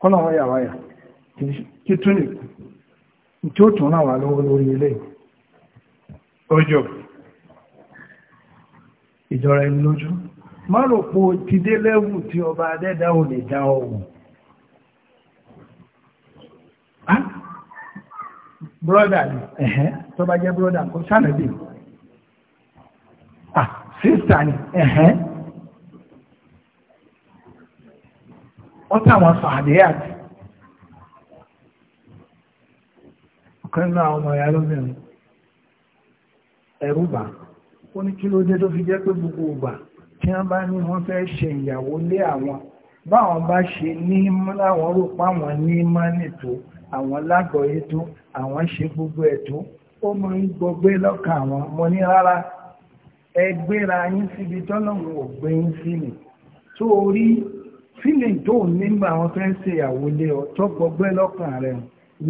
kọ́nà wáyà wáyà kí tún ní tí ó tún náà wà lọ́wọ́ lórí ilé ìjọra ẹni lójú má ti dé lẹ́wù ọba adẹ́dá lè dá ọ̀hún brọ́dà ni tó bá jẹ́ brọ́dà kò ah, ni ẹ̀hẹ́n táwọn àti ọ̀kan náà ọmọ ìyá lóbìnrin ó ní kí ló dé tó fi jẹ́ pé gbogbo tí wọ́n bá ní wọ́n fẹ́ ṣe ìyàwó lé àwọn báwọn bá àwọn lágbọ̀ọ́yé tó àwọn ṣe gbogbo ẹ̀ tó ó mọ ń gbọgbé lọ́kàn àwọn mo ní rárá ẹ yín síbi tọ́lọ́hún ò gbé yín sí ni tó o rí feeling tó o nígbà àwọn fẹ́ ṣe ìyàwó lé ọ tó gbọgbé lọ́kàn rẹ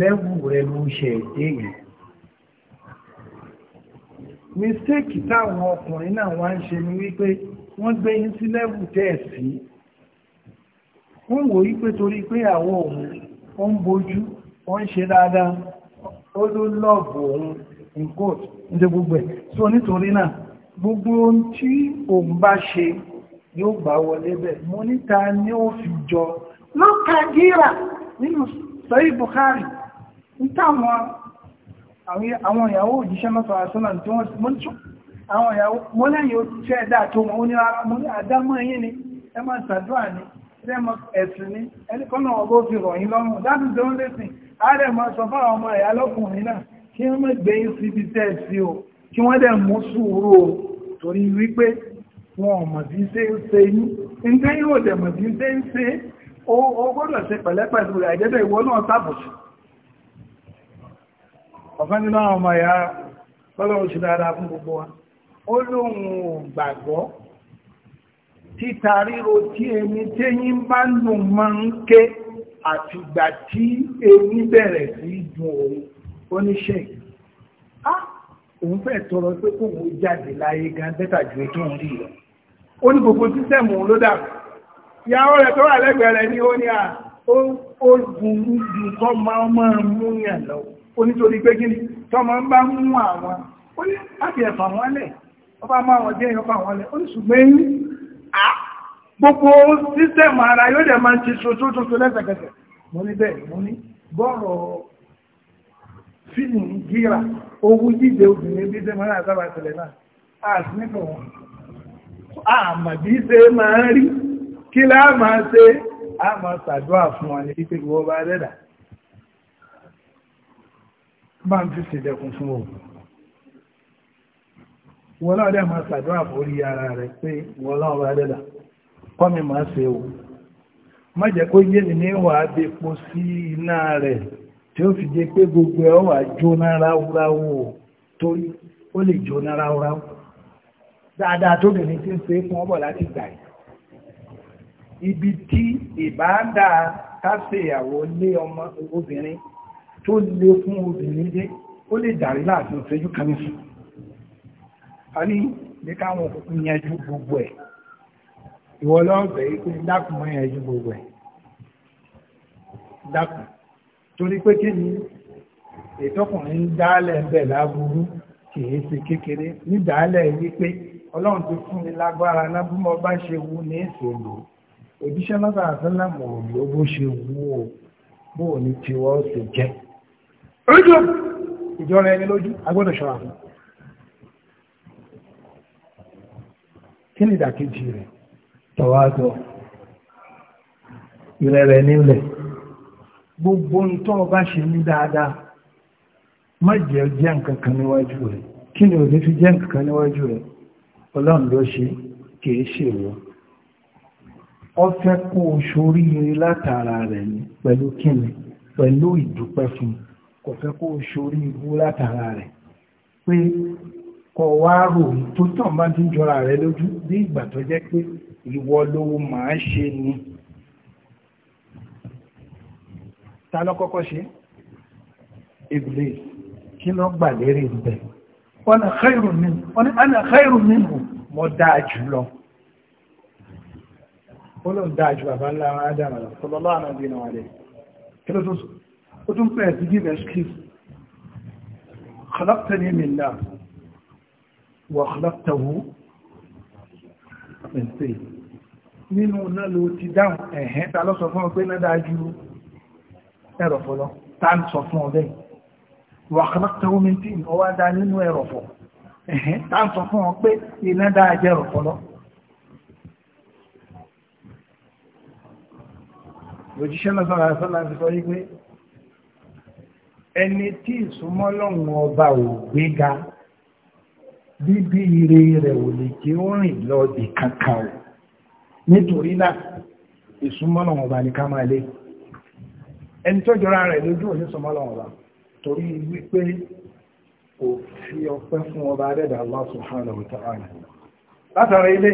lẹ́wù rẹ ló ṣe èdè yìí mistake táwọn ọkùnrin náà wá ń ṣe ni wípé wọ́n gbé yín sí lẹ́wù tẹ́ẹ̀sì wọ́n wò wípé torí pé àwọn òun ó ń bojú wọ́n ń ṣe dáadáa ó ló lọ́ọ̀bù òun in court ní ṣe gbogbo ẹ̀ so nítorí náà gbogbo ohun tí òun bá ṣe yóò gbà wọlé bẹ̀ mo níta ni ó fi jọ lọ́ka gíra nínú sọ́yí Bukhari ń táwọn àwọn ìyàwó òjíṣẹ́ mọ́sọ̀ àṣọ́nà tí wọ́n ti mọ́tò àwọn ìyàwó mọ́ lẹ́yìn oṣiṣẹ́ ẹ̀dá tó mọ́ ó ní ara mọ́ ní àdámọ́ yìí ni ẹ ẹ̀sìn ní ẹni ọgbọ́ fi rọ̀ lọ́rùn dáàbò tó lẹ́sìn ààrẹ máa sọ fáwọn ọmọ ẹ̀yà lọ́kùnrin náà kí wọ́n mọ̀ gbé síbi tẹ́ sí o kí wọ́n dẹ̀ mú sùúrù o torí wọn ò mọ̀ ṣe ń ṣe yín nígbà dẹ̀ mọ̀ ṣe ń ṣe o gbọ́dọ̀ ṣe pẹ̀lẹ́pẹ̀lú àìjẹ́bẹ̀ ìwọ náà nínú àwọn ọmọ ẹ̀yà lọ́lọ́run ṣe dáadáa fún gbogbo wa ó gbàgbọ́ títa ríro tí ẹni bá lò máa ń ké àtìgbà tí èmi bẹ̀rẹ̀ sí dùn òun ó ní ṣẹ́yìn á òun fẹ́ tọrọ pé kó òun jáde láyé gan bẹ́tà ju ètò òun rí lọ ó ní gbogbo sísẹ́mù ló dàbí ìyàwó rẹ̀ tó wà lẹ́gbẹ̀ẹ́ rẹ̀ ní ó ní à ó gùn ju kọ́ máa máa mú yàn lọ ó nítorí pé kí ni tọ́mọ ń bá mú àwọn ó ní láti ẹ̀fà wọn lẹ̀ ọba máa wọn dé ẹ̀fà wọn lẹ̀ ó ní ṣùgbọ́n à gbogbo sísẹ̀mù ara yóò dẹ̀ máa ti ṣoṣo ṣoṣo lẹ́sẹ̀kẹsẹ̀ mo ní bẹ́ẹ̀ mo ní bọ́ọ̀rọ̀ fíìmù gíra owó jíjẹ obìnrin bí sẹ́mù ara sábà tẹ̀lẹ̀ náà a sì nípa wọn àmà bí ṣe máa ń rí kí láà máa ṣe a máa ṣàdúrà fún wa ní pípé ìwọ́ bá dẹ́dà bá ń fi ṣèdẹ̀kùn fún wọn wọ́n náà dẹ̀ máa ṣàdúrà fún orí ara rẹ̀ pé wọ́n náà bá dẹ́dà kọ́ mi máa ṣe o má jẹ́ kó yé ní wàá depo sí iná rẹ̀ tí ó fi jẹ́ pé gbogbo ẹ̀ wà jóná ráúráú torí ó lè jóná ráúráú dáadáa tó bìnrin tí ń ṣe fún ọbọ̀ láti gbà yìí ibi tí ìbáadà kásẹ̀yàwó lé ọmọ obìnrin tó lé fún obìnrin dé ó lè dàrí láàfin ìṣẹ́jú kan nìsù a ní ní káwọn òkùnkùn yanjú gbogbo ẹ̀ ìwọ lọ́ọ̀bẹ̀ yìí pé dákùn mọ́ ẹ̀yìn gbogbo ẹ̀ dákùn torí pé kí ni ìtọ́kùnrin ń dálẹ̀ ń bẹ̀ láburú kì í ṣe kékeré ní dálẹ̀ wípé ọlọ́run ti fún mi lágbára náà mo bá ṣe wù ní ìṣèlú òjíṣẹ́ lọ́sà àṣẹ́lẹ̀ mọ̀ ló bó ṣe wù ó bó ní tiwọ́ ṣe jẹ́ ojú ìjọra ẹni lójú agbọ́dọ̀ ṣọ́ra fún kí ni ìdàkejì rẹ̀ tọ́wádọ́ ìrẹ̀rẹ̀ nílẹ̀ gbogbo ń tọ́ bá ṣe ní dáadáa má jẹ́ jẹ́ nkankan níwájú rẹ̀ kí ni òní fi jẹ́ nkankan níwájú rẹ̀ ọlọ́run ṣe kìí ṣe ọ fẹ́ kó o ṣoríire látara rẹ̀ ni pẹ̀lú kíni pẹ̀lú ìdúpẹ́ fún kò fẹ́ kó látara rẹ̀ pé kọ̀ wá rò tó tàn bá ti ìwọ ló máa ṣe ni ta ló kọ́kọ́ ṣe iblis kí ló gbà lérí ibẹ̀ wọ́n ni ana khairu minhu mọ́ dáa jùlọ ó ló ń dáa jù bàbá ńlá Ádámù lọ sallallahu alaihi wa sallam kí ló tún ó tún pẹ̀ sí give خلقتني من نار وخلقته من طين nínú náà ló ti dáhùn ẹ̀hẹ́n ta ló sọ fún ọ pé náà dájú ẹ̀rọ̀fọ́ lọ ta ń sọ fún ọ bẹ́ẹ̀ wà kọ́lọ́tọ́wọ́ mi tí ọ wá dá nínú ẹ̀rọ̀fọ́ ẹ̀hẹ́n ta ń sọ fún ọ pé iná dájú ẹ̀rọ̀fọ́ lọ. lójíṣẹ́ náà ẹni tí ìsúnmọ́ ọba ò gbéga bíbí ire rẹ̀ ò lè jẹ́ ó rìn kankan o nítorí náà ìsúnmọ́lọ̀ ọba ní ká máa lé ẹni tó jọra rẹ̀ lójú òní súnmọ́lọ̀ ọba torí wípé kò fi ọpẹ́ fún ọba adẹ́dà Allah subhanahu wa ta'ala látara ilé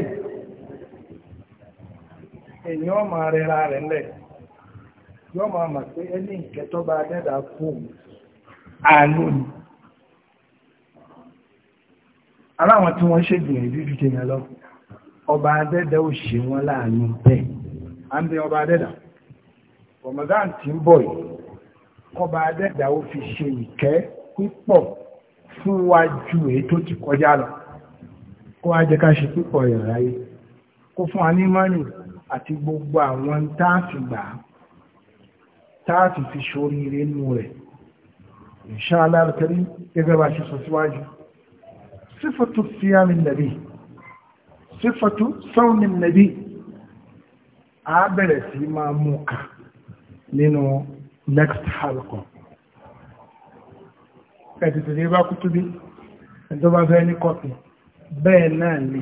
èyàn ọmọ rẹra rẹ̀ lẹ̀ yọ́ máa mọ̀ pé ẹni ìkẹtọ́ba adẹ́dà fún àánú ni aláwọn tí wọ́n ṣègbìyànjú ju jẹyàn lọ ọba adẹ́dà ò ṣe wọ́n láàánú bẹ́ẹ̀ a ń bẹ ọba adẹ́dà Ramadan tí ń bọ̀ yìí kọba adẹ́dà ó fi ṣe ìkẹ́ pípọ̀ fún wa ju èyí tó ti kọjá lọ kó wá jẹ́ ká ṣe pípọ̀ rẹ̀ ráyé kó fún wa àti gbogbo àwọn táàfì gbà táàfì fi ṣoríire nù rẹ̀ inshallah al-karim gẹ́gẹ́ bá ṣe sọ síwájú sífọ́tò síyámi nàbí sífàtú sọ́ọ̀nì nàbí a bẹ̀rẹ̀ sí máa mú ká nínú next halqa ẹ̀tìtì ní bá kútú bí ẹ̀dọ́bá fẹ́ ní kọ́pì bẹ́ẹ̀ náà ni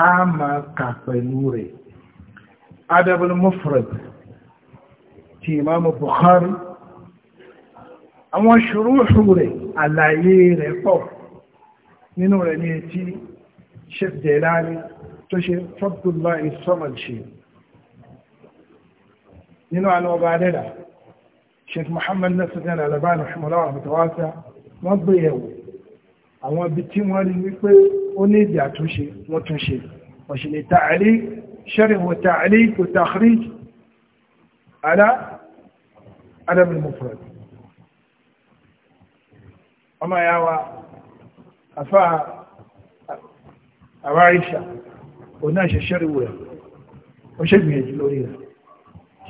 a máa kà pẹ̀lú rẹ̀ adabul mufrad ti imamu Bukhari àwọn ṣùrúṣù rẹ̀ àlàyé rẹ̀ pọ̀ nínú rẹ̀ ní etí Sheikh Jelani tó ṣe fọ́dùlá ìsọ́mọ̀lì ṣe nínú àwọn ọba adẹ́dà sheikh muhammad nasiru alabani ṣùgbọ́n àmàtàwásá wọ́n gbé ẹ̀wò àwọn ibi tí wọ́n rí wípé ó ní ìdí àtúnṣe wọ́n túnṣe ọ̀ṣìlẹ̀ tààrí ṣẹ́rìwò tààrí kò tààrí alá adamul mufrad ọmọ yàwá afá àwáríṣà وناش الشر ويا وشبه الجلوريرة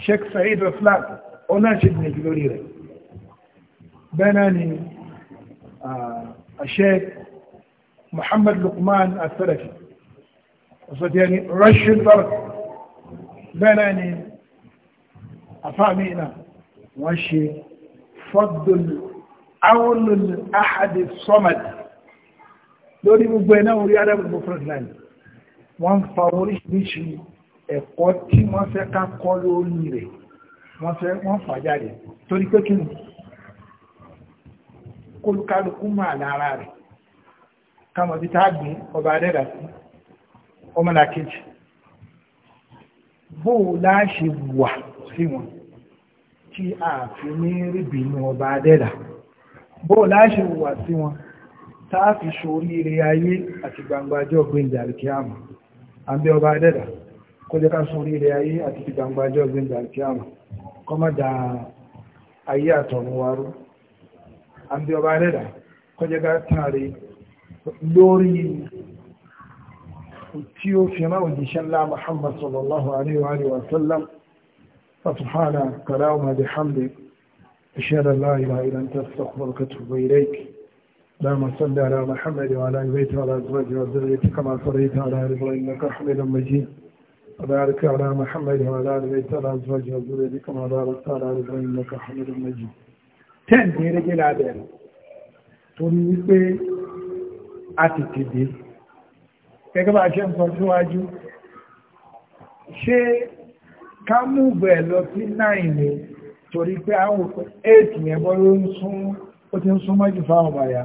شك سعيد رفلا وناش ابن الجلوريرة بيناني الشيخ محمد لقمان الثلاثي وصد يعني رش البرد بناني أفامينا وشي فضل أول الأحد الصمد دوري مبينة ورياضة بالمفرد لاني wọ́n ń fa oríṣiríṣi ẹ̀kọ́ tí wọ́n fẹ́ ká kọ́ lórí rẹ̀ wọ́n fẹ́ wọ́n fà jáde torí pé kí ni kólúkálukú máa lára rẹ̀ káwọn ti tá gbé ọba rẹ̀dà sí ọmọlàkejì bóò láṣe wà sí wọn tí a fi ní ríbìnú ọba rẹ̀dà bóò láṣe wà sí wọn tá a fi ayé àti gbangba ọjọ́ gbẹ̀ǹdà àlùkìyàmù àbí ọba adẹ́dà kó jẹ́ ká sun ilẹ̀ ayé àti ti gbangba ọjọ́ gbẹ̀ngà àti àmà kọ́ má da ayé àtọ̀run wa rú àbí ọba adẹ́dà kó jẹ́ ká tàn rí lórí tí ó fi máa òjíṣẹ́ ńlá Muhammad sallallahu alaihi wa sallam فسبحانك اللهم بحمدك أشهد أن لا إله إلا أنت أستغفرك وأتوب اللهم صل على محمد وعلى ال بيته وعلى ازواجه وذريته كما صليت على ال ابراهيم انك حميد مجيد وبارك على محمد وعلى ال بيته وعلى ازواجه وذريته كما باركت على ال ابراهيم انك حميد مجيد tẹ́ǹdì rẹ́gẹ́ lábẹ́rẹ̀ torí wípé a ti ti dé gẹ́gẹ́ bá ṣe ń sọ síwájú ṣé ká mú bẹ̀ lọ sí náì ni 8 yẹn bọ́ ló ti ń sún mọ́jú fáwọn bàyà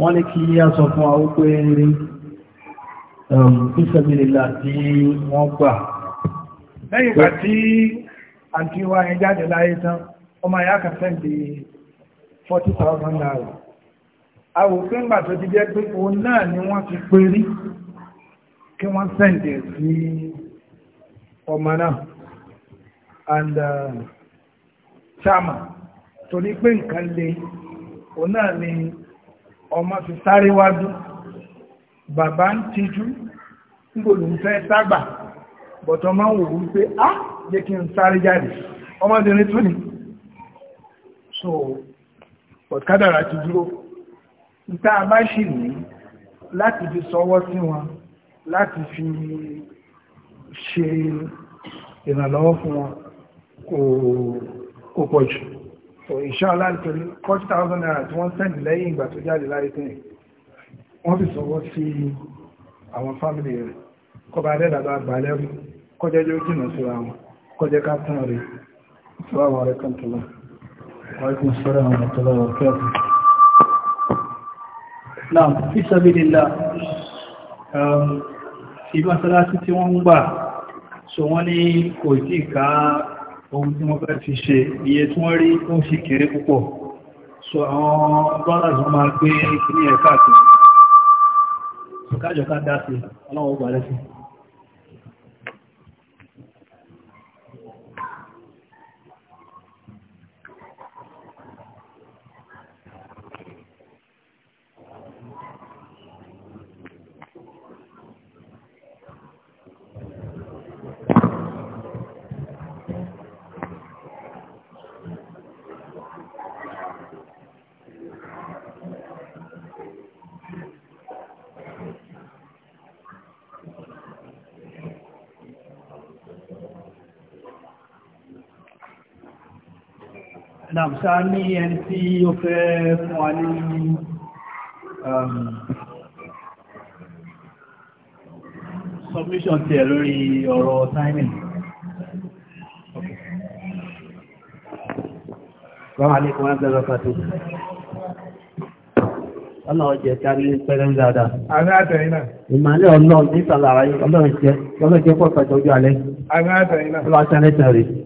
wọ́n ní kí a sọ fún àwọn pé ìfẹ̀mìlìlà tí wọ́n gbà lẹ́yìn ìgbà tí àti wa ẹ jáde láyé tán ọmọ ya kà sẹ́ndì 40,000 naira àwòfin gbà tó ti jẹ́ pé òun náà ni wọ́n ti pé rí kí wọ́n sẹ́ndì sí ọmọ náà and uh, chama torí pé nǹkan le òun náà ni ọmọ fi sáré wájú bàbá ń tijú nígbòlù fẹ́ ságbà bọ̀tọ̀ máa wò wí pé á ah, jẹ́ kí n sáré jáde ọmọdérin tún ni so bọ̀tkádàrà ti dúró níta bá ṣì ní láti fi sọwọ́ sí wọn láti fi ṣe ìrànlọ́wọ́ fún wọn kò pọ̀ so inshallah torí forty thousand naira tí wọ́n sẹ́ndì lẹ́yìn ìgbà tó jáde láyé tẹ́yìn wọ́n fi sọ̀wọ́ sí àwọn fámìlì rẹ̀ kọba adẹ́dàbà gbàlẹ́rù kọjá yóò jìnà sí àwọn kọjá ká tán rẹ̀ sọ́wọ́ rẹ̀ kan tó lọ. wọ́n kún sọ́rọ̀ àwọn tó lọ́wọ́ kẹ́ẹ̀kọ́. náà fi sabilillah ehm, ohun tí wọ́n fẹ́ fi ṣe iye tí wọ́n rí ó sì kéré púpọ̀ so àwọn brothers wọ́n máa gbé ní ẹ̀ka àti ìkájọ̀ká dá sí ọlọ́wọ́ gbà lẹ́sìn Nàmsá ní ẹni tí ó fẹ́ fún wa ní um, submission tiẹ̀ lórí ọ̀rọ̀ timing. Gbọ́nà ní kọmọ́ ẹgbẹ̀rẹ̀ pàtó. Ọlọ́run jẹ́ kárí pẹ́rẹ́ dáadáa. Àrẹ àtẹ̀yìn náà. Ìmàlẹ́ ọlọ́run ní sàlàyé ọlọ́run jẹ́ pọ̀ pẹ̀jọ ojú alẹ́. Àrẹ àtẹ̀yìn náà. Ọlọ́run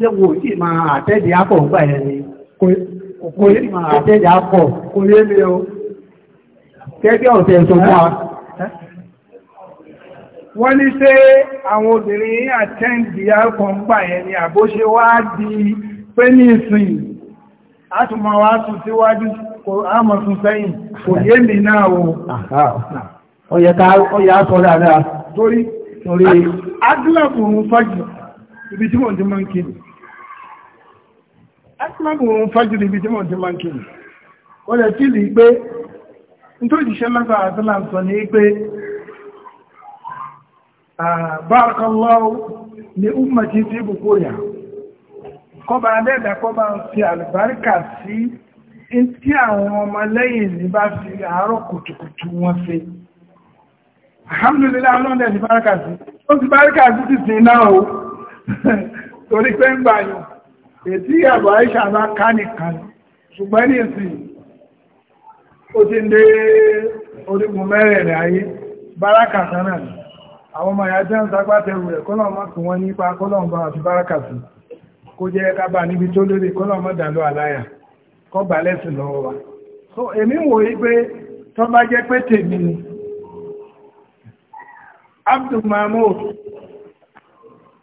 ṣé wo sì máa àtẹ́dì ápọ̀ ń gbà ẹni kò yé máa àtẹ́dì ápọ̀ kò yé mi o kẹ́gbẹ́ ọ̀tẹ̀ tó mọ́ a. wọ́n ní ṣé àwọn obìnrin àtẹ́ǹdì ápọ̀ ń gbà ẹni àbóṣe wá di pé ní ìsìn àtùmọ̀ wá tún síwájú kò ámọ̀ tún sẹ́yìn kò yé mi náà o. ó yẹ ká ó torí adúlọ̀kùnrin fọ́jì ibi tí wọ́n ti máa ń kiri akímọ̀mù òun fájìlì ibi tí mọ̀ tí máa ń kiri ó lè tí lè pé nítorí iṣẹ́ lágbà àtúnlá ń sọ ní pé barakallahu ní ummati tí bùkú yà kọba adẹ́dà kọba ń fi àlùbáríkà sí tí àwọn ọmọlẹ́yìn ní bá fi àárọ̀ kùtùkùtù wọn fi alhamdulillah ọlọ́dẹ̀ ti báríkà sí ó ti báríkà sí ti sin náà o torí pé ń gbàyàn ètí àbọ̀ àìṣà bá ká nìkan ṣùgbọ́n ní ìsìn ó ti ń dé orígun ayé báràkà náà ni àwọn ọmọ ìyájẹ́ ń sagbátẹrù rẹ̀ ọmọ kí wọ́n nípa kọ́lọ̀mọ́ àti kó jẹ́ kábà wa so èmi wò yí pé Abdul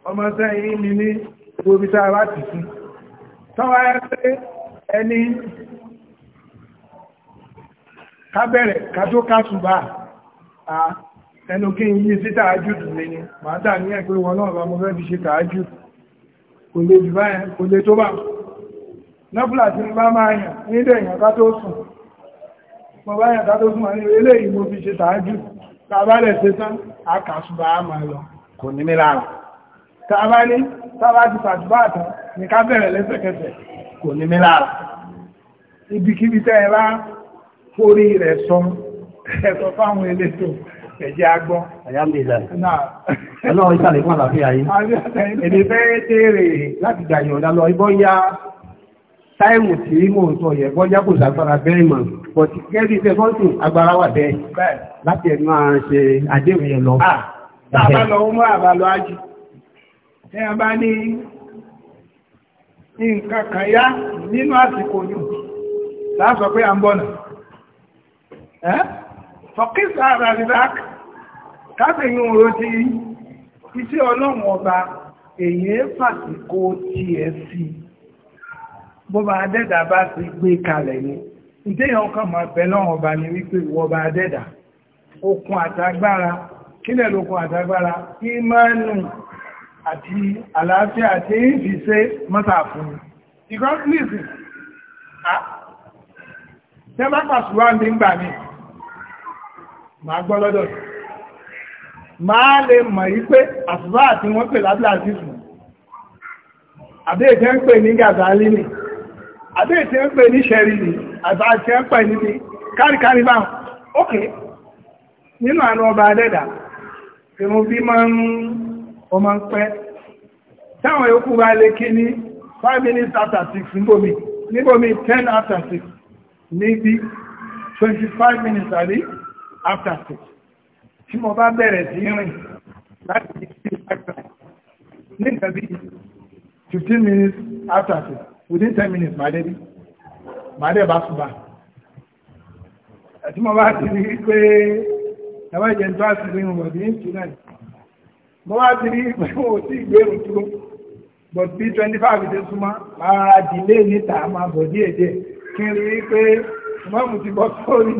ọmọ sẹ́yìn mi ní gbogbo tọ́wọ́ ẹ pé ẹni kábẹ̀rẹ̀ kájó kásùbà ẹnu kí n yí sí tààjùdù mi ni màá dà ní ẹgbẹ́ wọn náà bá mo fẹ́ fi ṣe tààjùdù kò lè jù báyẹn kò lè tó bá nọ́fùlà tí mo bá máa yàn nílé èèyàn ká tó sùn mo bá yàn ká tó sùn àní eléyìí mo fi ṣe tààjùdù tàbálẹ̀ ṣe tán àkàsùbà á máa lọ kò ní mí lára tàbá ní tàbá ti fàtúbà tán ní ká bẹ̀rẹ̀ lẹ́sẹ̀kẹsẹ̀ kò ní mí lára ibikíbi tẹ́ ẹ bá forí rẹ̀ sọ ẹ̀sọ́ fáwọn elétò ẹ̀jẹ̀ agbọ́. Àyàmìlẹ̀. Ọlọ́run ìsàlẹ̀ fún àlàáfíà yìí. Èdè fẹ́ tèrè láti dàyàn ọ̀dálọ ibọ́ yá táìmù tí mò ń sọ yẹ bọ́ yá kò sàgbára bẹ́ẹ̀ mọ̀. Bọ̀tí kẹ́rì iṣẹ́ fọ́ǹtì agbára wà bẹ́ẹ̀ láti ẹ̀ máa ṣe lọ. Àbálọ̀ ó mú àbálọ̀ ájú. a bá ní nǹkan kan yá nínú àsìkò yìí láàsọ pé à ń bọ̀nà fọ̀kísà razidak kábẹ̀yìn òun ti iṣẹ́ ọlọ́run ọba èyí fàsìkò tiẹ̀ sí bó bá dẹ́dà bá ti gbé kalẹ̀ ni ìdéyàn ọkàn máa bẹ lọ́run ọba ni wípé ìwọ bá dẹ́dà okun àtagbára kílẹ̀ atagbara àtagbára ìmánù àti àlàáfíà àti èyí ṣe mọ́ta fún ìgbọ́n please tẹ́ bá pàṣíwá ní gbà ní màá gbọ́ lọ́dọ̀ máa lè mọ̀ yí pé àṣìbá àti wọ́n pè lábílá sí fún àbẹ́ẹ̀tẹ́ ń pè ní gàzálí ni àbẹ́ẹ̀tẹ́ ń pè ní ṣẹ̀rí ni àbáṣẹ́ ń pè ní kárikári bá ok nínú àwọn ọba adẹ́dà tí mo fi máa ń ó máa ń pẹ́ táwọn yòókù bá lè kí ní 5 minutes after 6 níbòmí níbòmí 10 after 6 níbi 25 minutes àrí after 6 tí mo bá bẹ̀rẹ̀ sí rìn láti di 6 after 6 ní 15 minutes after 6 within 10 minutes màdé bí màdé bá fún bá ẹ̀tí mo bá ti rí pé ẹ̀wọ́ ìjẹun tó àti rí wọn bí 2 náà mo wá ti rí ìpínlẹ̀ òsì ìgbèrú dúró but bí twenty five ṣe súnmọ́ máa dìlé níta máa bọ̀ díẹ̀ díẹ̀ kí n rí i pé mọ́mù ti bọ́ sórí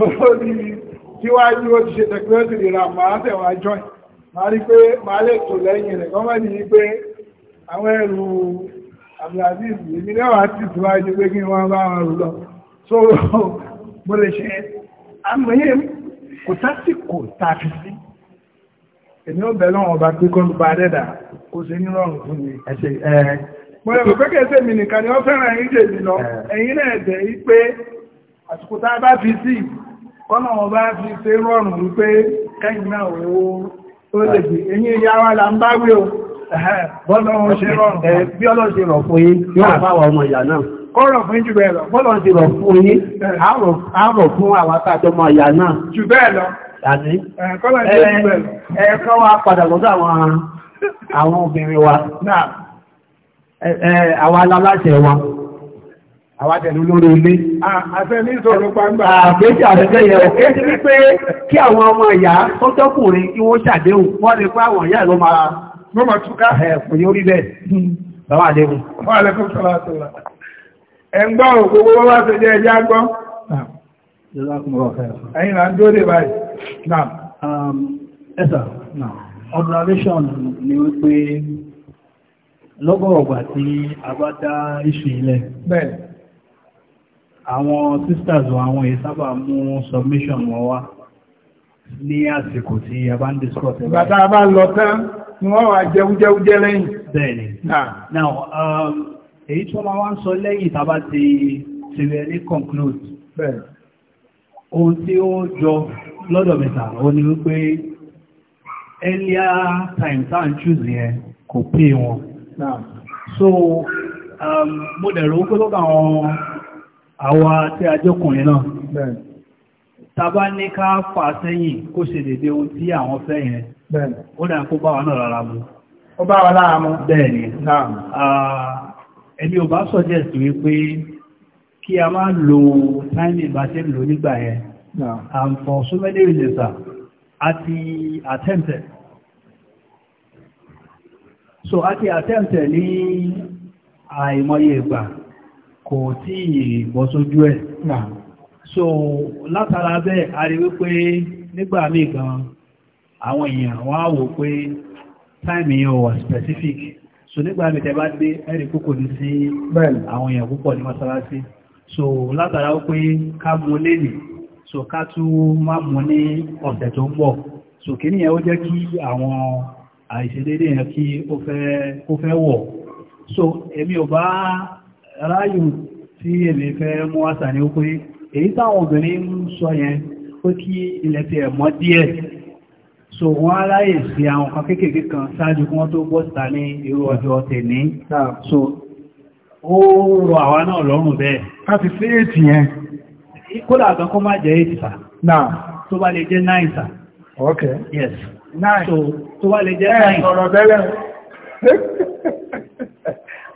olórí síwájú ó ti ṣe tẹ̀kíọ́sì ìrà máa tẹ̀wá join máa rí pé máa lè tò lẹ́yìn rẹ̀ kọ́mọ́ ní pé àwọn ẹrù Abdulaziz èmi náà wá sí síwájú pé kí wọ́n bá wọn rù lọ so mo lè ṣe àmọ́ yẹn kò sásìkò tàbí sí èmi ó bẹ̀ lọ́wọ́ ọba pé kó ń ba dẹ́dà kó ṣe ní rọrùn fún mi. mo lè rò pé kẹsẹ̀ mi nìkan ni wọ́n fẹ́ràn ẹ̀yìn tèmi lọ ẹ̀yìn náà dẹ̀ yí pé àsìkò tá a bá fi sí kọ́nà wọn bá fi ṣe rọrùn wípé kẹ́yìn náà ó ó lè gbé ẹ̀yìn ìyá wa là ń bá wí o bọ́lá wọn ṣe rọrùn. bí ọlọ́run ṣe rọ̀ fún yín yóò bá ah. wa ọmọ ìyá náà kọ́rọ̀ fún jù bẹ́ẹ̀ lọ. bọ́lá wọn ṣe rọ̀ fún yín àárọ̀ fún àwọn àtàjọmọ ìyá náà. jù bẹ́ẹ̀ lọ àti ẹ̀ẹ̀kọ́ eh, eh, eh, wa padà lọ́dọ̀ àwọn obìnrin wa àwọn wa àwádẹ̀lú lórí ilé. Àfẹ́ ní ìṣòro pàǹgbà. Àgbéjì àfẹ́fẹ́ yẹ ọ̀kẹ́ sí wípé pé sọ́lá Ẹ̀ ń gbọ́ wá ṣe jẹ́ ẹjá ẹ̀yìn là ń dóde báyìí náà ẹ̀sà náà observation ni wípé lọ́gọ́rọ̀ ọgbà tí a bá dá iṣu ilẹ̀ bẹ́ẹ̀ àwọn sisters wa àwọn èyí sábà mú submission wọn wá ní àsìkò tí a bá ń discuss ẹ̀bá bàtà bá lọ tán wọ́n wà jẹújẹújẹ lẹ́yìn bẹ́ẹ̀ni now um, èyí tó máa wá ń sọ lẹ́yìn tàbá ti severely conclude bẹ́ẹ̀ ohun tí ó jọ lọ́dọ̀ mẹ́ta ó ní wípé earlier time choose yẹn kò pé wọn so um, mo dẹ̀ rò wípé lọ́dọ̀ àwọn àwa tí a jọkùnrin náà tàbá ní ká fà sẹ́yìn kó ṣe dédé ohun tí àwọn fẹ́ yẹn ó dà kó bá wa náà rárá mu ó bá wa lára mu bẹ́ẹ̀ ni ah, ẹni ò bá suggest wípé kí a máa lo táìmì bá ṣe ń lò nígbà yẹn and for so many reasons àti attempted so àti attempted ní àìmọye ìgbà kò tí ìbọ̀ sójú ẹ̀ so látara bẹ́ẹ̀ a rí wípé nígbà míì gan àwọn èèyàn wá wò pé táìmì yóò wà specific so nígbà míì tẹ́ bá dé ẹ̀rí púpọ̀ ní sí àwọn èèyàn púpọ̀ ní mọ́sálásí so látara ó pé ká mú lẹ́nì so ká tún má mú ní ọ̀sẹ̀ tó ń bọ̀ so kí ni ó jẹ́ kí àwọn àìṣedédé yẹn kí ó fẹ́ wọ̀ so èmi ò bá ráyù tí èmi fẹ́ mú àṣà ní ó pé èyí táwọn obìnrin ń sọ yẹn pé kí ilẹ̀ ti ẹ̀mọ́ díẹ̀ so wọ́n aláyè sí àwọn kan kéékèèké kan ṣáájú kí wọ́n tó bọ́ta ní irú ọjọ́ tèmi so ó rọ náà lọ́rùn bẹ́ẹ̀. káti sí ètì yẹn. kódà àgbọn kó má jẹ́ ètì sà. náà tó bá lè ok yes náì tó bá lè jẹ́ náì. ẹ sọ̀rọ̀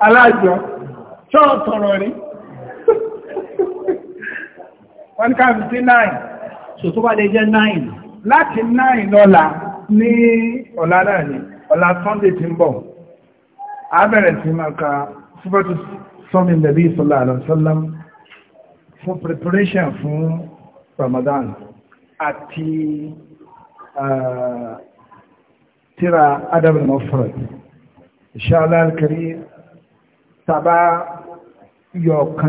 alájọ ṣọ́ sọ̀rọ̀ rí wọ́n so tó bá lè jẹ́ eh, náì. láti náì ní náà ni ti ń a síbẹ̀tù sọ́mi nàbí sallallahu alaihi wasallam fún preparation fún Ramadan àti uh, tíra Adab al-Mufrad insha al-Karim tàbá yọ̀ọ̀kan